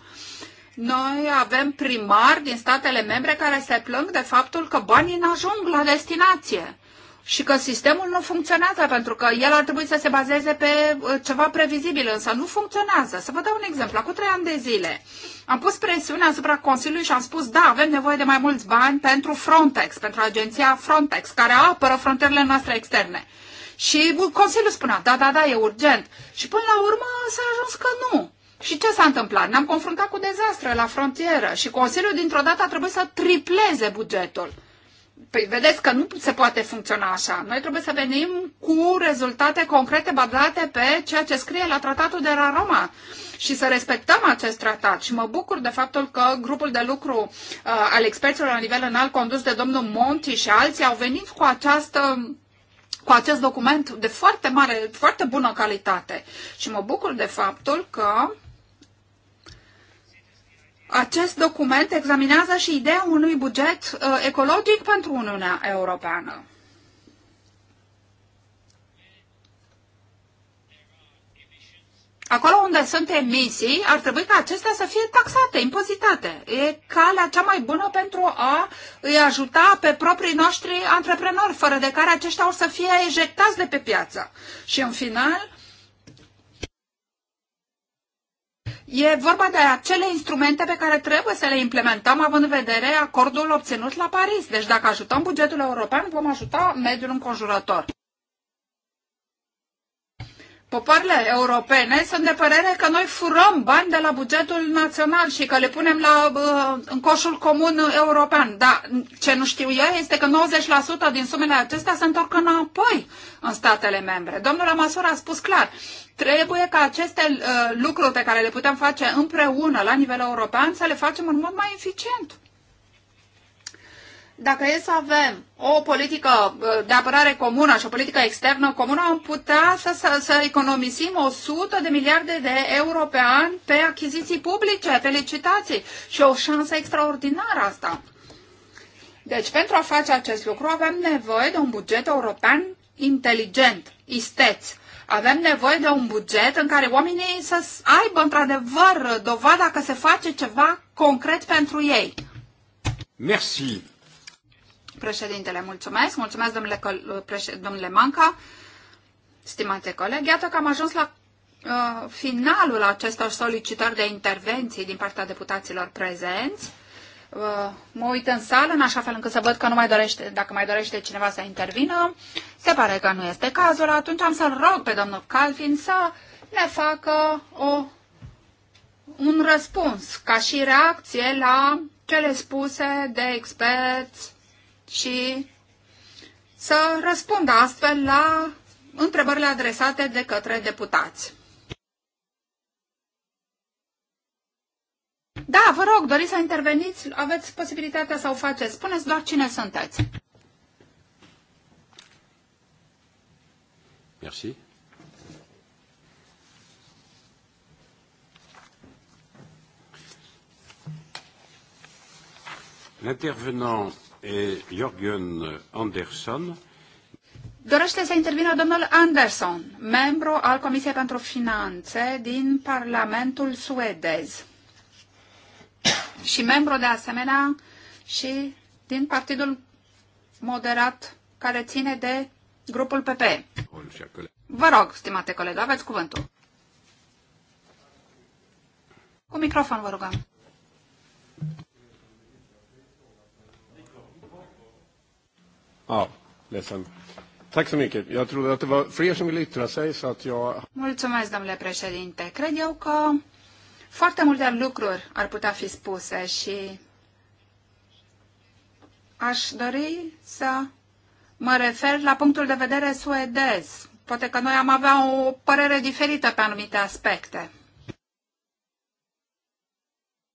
Noi avem primari din statele membre care se plâng de faptul că banii nu ajung la destinație și că sistemul nu funcționează pentru că el ar trebui să se bazeze pe uh, ceva previzibil, însă nu funcționează. Să vă dau un exemplu. Acum trei ani de zile, uh, am pus presiune asupra Consiliului și am spus, da, avem nevoie de mai mulți bani pentru Frontex, pentru agenția Frontex, care apără frontierele noastre externe. Și Consiliul spunea, da, da, da, e urgent. Și până la urmă s-a ajuns că nu. Și ce s-a întâmplat? Ne-am confruntat cu dezastre la frontieră și Consiliul dintr-o dată a trebuit să tripleze bugetul. Păi vedeți că nu se poate funcționa așa. Noi trebuie să venim cu rezultate concrete bazate pe ceea ce scrie la tratatul de la Roma și să respectăm acest tratat. Și mă bucur de faptul că grupul de lucru uh, al experților la nivel înalt condus de domnul Monti și alții au venit cu această cu acest document de foarte mare, foarte bună calitate. Și mă bucur de faptul că acest document examinează și ideea unui buget uh, ecologic pentru Uniunea Europeană. Acolo unde sunt emisii, ar trebui ca acestea să fie taxate, impozitate. E calea cea mai bună pentru a îi ajuta pe proprii noștri antreprenori, fără de care aceștia o să fie ejectați de pe piață. Și în final, E vorba de acele instrumente pe care trebuie să le implementăm având în vedere acordul obținut la Paris. Deci dacă ajutăm bugetul european, vom ajuta mediul înconjurător. Popoarele europene sunt de părere că noi furăm bani de la bugetul național și că le punem la, uh, în coșul comun european. Dar ce nu știu eu este că 90% din sumele acestea se întorc înapoi în statele membre. Domnul Amasur a spus clar, trebuie ca aceste uh, lucruri pe care le putem face împreună la nivel european să le facem în mod mai eficient dacă e să avem o politică uh, de apărare comună și o politică externă comună, am putea să, să, să economisim 100 de miliarde de euro pe an pe achiziții publice, pe licitații. Și o șansă extraordinară asta. Deci, pentru a face acest lucru, avem nevoie de un buget european inteligent, isteț. Avem nevoie de un buget în care oamenii să aibă, într-adevăr, dovada că se face ceva concret pentru ei. Merci. Președintele, mulțumesc. Mulțumesc, domnule, domnule Manca, stimate colegi. Iată că am ajuns la uh, finalul acestor solicitări de intervenții din partea deputaților prezenți. Uh, mă uit în sală în așa fel încât să văd că nu mai dorește, dacă mai dorește cineva să intervină. Se pare că nu este cazul. Atunci am să-l rog pe domnul Calvin să ne facă o, un răspuns ca și reacție la cele spuse de experți și să răspundă astfel la întrebările adresate de către deputați. Da, vă rog, doriți să interveniți? Aveți posibilitatea să o faceți. Spuneți doar cine sunteți. Merci. L'intervenant Jorgen Anderson. Dorește să intervină domnul Anderson, membru al Comisiei pentru Finanțe din Parlamentul suedez și membru de asemenea și din Partidul Moderat care ține de grupul PP. Vă rog, stimate coleg, aveți cuvântul. Cu microfon vă rugăm. Ja, ledsen. Tack så mycket. Jag trodde att det var fler som ville yttra sig så att jag... Mulțumesc, domnule președinte. Cred eu că foarte multe lucruri ar putea fi spuse și aș dori să mă refer la punctul de vedere suedez. Poate că noi am avea o părere diferită pe anumite aspecte.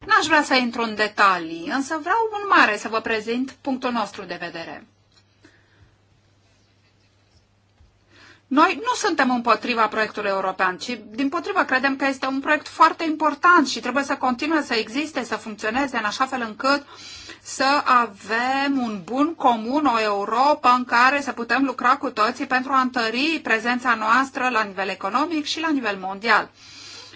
N-aș vrea să intru în detalii, însă vreau în mare să vă prezint punctul nostru de vedere. Noi nu suntem împotriva proiectului european, ci din potrivă credem că este un proiect foarte important și trebuie să continue să existe, să funcționeze în așa fel încât să avem un bun comun, o Europa în care să putem lucra cu toții pentru a întări prezența noastră la nivel economic și la nivel mondial.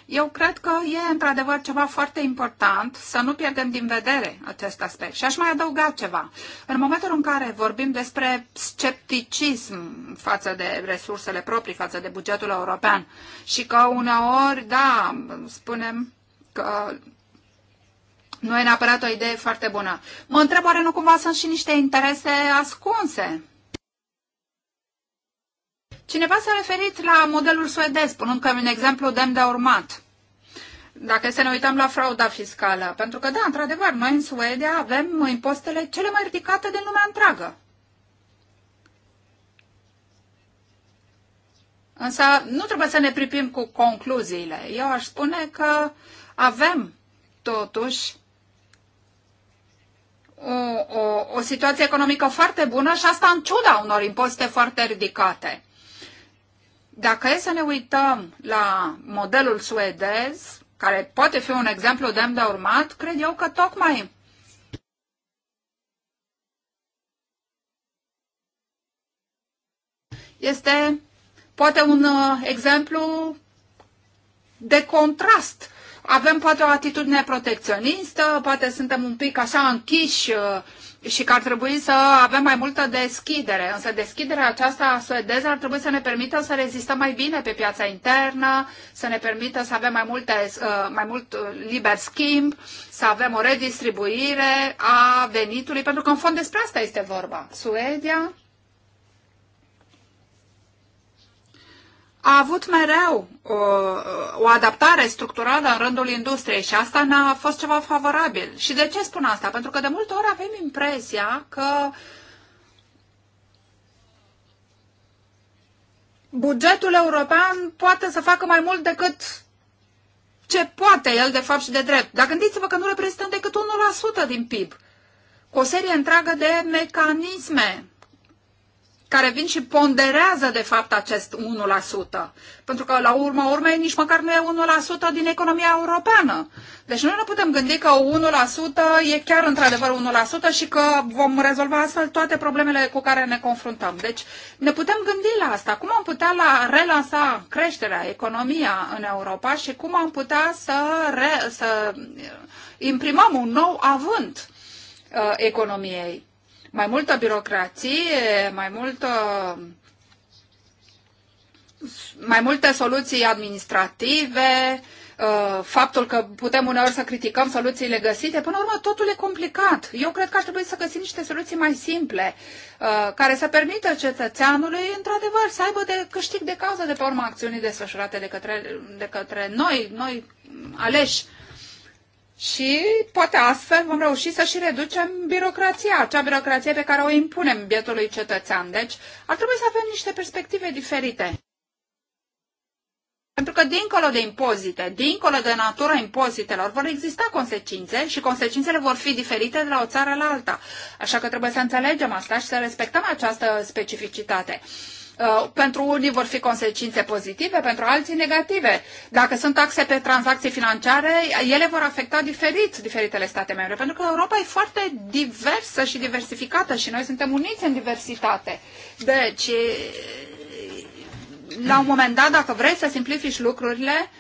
Eu cred că e într-adevăr ceva foarte important să nu pierdem din vedere acest aspect. Și aș mai adăuga ceva. În momentul în care vorbim despre scepticism față de resursele proprii, față de bugetul european și că uneori, da, spunem că nu e neapărat o idee foarte bună. Mă întreb oare nu cumva sunt și niște interese ascunse Cineva s-a referit la modelul suedez, spunând că e un exemplu demn de urmat. Dacă să ne uităm la frauda fiscală, pentru că, da, într-adevăr, noi în Suedia avem impostele cele mai ridicate din lumea întreagă. Însă nu trebuie să ne pripim cu concluziile. Eu aș spune că avem totuși o, o, o situație economică foarte bună și asta în ciuda unor impozite foarte ridicate. Dacă e să ne uităm la modelul suedez, care poate fi un exemplu demn de urmat, cred eu că tocmai este poate un uh, exemplu de contrast. Avem poate o atitudine protecționistă, poate suntem un pic așa închiși uh, și că ar trebui să avem mai multă deschidere. Însă deschidere aceasta suedeză ar trebui să ne permită să rezistăm mai bine pe piața internă, să ne permită să avem mai, multe, uh, mai mult uh, liber schimb, să avem o redistribuire a venitului, pentru că în fond despre asta este vorba. Suedia a avut mereu o, uh, uh, o adaptare structurală în rândul industriei și asta n-a fost ceva favorabil. Și de ce spun asta? Pentru că de multe ori avem impresia că bugetul european poate să facă mai mult decât ce poate el de fapt și de drept. Dar gândiți-vă că nu reprezintă decât 1% din PIB. Cu o serie întreagă de mecanisme care vin și ponderează de fapt acest 1%. Pentru că la urma urmei nici măcar nu e 1% din economia europeană. Deci noi nu putem gândi că 1% e chiar într-adevăr 1% și că vom rezolva astfel toate problemele cu care ne confruntăm. Deci ne putem gândi la asta. Cum am putea la relansa creșterea, economia în Europa și cum am putea să, re, să imprimăm un nou avânt uh, economiei mai multă birocrație, mai multă mai multe soluții administrative, uh, faptul că putem uneori să criticăm soluțiile găsite, până la urmă totul e complicat. Eu cred că ar trebui să găsim niște soluții mai simple, uh, care să permită cetățeanului, într-adevăr, să aibă de câștig de cauză de pe urma acțiunii desfășurate de către, de către noi, noi aleși și poate astfel vom reuși să și reducem birocrația, acea birocrație pe care o impunem bietului cetățean. Deci ar trebui să avem niște perspective diferite. Pentru că dincolo de impozite, dincolo de natura impozitelor, vor exista consecințe și consecințele vor fi diferite de la o țară la alta. Așa că trebuie să înțelegem asta și să respectăm această specificitate. Uh, pentru unii vor fi consecințe pozitive, pentru alții negative. Dacă sunt taxe pe tranzacții financiare, ele vor afecta diferit diferitele state membre, pentru că Europa e foarte diversă și diversificată și noi suntem uniți în diversitate. Deci, la un moment dat, dacă vrei să simplifici lucrurile,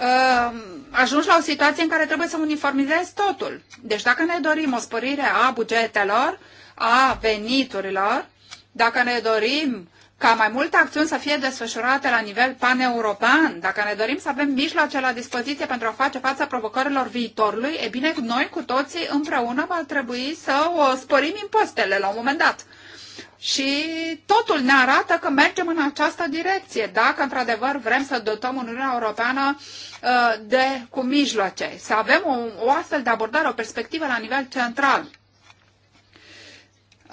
uh, ajungi la o situație în care trebuie să uniformizezi totul. Deci dacă ne dorim o spărire a bugetelor, a veniturilor, dacă ne dorim ca mai multe acțiuni să fie desfășurate la nivel paneuropean, dacă ne dorim să avem mijloace la dispoziție pentru a face față provocărilor viitorului, e bine, noi cu toții împreună va trebui să o sporim impostele la un moment dat. Și totul ne arată că mergem în această direcție, dacă într-adevăr vrem să dotăm Uniunea Europeană uh, de, cu mijloace, să avem o, o astfel de abordare, o perspectivă la nivel central.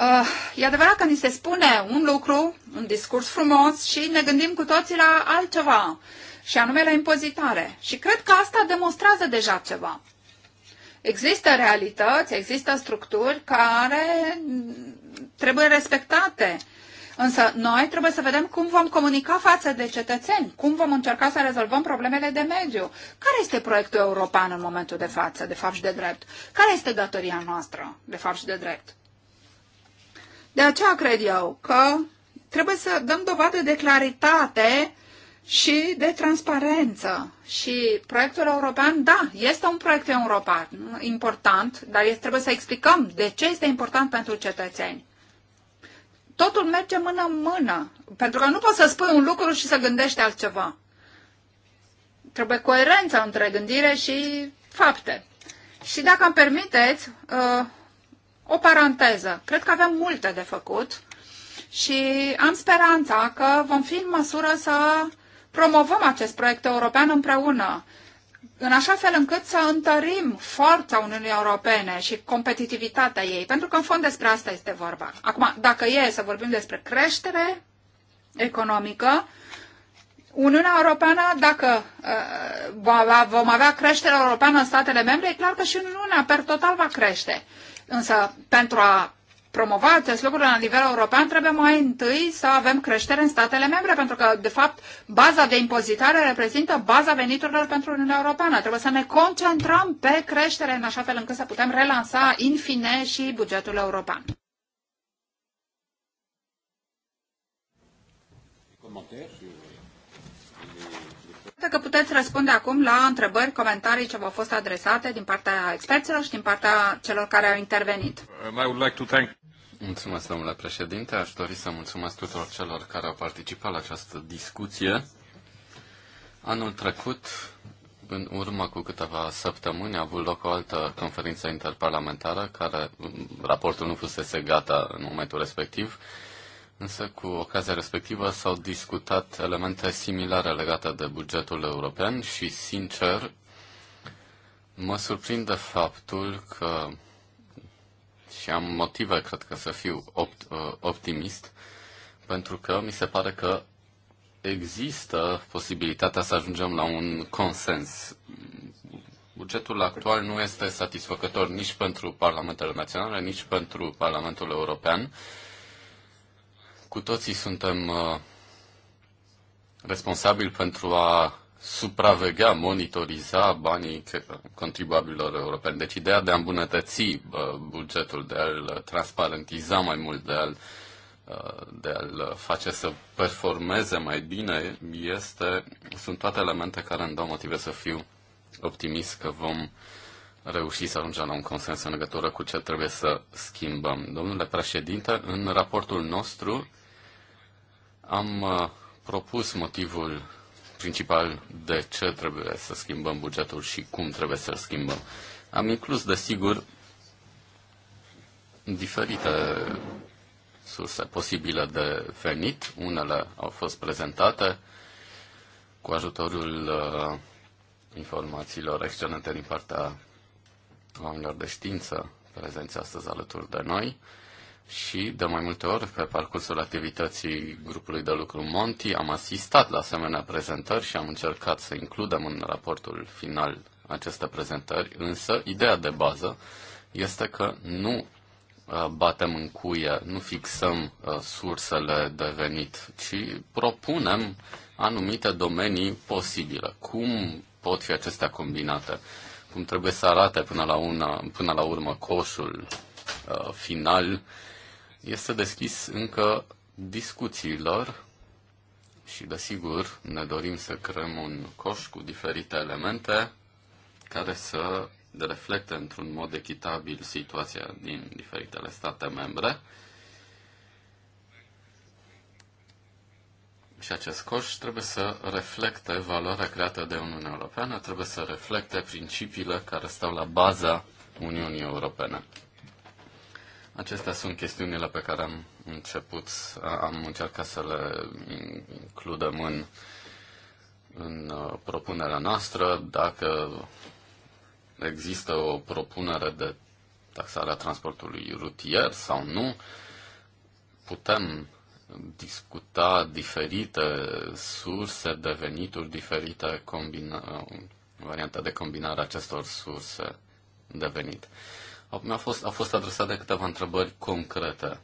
Uh, e adevărat că ni se spune un lucru, un discurs frumos și ne gândim cu toții la altceva, și anume la impozitare. Și cred că asta demonstrează deja ceva. Există realități, există structuri care trebuie respectate. Însă noi trebuie să vedem cum vom comunica față de cetățeni, cum vom încerca să rezolvăm problemele de mediu. Care este proiectul european în momentul de față, de fapt și de drept? Care este datoria noastră, de fapt și de drept? De aceea cred eu că trebuie să dăm dovadă de claritate și de transparență. Și proiectul european, da, este un proiect european important, dar trebuie să explicăm de ce este important pentru cetățeni. Totul merge mână în mână, pentru că nu poți să spui un lucru și să gândești altceva. Trebuie coerență între gândire și fapte. Și dacă îmi permiteți, uh, o paranteză. Cred că avem multe de făcut și am speranța că vom fi în măsură să promovăm acest proiect european împreună, în așa fel încât să întărim forța Uniunii Europene și competitivitatea ei, pentru că în fond despre asta este vorba. Acum, dacă e să vorbim despre creștere economică, Uniunea Europeană, dacă uh, vom avea creștere europeană în statele membre, e clar că și Uniunea per total va crește. Însă, pentru a promova acest lucru la nivel european, trebuie mai întâi să avem creștere în statele membre, pentru că, de fapt, baza de impozitare reprezintă baza veniturilor pentru Uniunea Europeană. Trebuie să ne concentrăm pe creștere în așa fel încât să putem relansa, în fine, și bugetul european. Dacă că puteți răspunde acum la întrebări, comentarii ce v-au fost adresate din partea experților și din partea celor care au intervenit. Um, mulțumesc, domnule președinte. Aș dori să mulțumesc tuturor celor care au participat la această discuție. Anul trecut, în urmă cu câteva săptămâni, a avut loc o altă conferință interparlamentară, care um, raportul nu fusese gata în momentul respectiv, Însă, cu ocazia respectivă, s-au discutat elemente similare legate de bugetul european și, sincer, mă surprinde faptul că, și am motive, cred că, să fiu opt, uh, optimist, pentru că mi se pare că există posibilitatea să ajungem la un consens. Bugetul actual nu este satisfăcător nici pentru Parlamentele Naționale, nici pentru Parlamentul European cu toții suntem uh, responsabili pentru a supraveghea, monitoriza banii contribuabililor europeni. Deci ideea de a îmbunătăți uh, bugetul, de a-l transparentiza mai mult, de a-l, uh, de a-l face să performeze mai bine, este, sunt toate elemente care îmi dau motive să fiu optimist că vom reuși să ajungem la un consens în legătură cu ce trebuie să schimbăm. Domnule președinte, în raportul nostru am uh, propus motivul principal de ce trebuie să schimbăm bugetul și cum trebuie să-l schimbăm. Am inclus, desigur, diferite surse posibile de venit. Unele au fost prezentate cu ajutorul uh, informațiilor excelente din partea oamenilor de știință prezenți astăzi alături de noi și de mai multe ori pe parcursul activității grupului de lucru Monti am asistat la asemenea prezentări și am încercat să includem în raportul final aceste prezentări, însă ideea de bază este că nu uh, batem în cuie, nu fixăm uh, sursele de venit, ci propunem anumite domenii posibile. Cum pot fi acestea combinate? Cum trebuie să arate până la, una, până la urmă coșul uh, final? este deschis încă discuțiilor și, desigur, ne dorim să creăm un coș cu diferite elemente care să reflecte într-un mod echitabil situația din diferitele state membre. Și acest coș trebuie să reflecte valoarea creată de Uniunea Europeană, trebuie să reflecte principiile care stau la baza Uniunii Europene. Acestea sunt chestiunile pe care am început, am încercat să le includem în, în uh, propunerea noastră. Dacă există o propunere de taxarea transportului rutier sau nu, putem discuta diferite surse de venituri, diferite combina- uh, variante de combinare acestor surse de venit. A fost, a fost adresată câteva întrebări concrete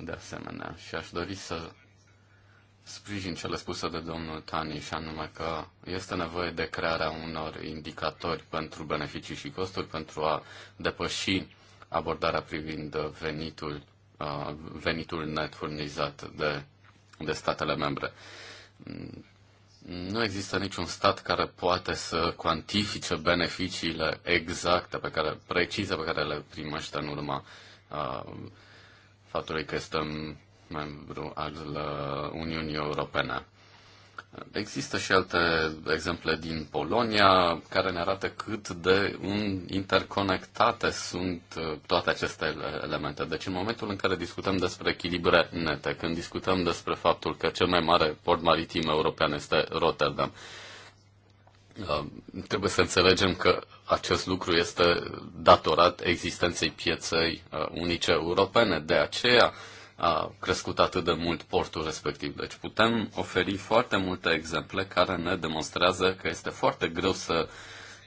de asemenea și aș dori să sprijin cele spuse de domnul Tani și anume că este nevoie de crearea unor indicatori pentru beneficii și costuri pentru a depăși abordarea privind venitul, uh, venitul net furnizat de, de statele membre nu există niciun stat care poate să cuantifice beneficiile exacte, pe care, precise pe care le primește în urma uh, faptului că este membru al Uniunii Europene. Există și alte exemple din Polonia care ne arată cât de interconectate sunt uh, toate aceste elemente. Deci în momentul în care discutăm despre echilibre nete, când discutăm despre faptul că cel mai mare port maritim european este Rotterdam, uh, trebuie să înțelegem că acest lucru este datorat existenței pieței uh, unice europene. De aceea, a crescut atât de mult portul respectiv. Deci putem oferi foarte multe exemple care ne demonstrează că este foarte greu să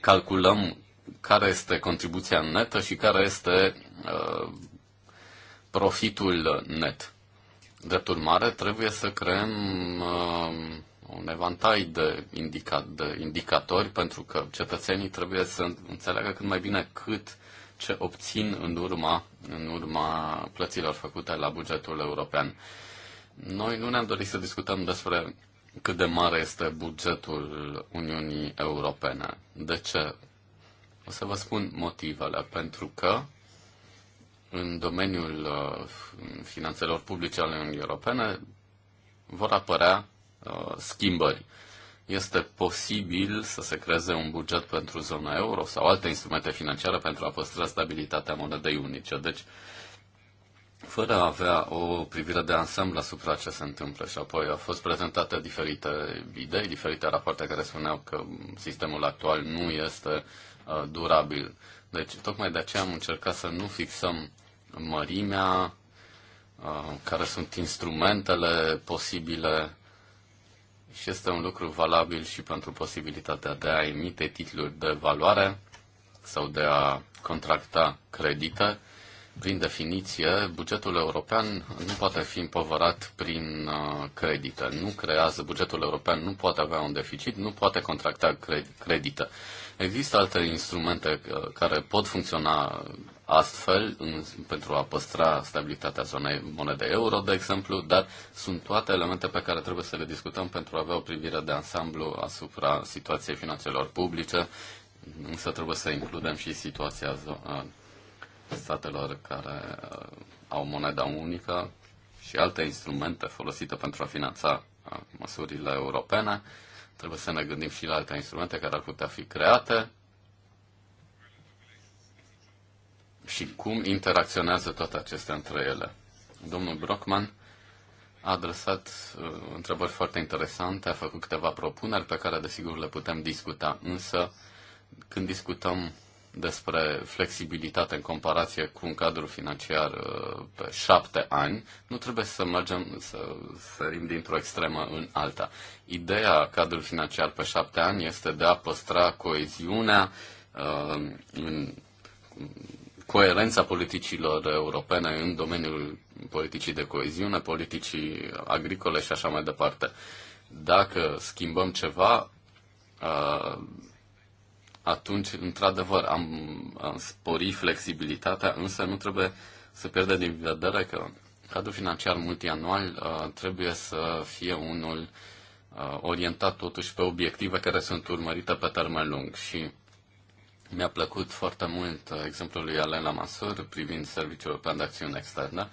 calculăm care este contribuția netă și care este uh, profitul net. Drept urmare, trebuie să creăm uh, un evantai de, indica- de indicatori pentru că cetățenii trebuie să înțeleagă cât mai bine cât uh, ce obțin în urma, în urma plăților făcute la bugetul european. Noi nu ne-am dorit să discutăm despre cât de mare este bugetul Uniunii Europene. De ce? O să vă spun motivele. Pentru că în domeniul uh, finanțelor publice ale Uniunii Europene vor apărea uh, schimbări este posibil să se creeze un buget pentru zona euro sau alte instrumente financiare pentru a păstra stabilitatea monedei unice. Deci, fără a avea o privire de ansamblu asupra ce se întâmplă și apoi au fost prezentate diferite idei, diferite rapoarte care spuneau că sistemul actual nu este uh, durabil. Deci, tocmai de aceea am încercat să nu fixăm mărimea, uh, care sunt instrumentele posibile și este un lucru valabil și pentru posibilitatea de a emite titluri de valoare sau de a contracta credite. Prin definiție, bugetul european nu poate fi împovărat prin uh, credite. Nu creează, bugetul european nu poate avea un deficit, nu poate contracta credite. Există alte instrumente uh, care pot funcționa astfel în, pentru a păstra stabilitatea zonei monede euro, de exemplu, dar sunt toate elemente pe care trebuie să le discutăm pentru a avea o privire de ansamblu asupra situației finanțelor publice, însă trebuie să includem și situația statelor care uh, au moneda unică și alte instrumente folosite pentru a finanța uh, măsurile europene Trebuie să ne gândim și la alte instrumente care ar putea fi create și cum interacționează toate acestea între ele. Domnul Brockman a adresat uh, întrebări foarte interesante, a făcut câteva propuneri pe care, desigur, le putem discuta. Însă, când discutăm despre flexibilitate în comparație cu un cadru financiar uh, pe șapte ani, nu trebuie să mergem, să sărim dintr-o extremă în alta. Ideea cadrului financiar pe șapte ani este de a păstra coeziunea uh, în coerența politicilor europene în domeniul politicii de coeziune, politicii agricole și așa mai departe. Dacă schimbăm ceva, uh, atunci, într-adevăr, am, am spori flexibilitatea, însă nu trebuie să pierdem din vedere că cadrul financiar multianual uh, trebuie să fie unul uh, orientat totuși pe obiective care sunt urmărite pe termen lung și mi-a plăcut foarte mult exemplul lui Elena Masur privind Serviciul European de Acțiune Externă,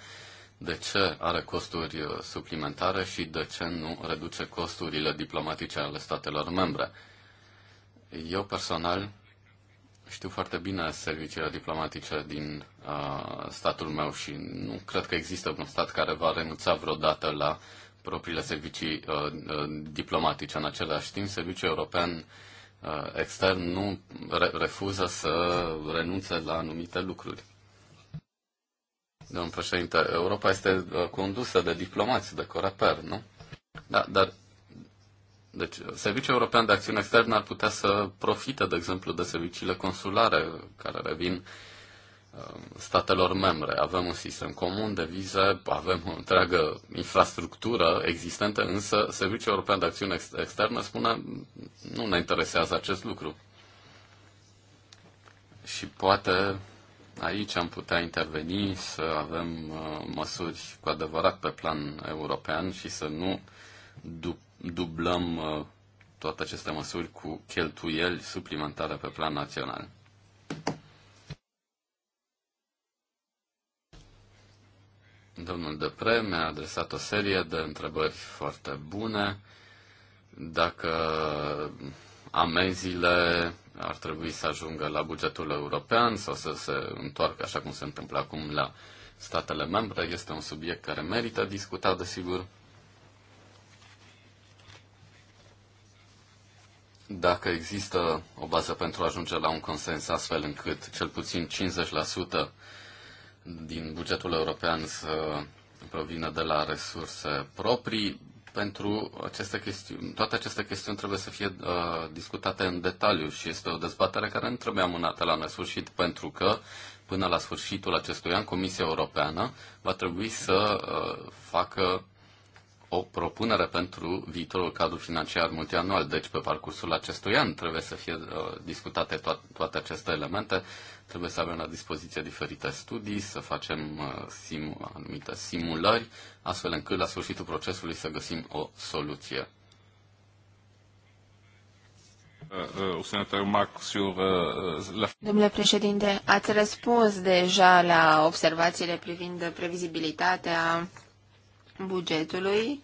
de ce are costuri suplimentare și de ce nu reduce costurile diplomatice ale statelor membre. Eu personal știu foarte bine serviciile diplomatice din uh, statul meu și nu cred că există un stat care va renunța vreodată la propriile servicii uh, uh, diplomatice. În același timp, serviciul european uh, extern nu re- refuză să renunțe la anumite lucruri. Domnul președinte, Europa este uh, condusă de diplomați, de coreper, nu? Da, dar deci, Serviciul European de Acțiune Externă ar putea să profite, de exemplu, de serviciile consulare care revin um, statelor membre. Avem un sistem comun de vize, avem o întreagă infrastructură existentă, însă Serviciul European de Acțiune Externă spune nu ne interesează acest lucru. Și poate aici am putea interveni să avem uh, măsuri cu adevărat pe plan european și să nu dup- dublăm uh, toate aceste măsuri cu cheltuieli suplimentare pe plan național. Domnul Depre mi-a adresat o serie de întrebări foarte bune. Dacă amenziile ar trebui să ajungă la bugetul european sau să se întoarcă așa cum se întâmplă acum la statele membre, este un subiect care merită discutat, desigur. dacă există o bază pentru a ajunge la un consens astfel încât cel puțin 50% din bugetul european să provină de la resurse proprii, pentru aceste chestiuni, toate aceste chestiuni trebuie să fie uh, discutate în detaliu și este o dezbatere care nu trebuie amânată la nesfârșit, pentru că până la sfârșitul acestui an Comisia Europeană va trebui să uh, facă o propunere pentru viitorul cadru financiar multianual. Deci, pe parcursul acestui an trebuie să fie uh, discutate to- toate aceste elemente, trebuie să avem la dispoziție diferite studii, să facem uh, sim- anumite simulări, astfel încât la sfârșitul procesului să găsim o soluție. Uh, uh, uh, Domnule președinte, ați răspuns deja la observațiile privind previzibilitatea bugetului,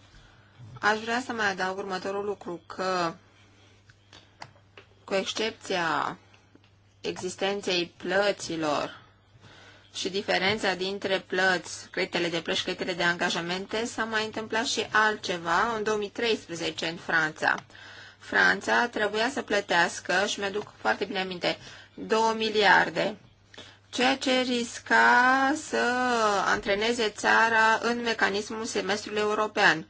aș vrea să mai adaug următorul lucru, că cu excepția existenței plăților și diferența dintre plăți, creditele de plăți și creditele de angajamente, s-a mai întâmplat și altceva în 2013 în Franța. Franța trebuia să plătească, și mi-aduc foarte bine aminte, 2 miliarde ceea ce risca să antreneze țara în mecanismul semestrului european.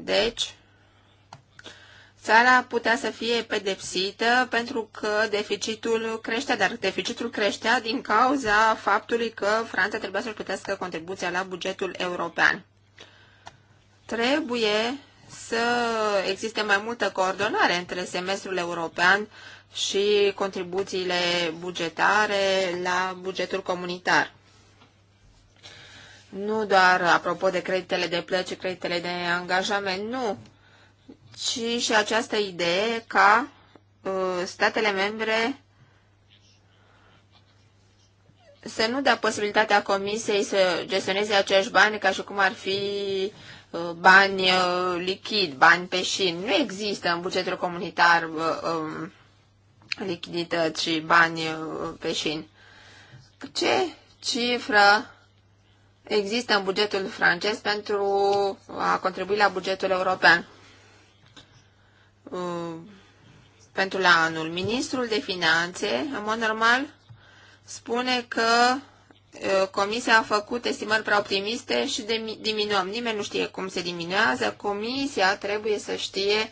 Deci, țara putea să fie pedepsită pentru că deficitul creștea, dar deficitul creștea din cauza faptului că Franța trebuia să-și plătească contribuția la bugetul european. Trebuie să existe mai multă coordonare între semestrul european și contribuțiile bugetare la bugetul comunitar. Nu doar apropo de creditele de plăci, creditele de angajament, nu, ci și această idee ca uh, statele membre să nu dea posibilitatea Comisiei să gestioneze acești bani ca și cum ar fi uh, bani uh, lichid, bani pe șin. Nu există în bugetul comunitar um, lichidități și bani uh, șin. Ce cifră există în bugetul francez pentru a contribui la bugetul european? Uh, pentru la anul. Ministrul de Finanțe, în mod normal, spune că uh, Comisia a făcut estimări prea optimiste și diminuăm. Nimeni nu știe cum se diminuează. Comisia trebuie să știe uh,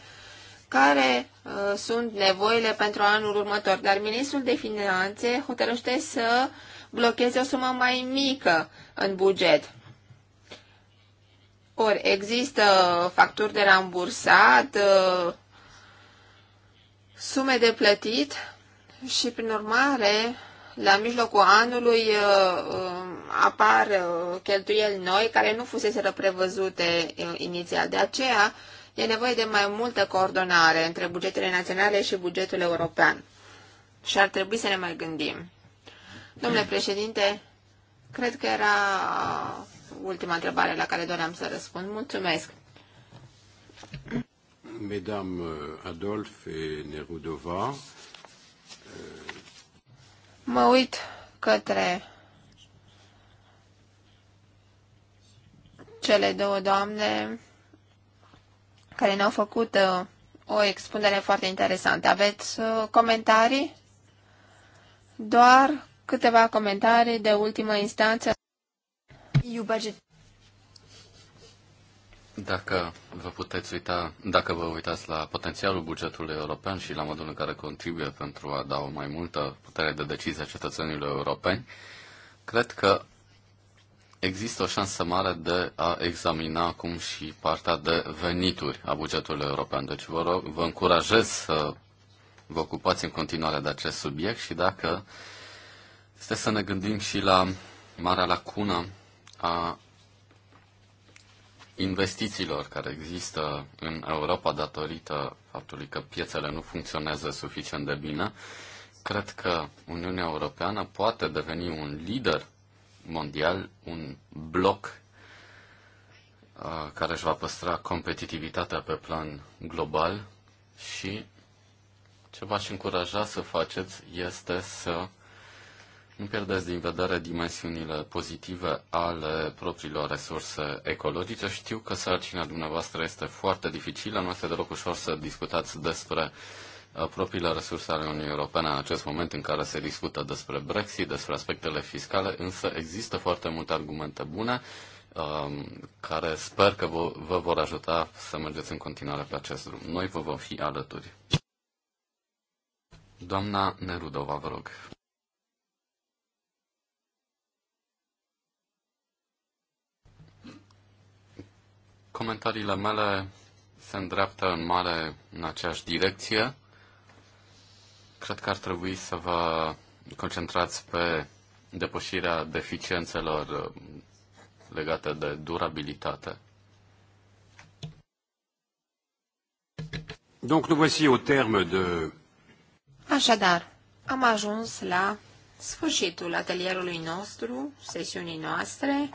care uh, sunt nevoile pentru anul următor. Dar ministrul de finanțe hotărăște să blocheze o sumă mai mică în buget. Ori există facturi de rambursat, uh, sume de plătit și, prin urmare, la mijlocul anului uh, uh apar uh, cheltuieli noi care nu fusese prevăzute uh, inițial. De aceea, E nevoie de mai multă coordonare între bugetele naționale și bugetul european. Și ar trebui să ne mai gândim. Domnule președinte, cred că era ultima întrebare la care doream să răspund. Mulțumesc. Mesdames uh, Adolf et Nerudova. Uh, mă uit către cele două doamne care ne-au făcut uh, o expunere foarte interesantă. Aveți uh, comentarii? Doar câteva comentarii de ultimă instanță. Dacă vă puteți uita, dacă vă uitați la potențialul bugetului european și la modul în care contribuie pentru a da o mai multă putere de decizie a cetățenilor europeni, cred că există o șansă mare de a examina acum și partea de venituri a bugetului european. Deci vă, rog, vă încurajez să vă ocupați în continuare de acest subiect și dacă este să ne gândim și la marea lacună a investițiilor care există în Europa datorită faptului că piețele nu funcționează suficient de bine, cred că Uniunea Europeană poate deveni un lider mondial, un bloc uh, care își va păstra competitivitatea pe plan global și ce v-aș încuraja să faceți este să nu pierdeți din vedere dimensiunile pozitive ale propriilor resurse ecologice. Știu că sarcina dumneavoastră este foarte dificilă, nu este deloc ușor să discutați despre uh, Uh, propriile resurse ale Uniunii Europene în acest moment în care se discută despre Brexit, despre aspectele fiscale, însă există foarte multe argumente bune um, care sper că vă, vă vor ajuta să mergeți în continuare pe acest drum. Noi vă vom fi alături. Doamna Nerudova, vă rog. Comentariile mele se îndreaptă în mare în aceeași direcție. Cred că ar trebui să vă concentrați pe depășirea deficiențelor uh, legate de durabilitate. Donc nous voici au terme de... Așadar, am ajuns la sfârșitul atelierului nostru, sesiunii noastre,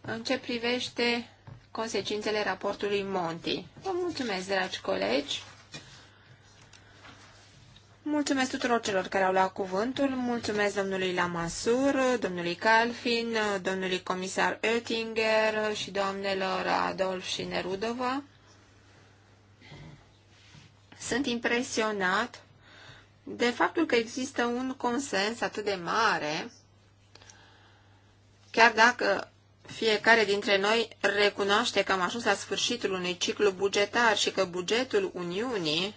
în ce privește consecințele raportului Monti. Vă mulțumesc, dragi colegi! Mulțumesc tuturor celor care au luat cuvântul, mulțumesc domnului Lamasur, domnului Calfin, domnului comisar Oettinger și doamnelor Adolf și Nerudova. Sunt impresionat de faptul că există un consens atât de mare, chiar dacă fiecare dintre noi recunoaște că am ajuns la sfârșitul unui ciclu bugetar și că bugetul Uniunii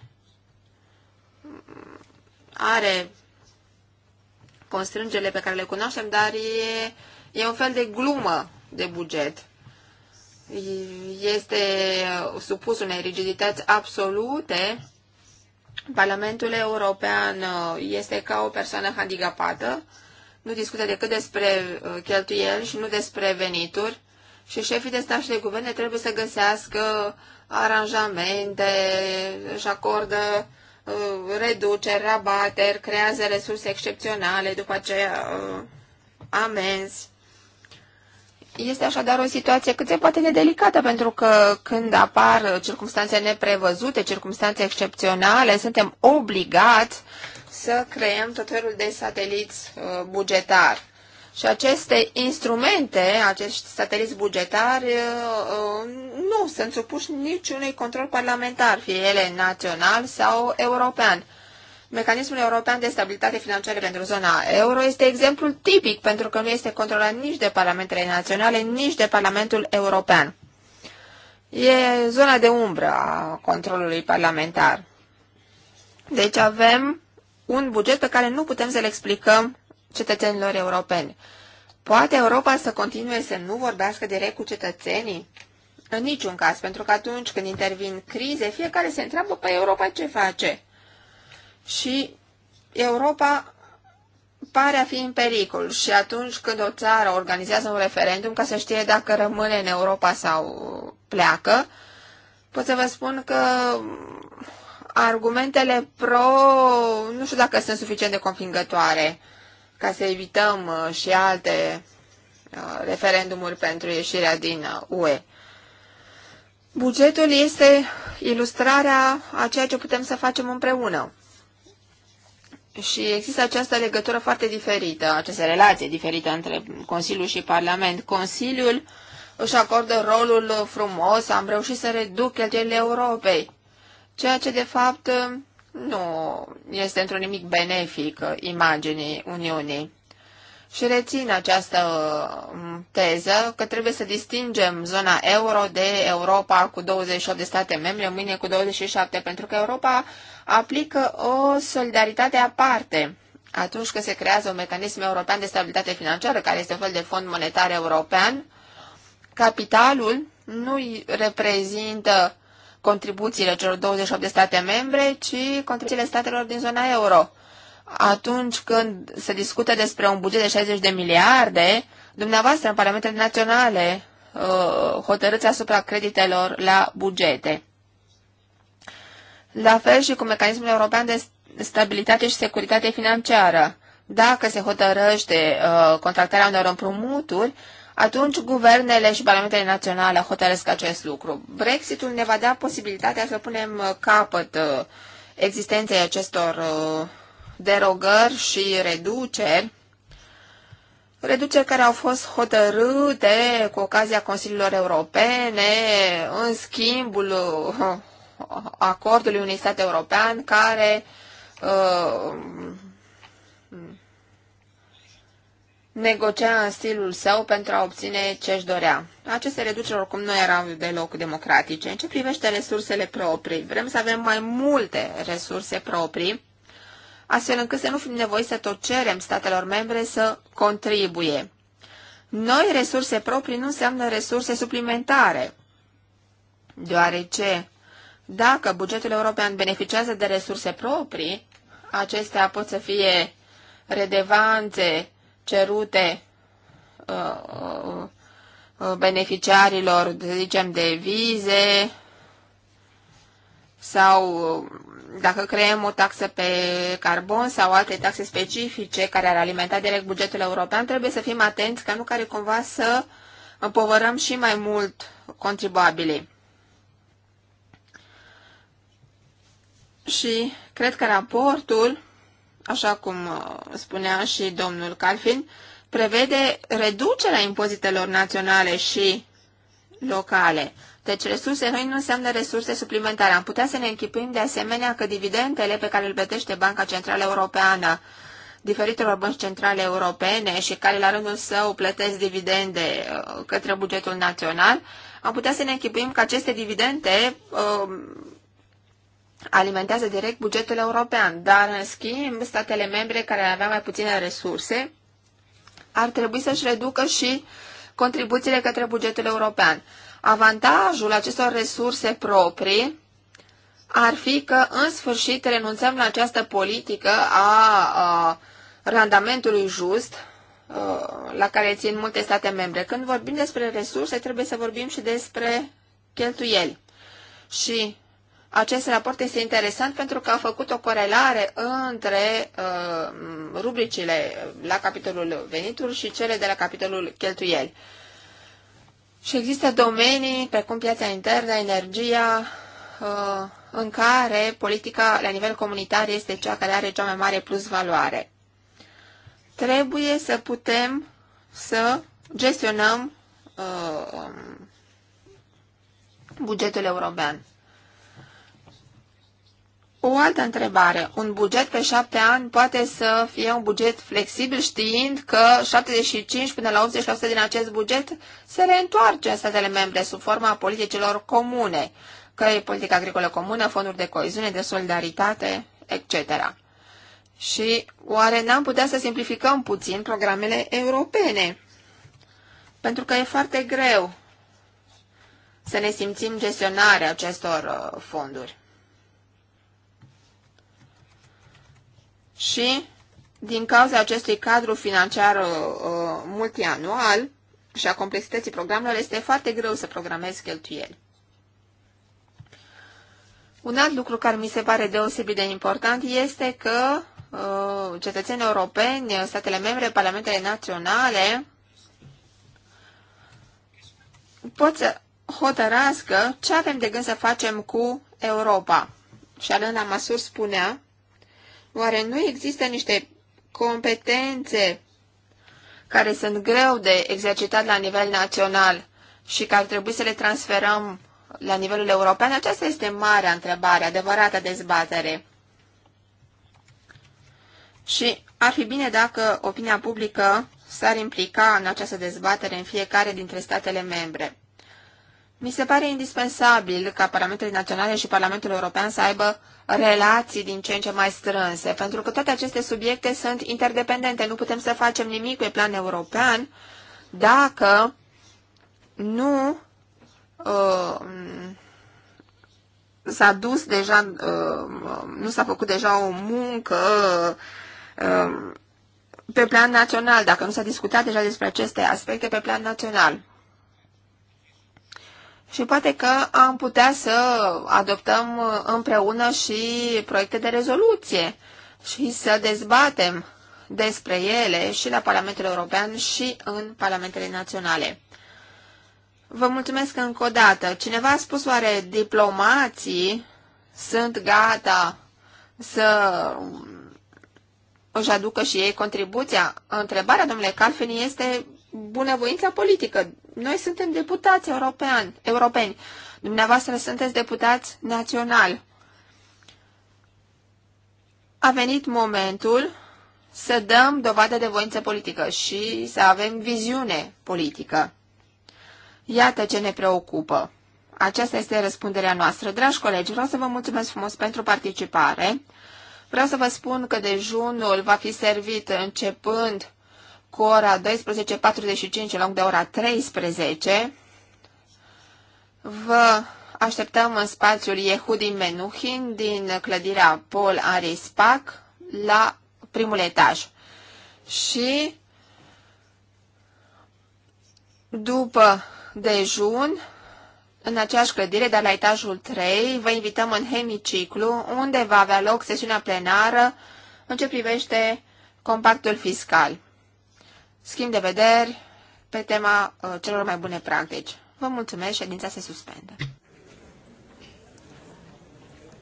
are constrângerile pe care le cunoaștem, dar e, e un fel de glumă de buget. Este supus unei rigidități absolute. Parlamentul European uh, este ca o persoană handicapată, nu discută decât despre uh, cheltuieli și nu despre venituri și șefii de stat și de guverne trebuie să găsească aranjamente, își acordă Uh, reduceri, rabateri, creează resurse excepționale, după aceea uh, amenzi. Este așadar o situație cât se poate de delicată, pentru că când apar circunstanțe neprevăzute, circunstanțe excepționale, suntem obligați să creăm tot felul de sateliți uh, bugetari. Și aceste instrumente, acești sateliți bugetari, uh, uh, nu sunt supuși niciunui control parlamentar, fie ele național sau european. Mecanismul european de stabilitate financiară pentru zona euro este exemplul tipic pentru că nu este controlat nici de parlamentele naționale, nici de Parlamentul European. E zona de umbră a controlului parlamentar. Deci avem un buget pe care nu putem să-l explicăm cetățenilor europeni. Poate Europa să continue să nu vorbească direct cu cetățenii? În niciun caz, pentru că atunci când intervin crize, fiecare se întreabă pe păi, Europa ce face. Și Europa pare a fi în pericol și atunci când o țară organizează un referendum ca să știe dacă rămâne în Europa sau pleacă, pot să vă spun că argumentele pro nu știu dacă sunt suficient de convingătoare ca să evităm uh, și alte uh, referendumuri pentru ieșirea din UE. Uh, Bugetul este ilustrarea a ceea ce putem să facem împreună. Și există această legătură foarte diferită, această relație diferită între Consiliu și Parlament. Consiliul își acordă rolul frumos, am reușit să reduc cheltuielile Europei, ceea ce de fapt nu este într-un nimic benefic imaginii Uniunii. Și rețin această uh, teză că trebuie să distingem zona euro de Europa cu 28 de state membre, mâine cu 27, pentru că Europa aplică o solidaritate aparte atunci când se creează un mecanism european de stabilitate financiară, care este un fel de fond monetar european, capitalul nu reprezintă contribuțiile celor 28 de state membre, ci contribuțiile statelor din zona euro. Atunci când se discută despre un buget de 60 de miliarde, dumneavoastră în parlamentele naționale uh, hotărâți asupra creditelor la bugete. La fel și cu mecanismul european de stabilitate și securitate financiară. Dacă se hotărăște uh, contractarea unor împrumuturi, atunci guvernele și parlamentele naționale hotărăsc acest lucru. Brexitul ne va da posibilitatea să punem uh, capăt uh, existenței acestor uh, derogări și reduceri, reduceri care au fost hotărâte cu ocazia Consiliilor Europene în schimbul acordului unui stat european care uh, negocia în stilul său pentru a obține ce și dorea. Aceste reduceri oricum nu erau deloc democratice. În ce privește resursele proprii, vrem să avem mai multe resurse proprii, astfel încât să nu fim nevoiți să tot cerem statelor membre să contribuie. Noi resurse proprii nu înseamnă resurse suplimentare, deoarece dacă bugetul european beneficiază de resurse proprii, acestea pot să fie redevanțe cerute uh, uh, beneficiarilor, să zicem, de vize sau uh, dacă creăm o taxă pe carbon sau alte taxe specifice care ar alimenta direct bugetul european, trebuie să fim atenți ca nu care cumva să împovărăm și mai mult contribuabilii. Și cred că raportul așa cum uh, spunea și domnul Calfin, prevede reducerea impozitelor naționale și locale. Deci resurse noi nu înseamnă resurse suplimentare. Am putea să ne închipuim de asemenea că dividendele pe care îl plătește Banca Centrală Europeană diferitelor bănci centrale europene și care la rândul său plătesc dividende uh, către bugetul național, am putea să ne închipuim că aceste dividende uh, alimentează direct bugetul european, dar în schimb statele membre care aveau mai puține resurse ar trebui să-și reducă și contribuțiile către bugetul european. Avantajul acestor resurse proprii ar fi că în sfârșit renunțăm la această politică a, a randamentului just a, la care țin multe state membre. Când vorbim despre resurse, trebuie să vorbim și despre cheltuieli. Și acest raport este interesant pentru că a făcut o corelare între uh, rubricile la capitolul venituri și cele de la capitolul cheltuieli. Și există domenii precum piața internă, energia, uh, în care politica la nivel comunitar este cea care are cea mai mare plus valoare. Trebuie să putem să gestionăm uh, um, bugetul european. O altă întrebare. Un buget pe șapte ani poate să fie un buget flexibil știind că 75 până la 80% din acest buget se reîntoarce în statele membre sub forma politicilor comune, că e politica agricolă comună, fonduri de coeziune, de solidaritate, etc. Și oare n-am putea să simplificăm puțin programele europene? Pentru că e foarte greu să ne simțim gestionarea acestor uh, fonduri. și din cauza acestui cadru financiar uh, uh, multianual și a complexității programelor, este foarte greu să programezi cheltuieli. Un alt lucru care mi se pare deosebit de important este că uh, cetățenii europeni, statele membre, parlamentele naționale pot să hotărască ce avem de gând să facem cu Europa. Și Alena Masur spunea Oare nu există niște competențe care sunt greu de exercitat la nivel național și că ar trebui să le transferăm la nivelul european? Aceasta este marea întrebare, adevărata dezbatere. Și ar fi bine dacă opinia publică s-ar implica în această dezbatere în fiecare dintre statele membre. Mi se pare indispensabil ca Parlamentele Naționale și Parlamentul European să aibă relații din ce în ce mai strânse, pentru că toate aceste subiecte sunt interdependente. Nu putem să facem nimic pe plan european dacă nu uh, s-a dus deja, uh, nu s-a făcut deja o muncă uh, pe plan național, dacă nu s-a discutat deja despre aceste aspecte pe plan național și poate că am putea să adoptăm împreună și proiecte de rezoluție și să dezbatem despre ele și la Parlamentul European și în Parlamentele Naționale. Vă mulțumesc încă o dată. Cineva a spus oare diplomații sunt gata să își aducă și ei contribuția? Întrebarea, domnule Calfini, este bunăvoința politică. Noi suntem deputați european, europeni. Dumneavoastră sunteți deputați național. A venit momentul să dăm dovadă de voință politică și să avem viziune politică. Iată ce ne preocupă. Aceasta este răspunderea noastră. Dragi colegi, vreau să vă mulțumesc frumos pentru participare. Vreau să vă spun că dejunul va fi servit începând cu ora 12.45 în loc de ora 13. Vă așteptăm în spațiul Yehudi Menuhin din clădirea Paul Aris Spac la primul etaj. Și după dejun, în aceeași clădire, dar la etajul 3, vă invităm în hemiciclu, unde va avea loc sesiunea plenară în ce privește compactul fiscal schimb de vederi pe tema uh, celor mai bune practici. Vă mulțumesc, ședința se suspendă.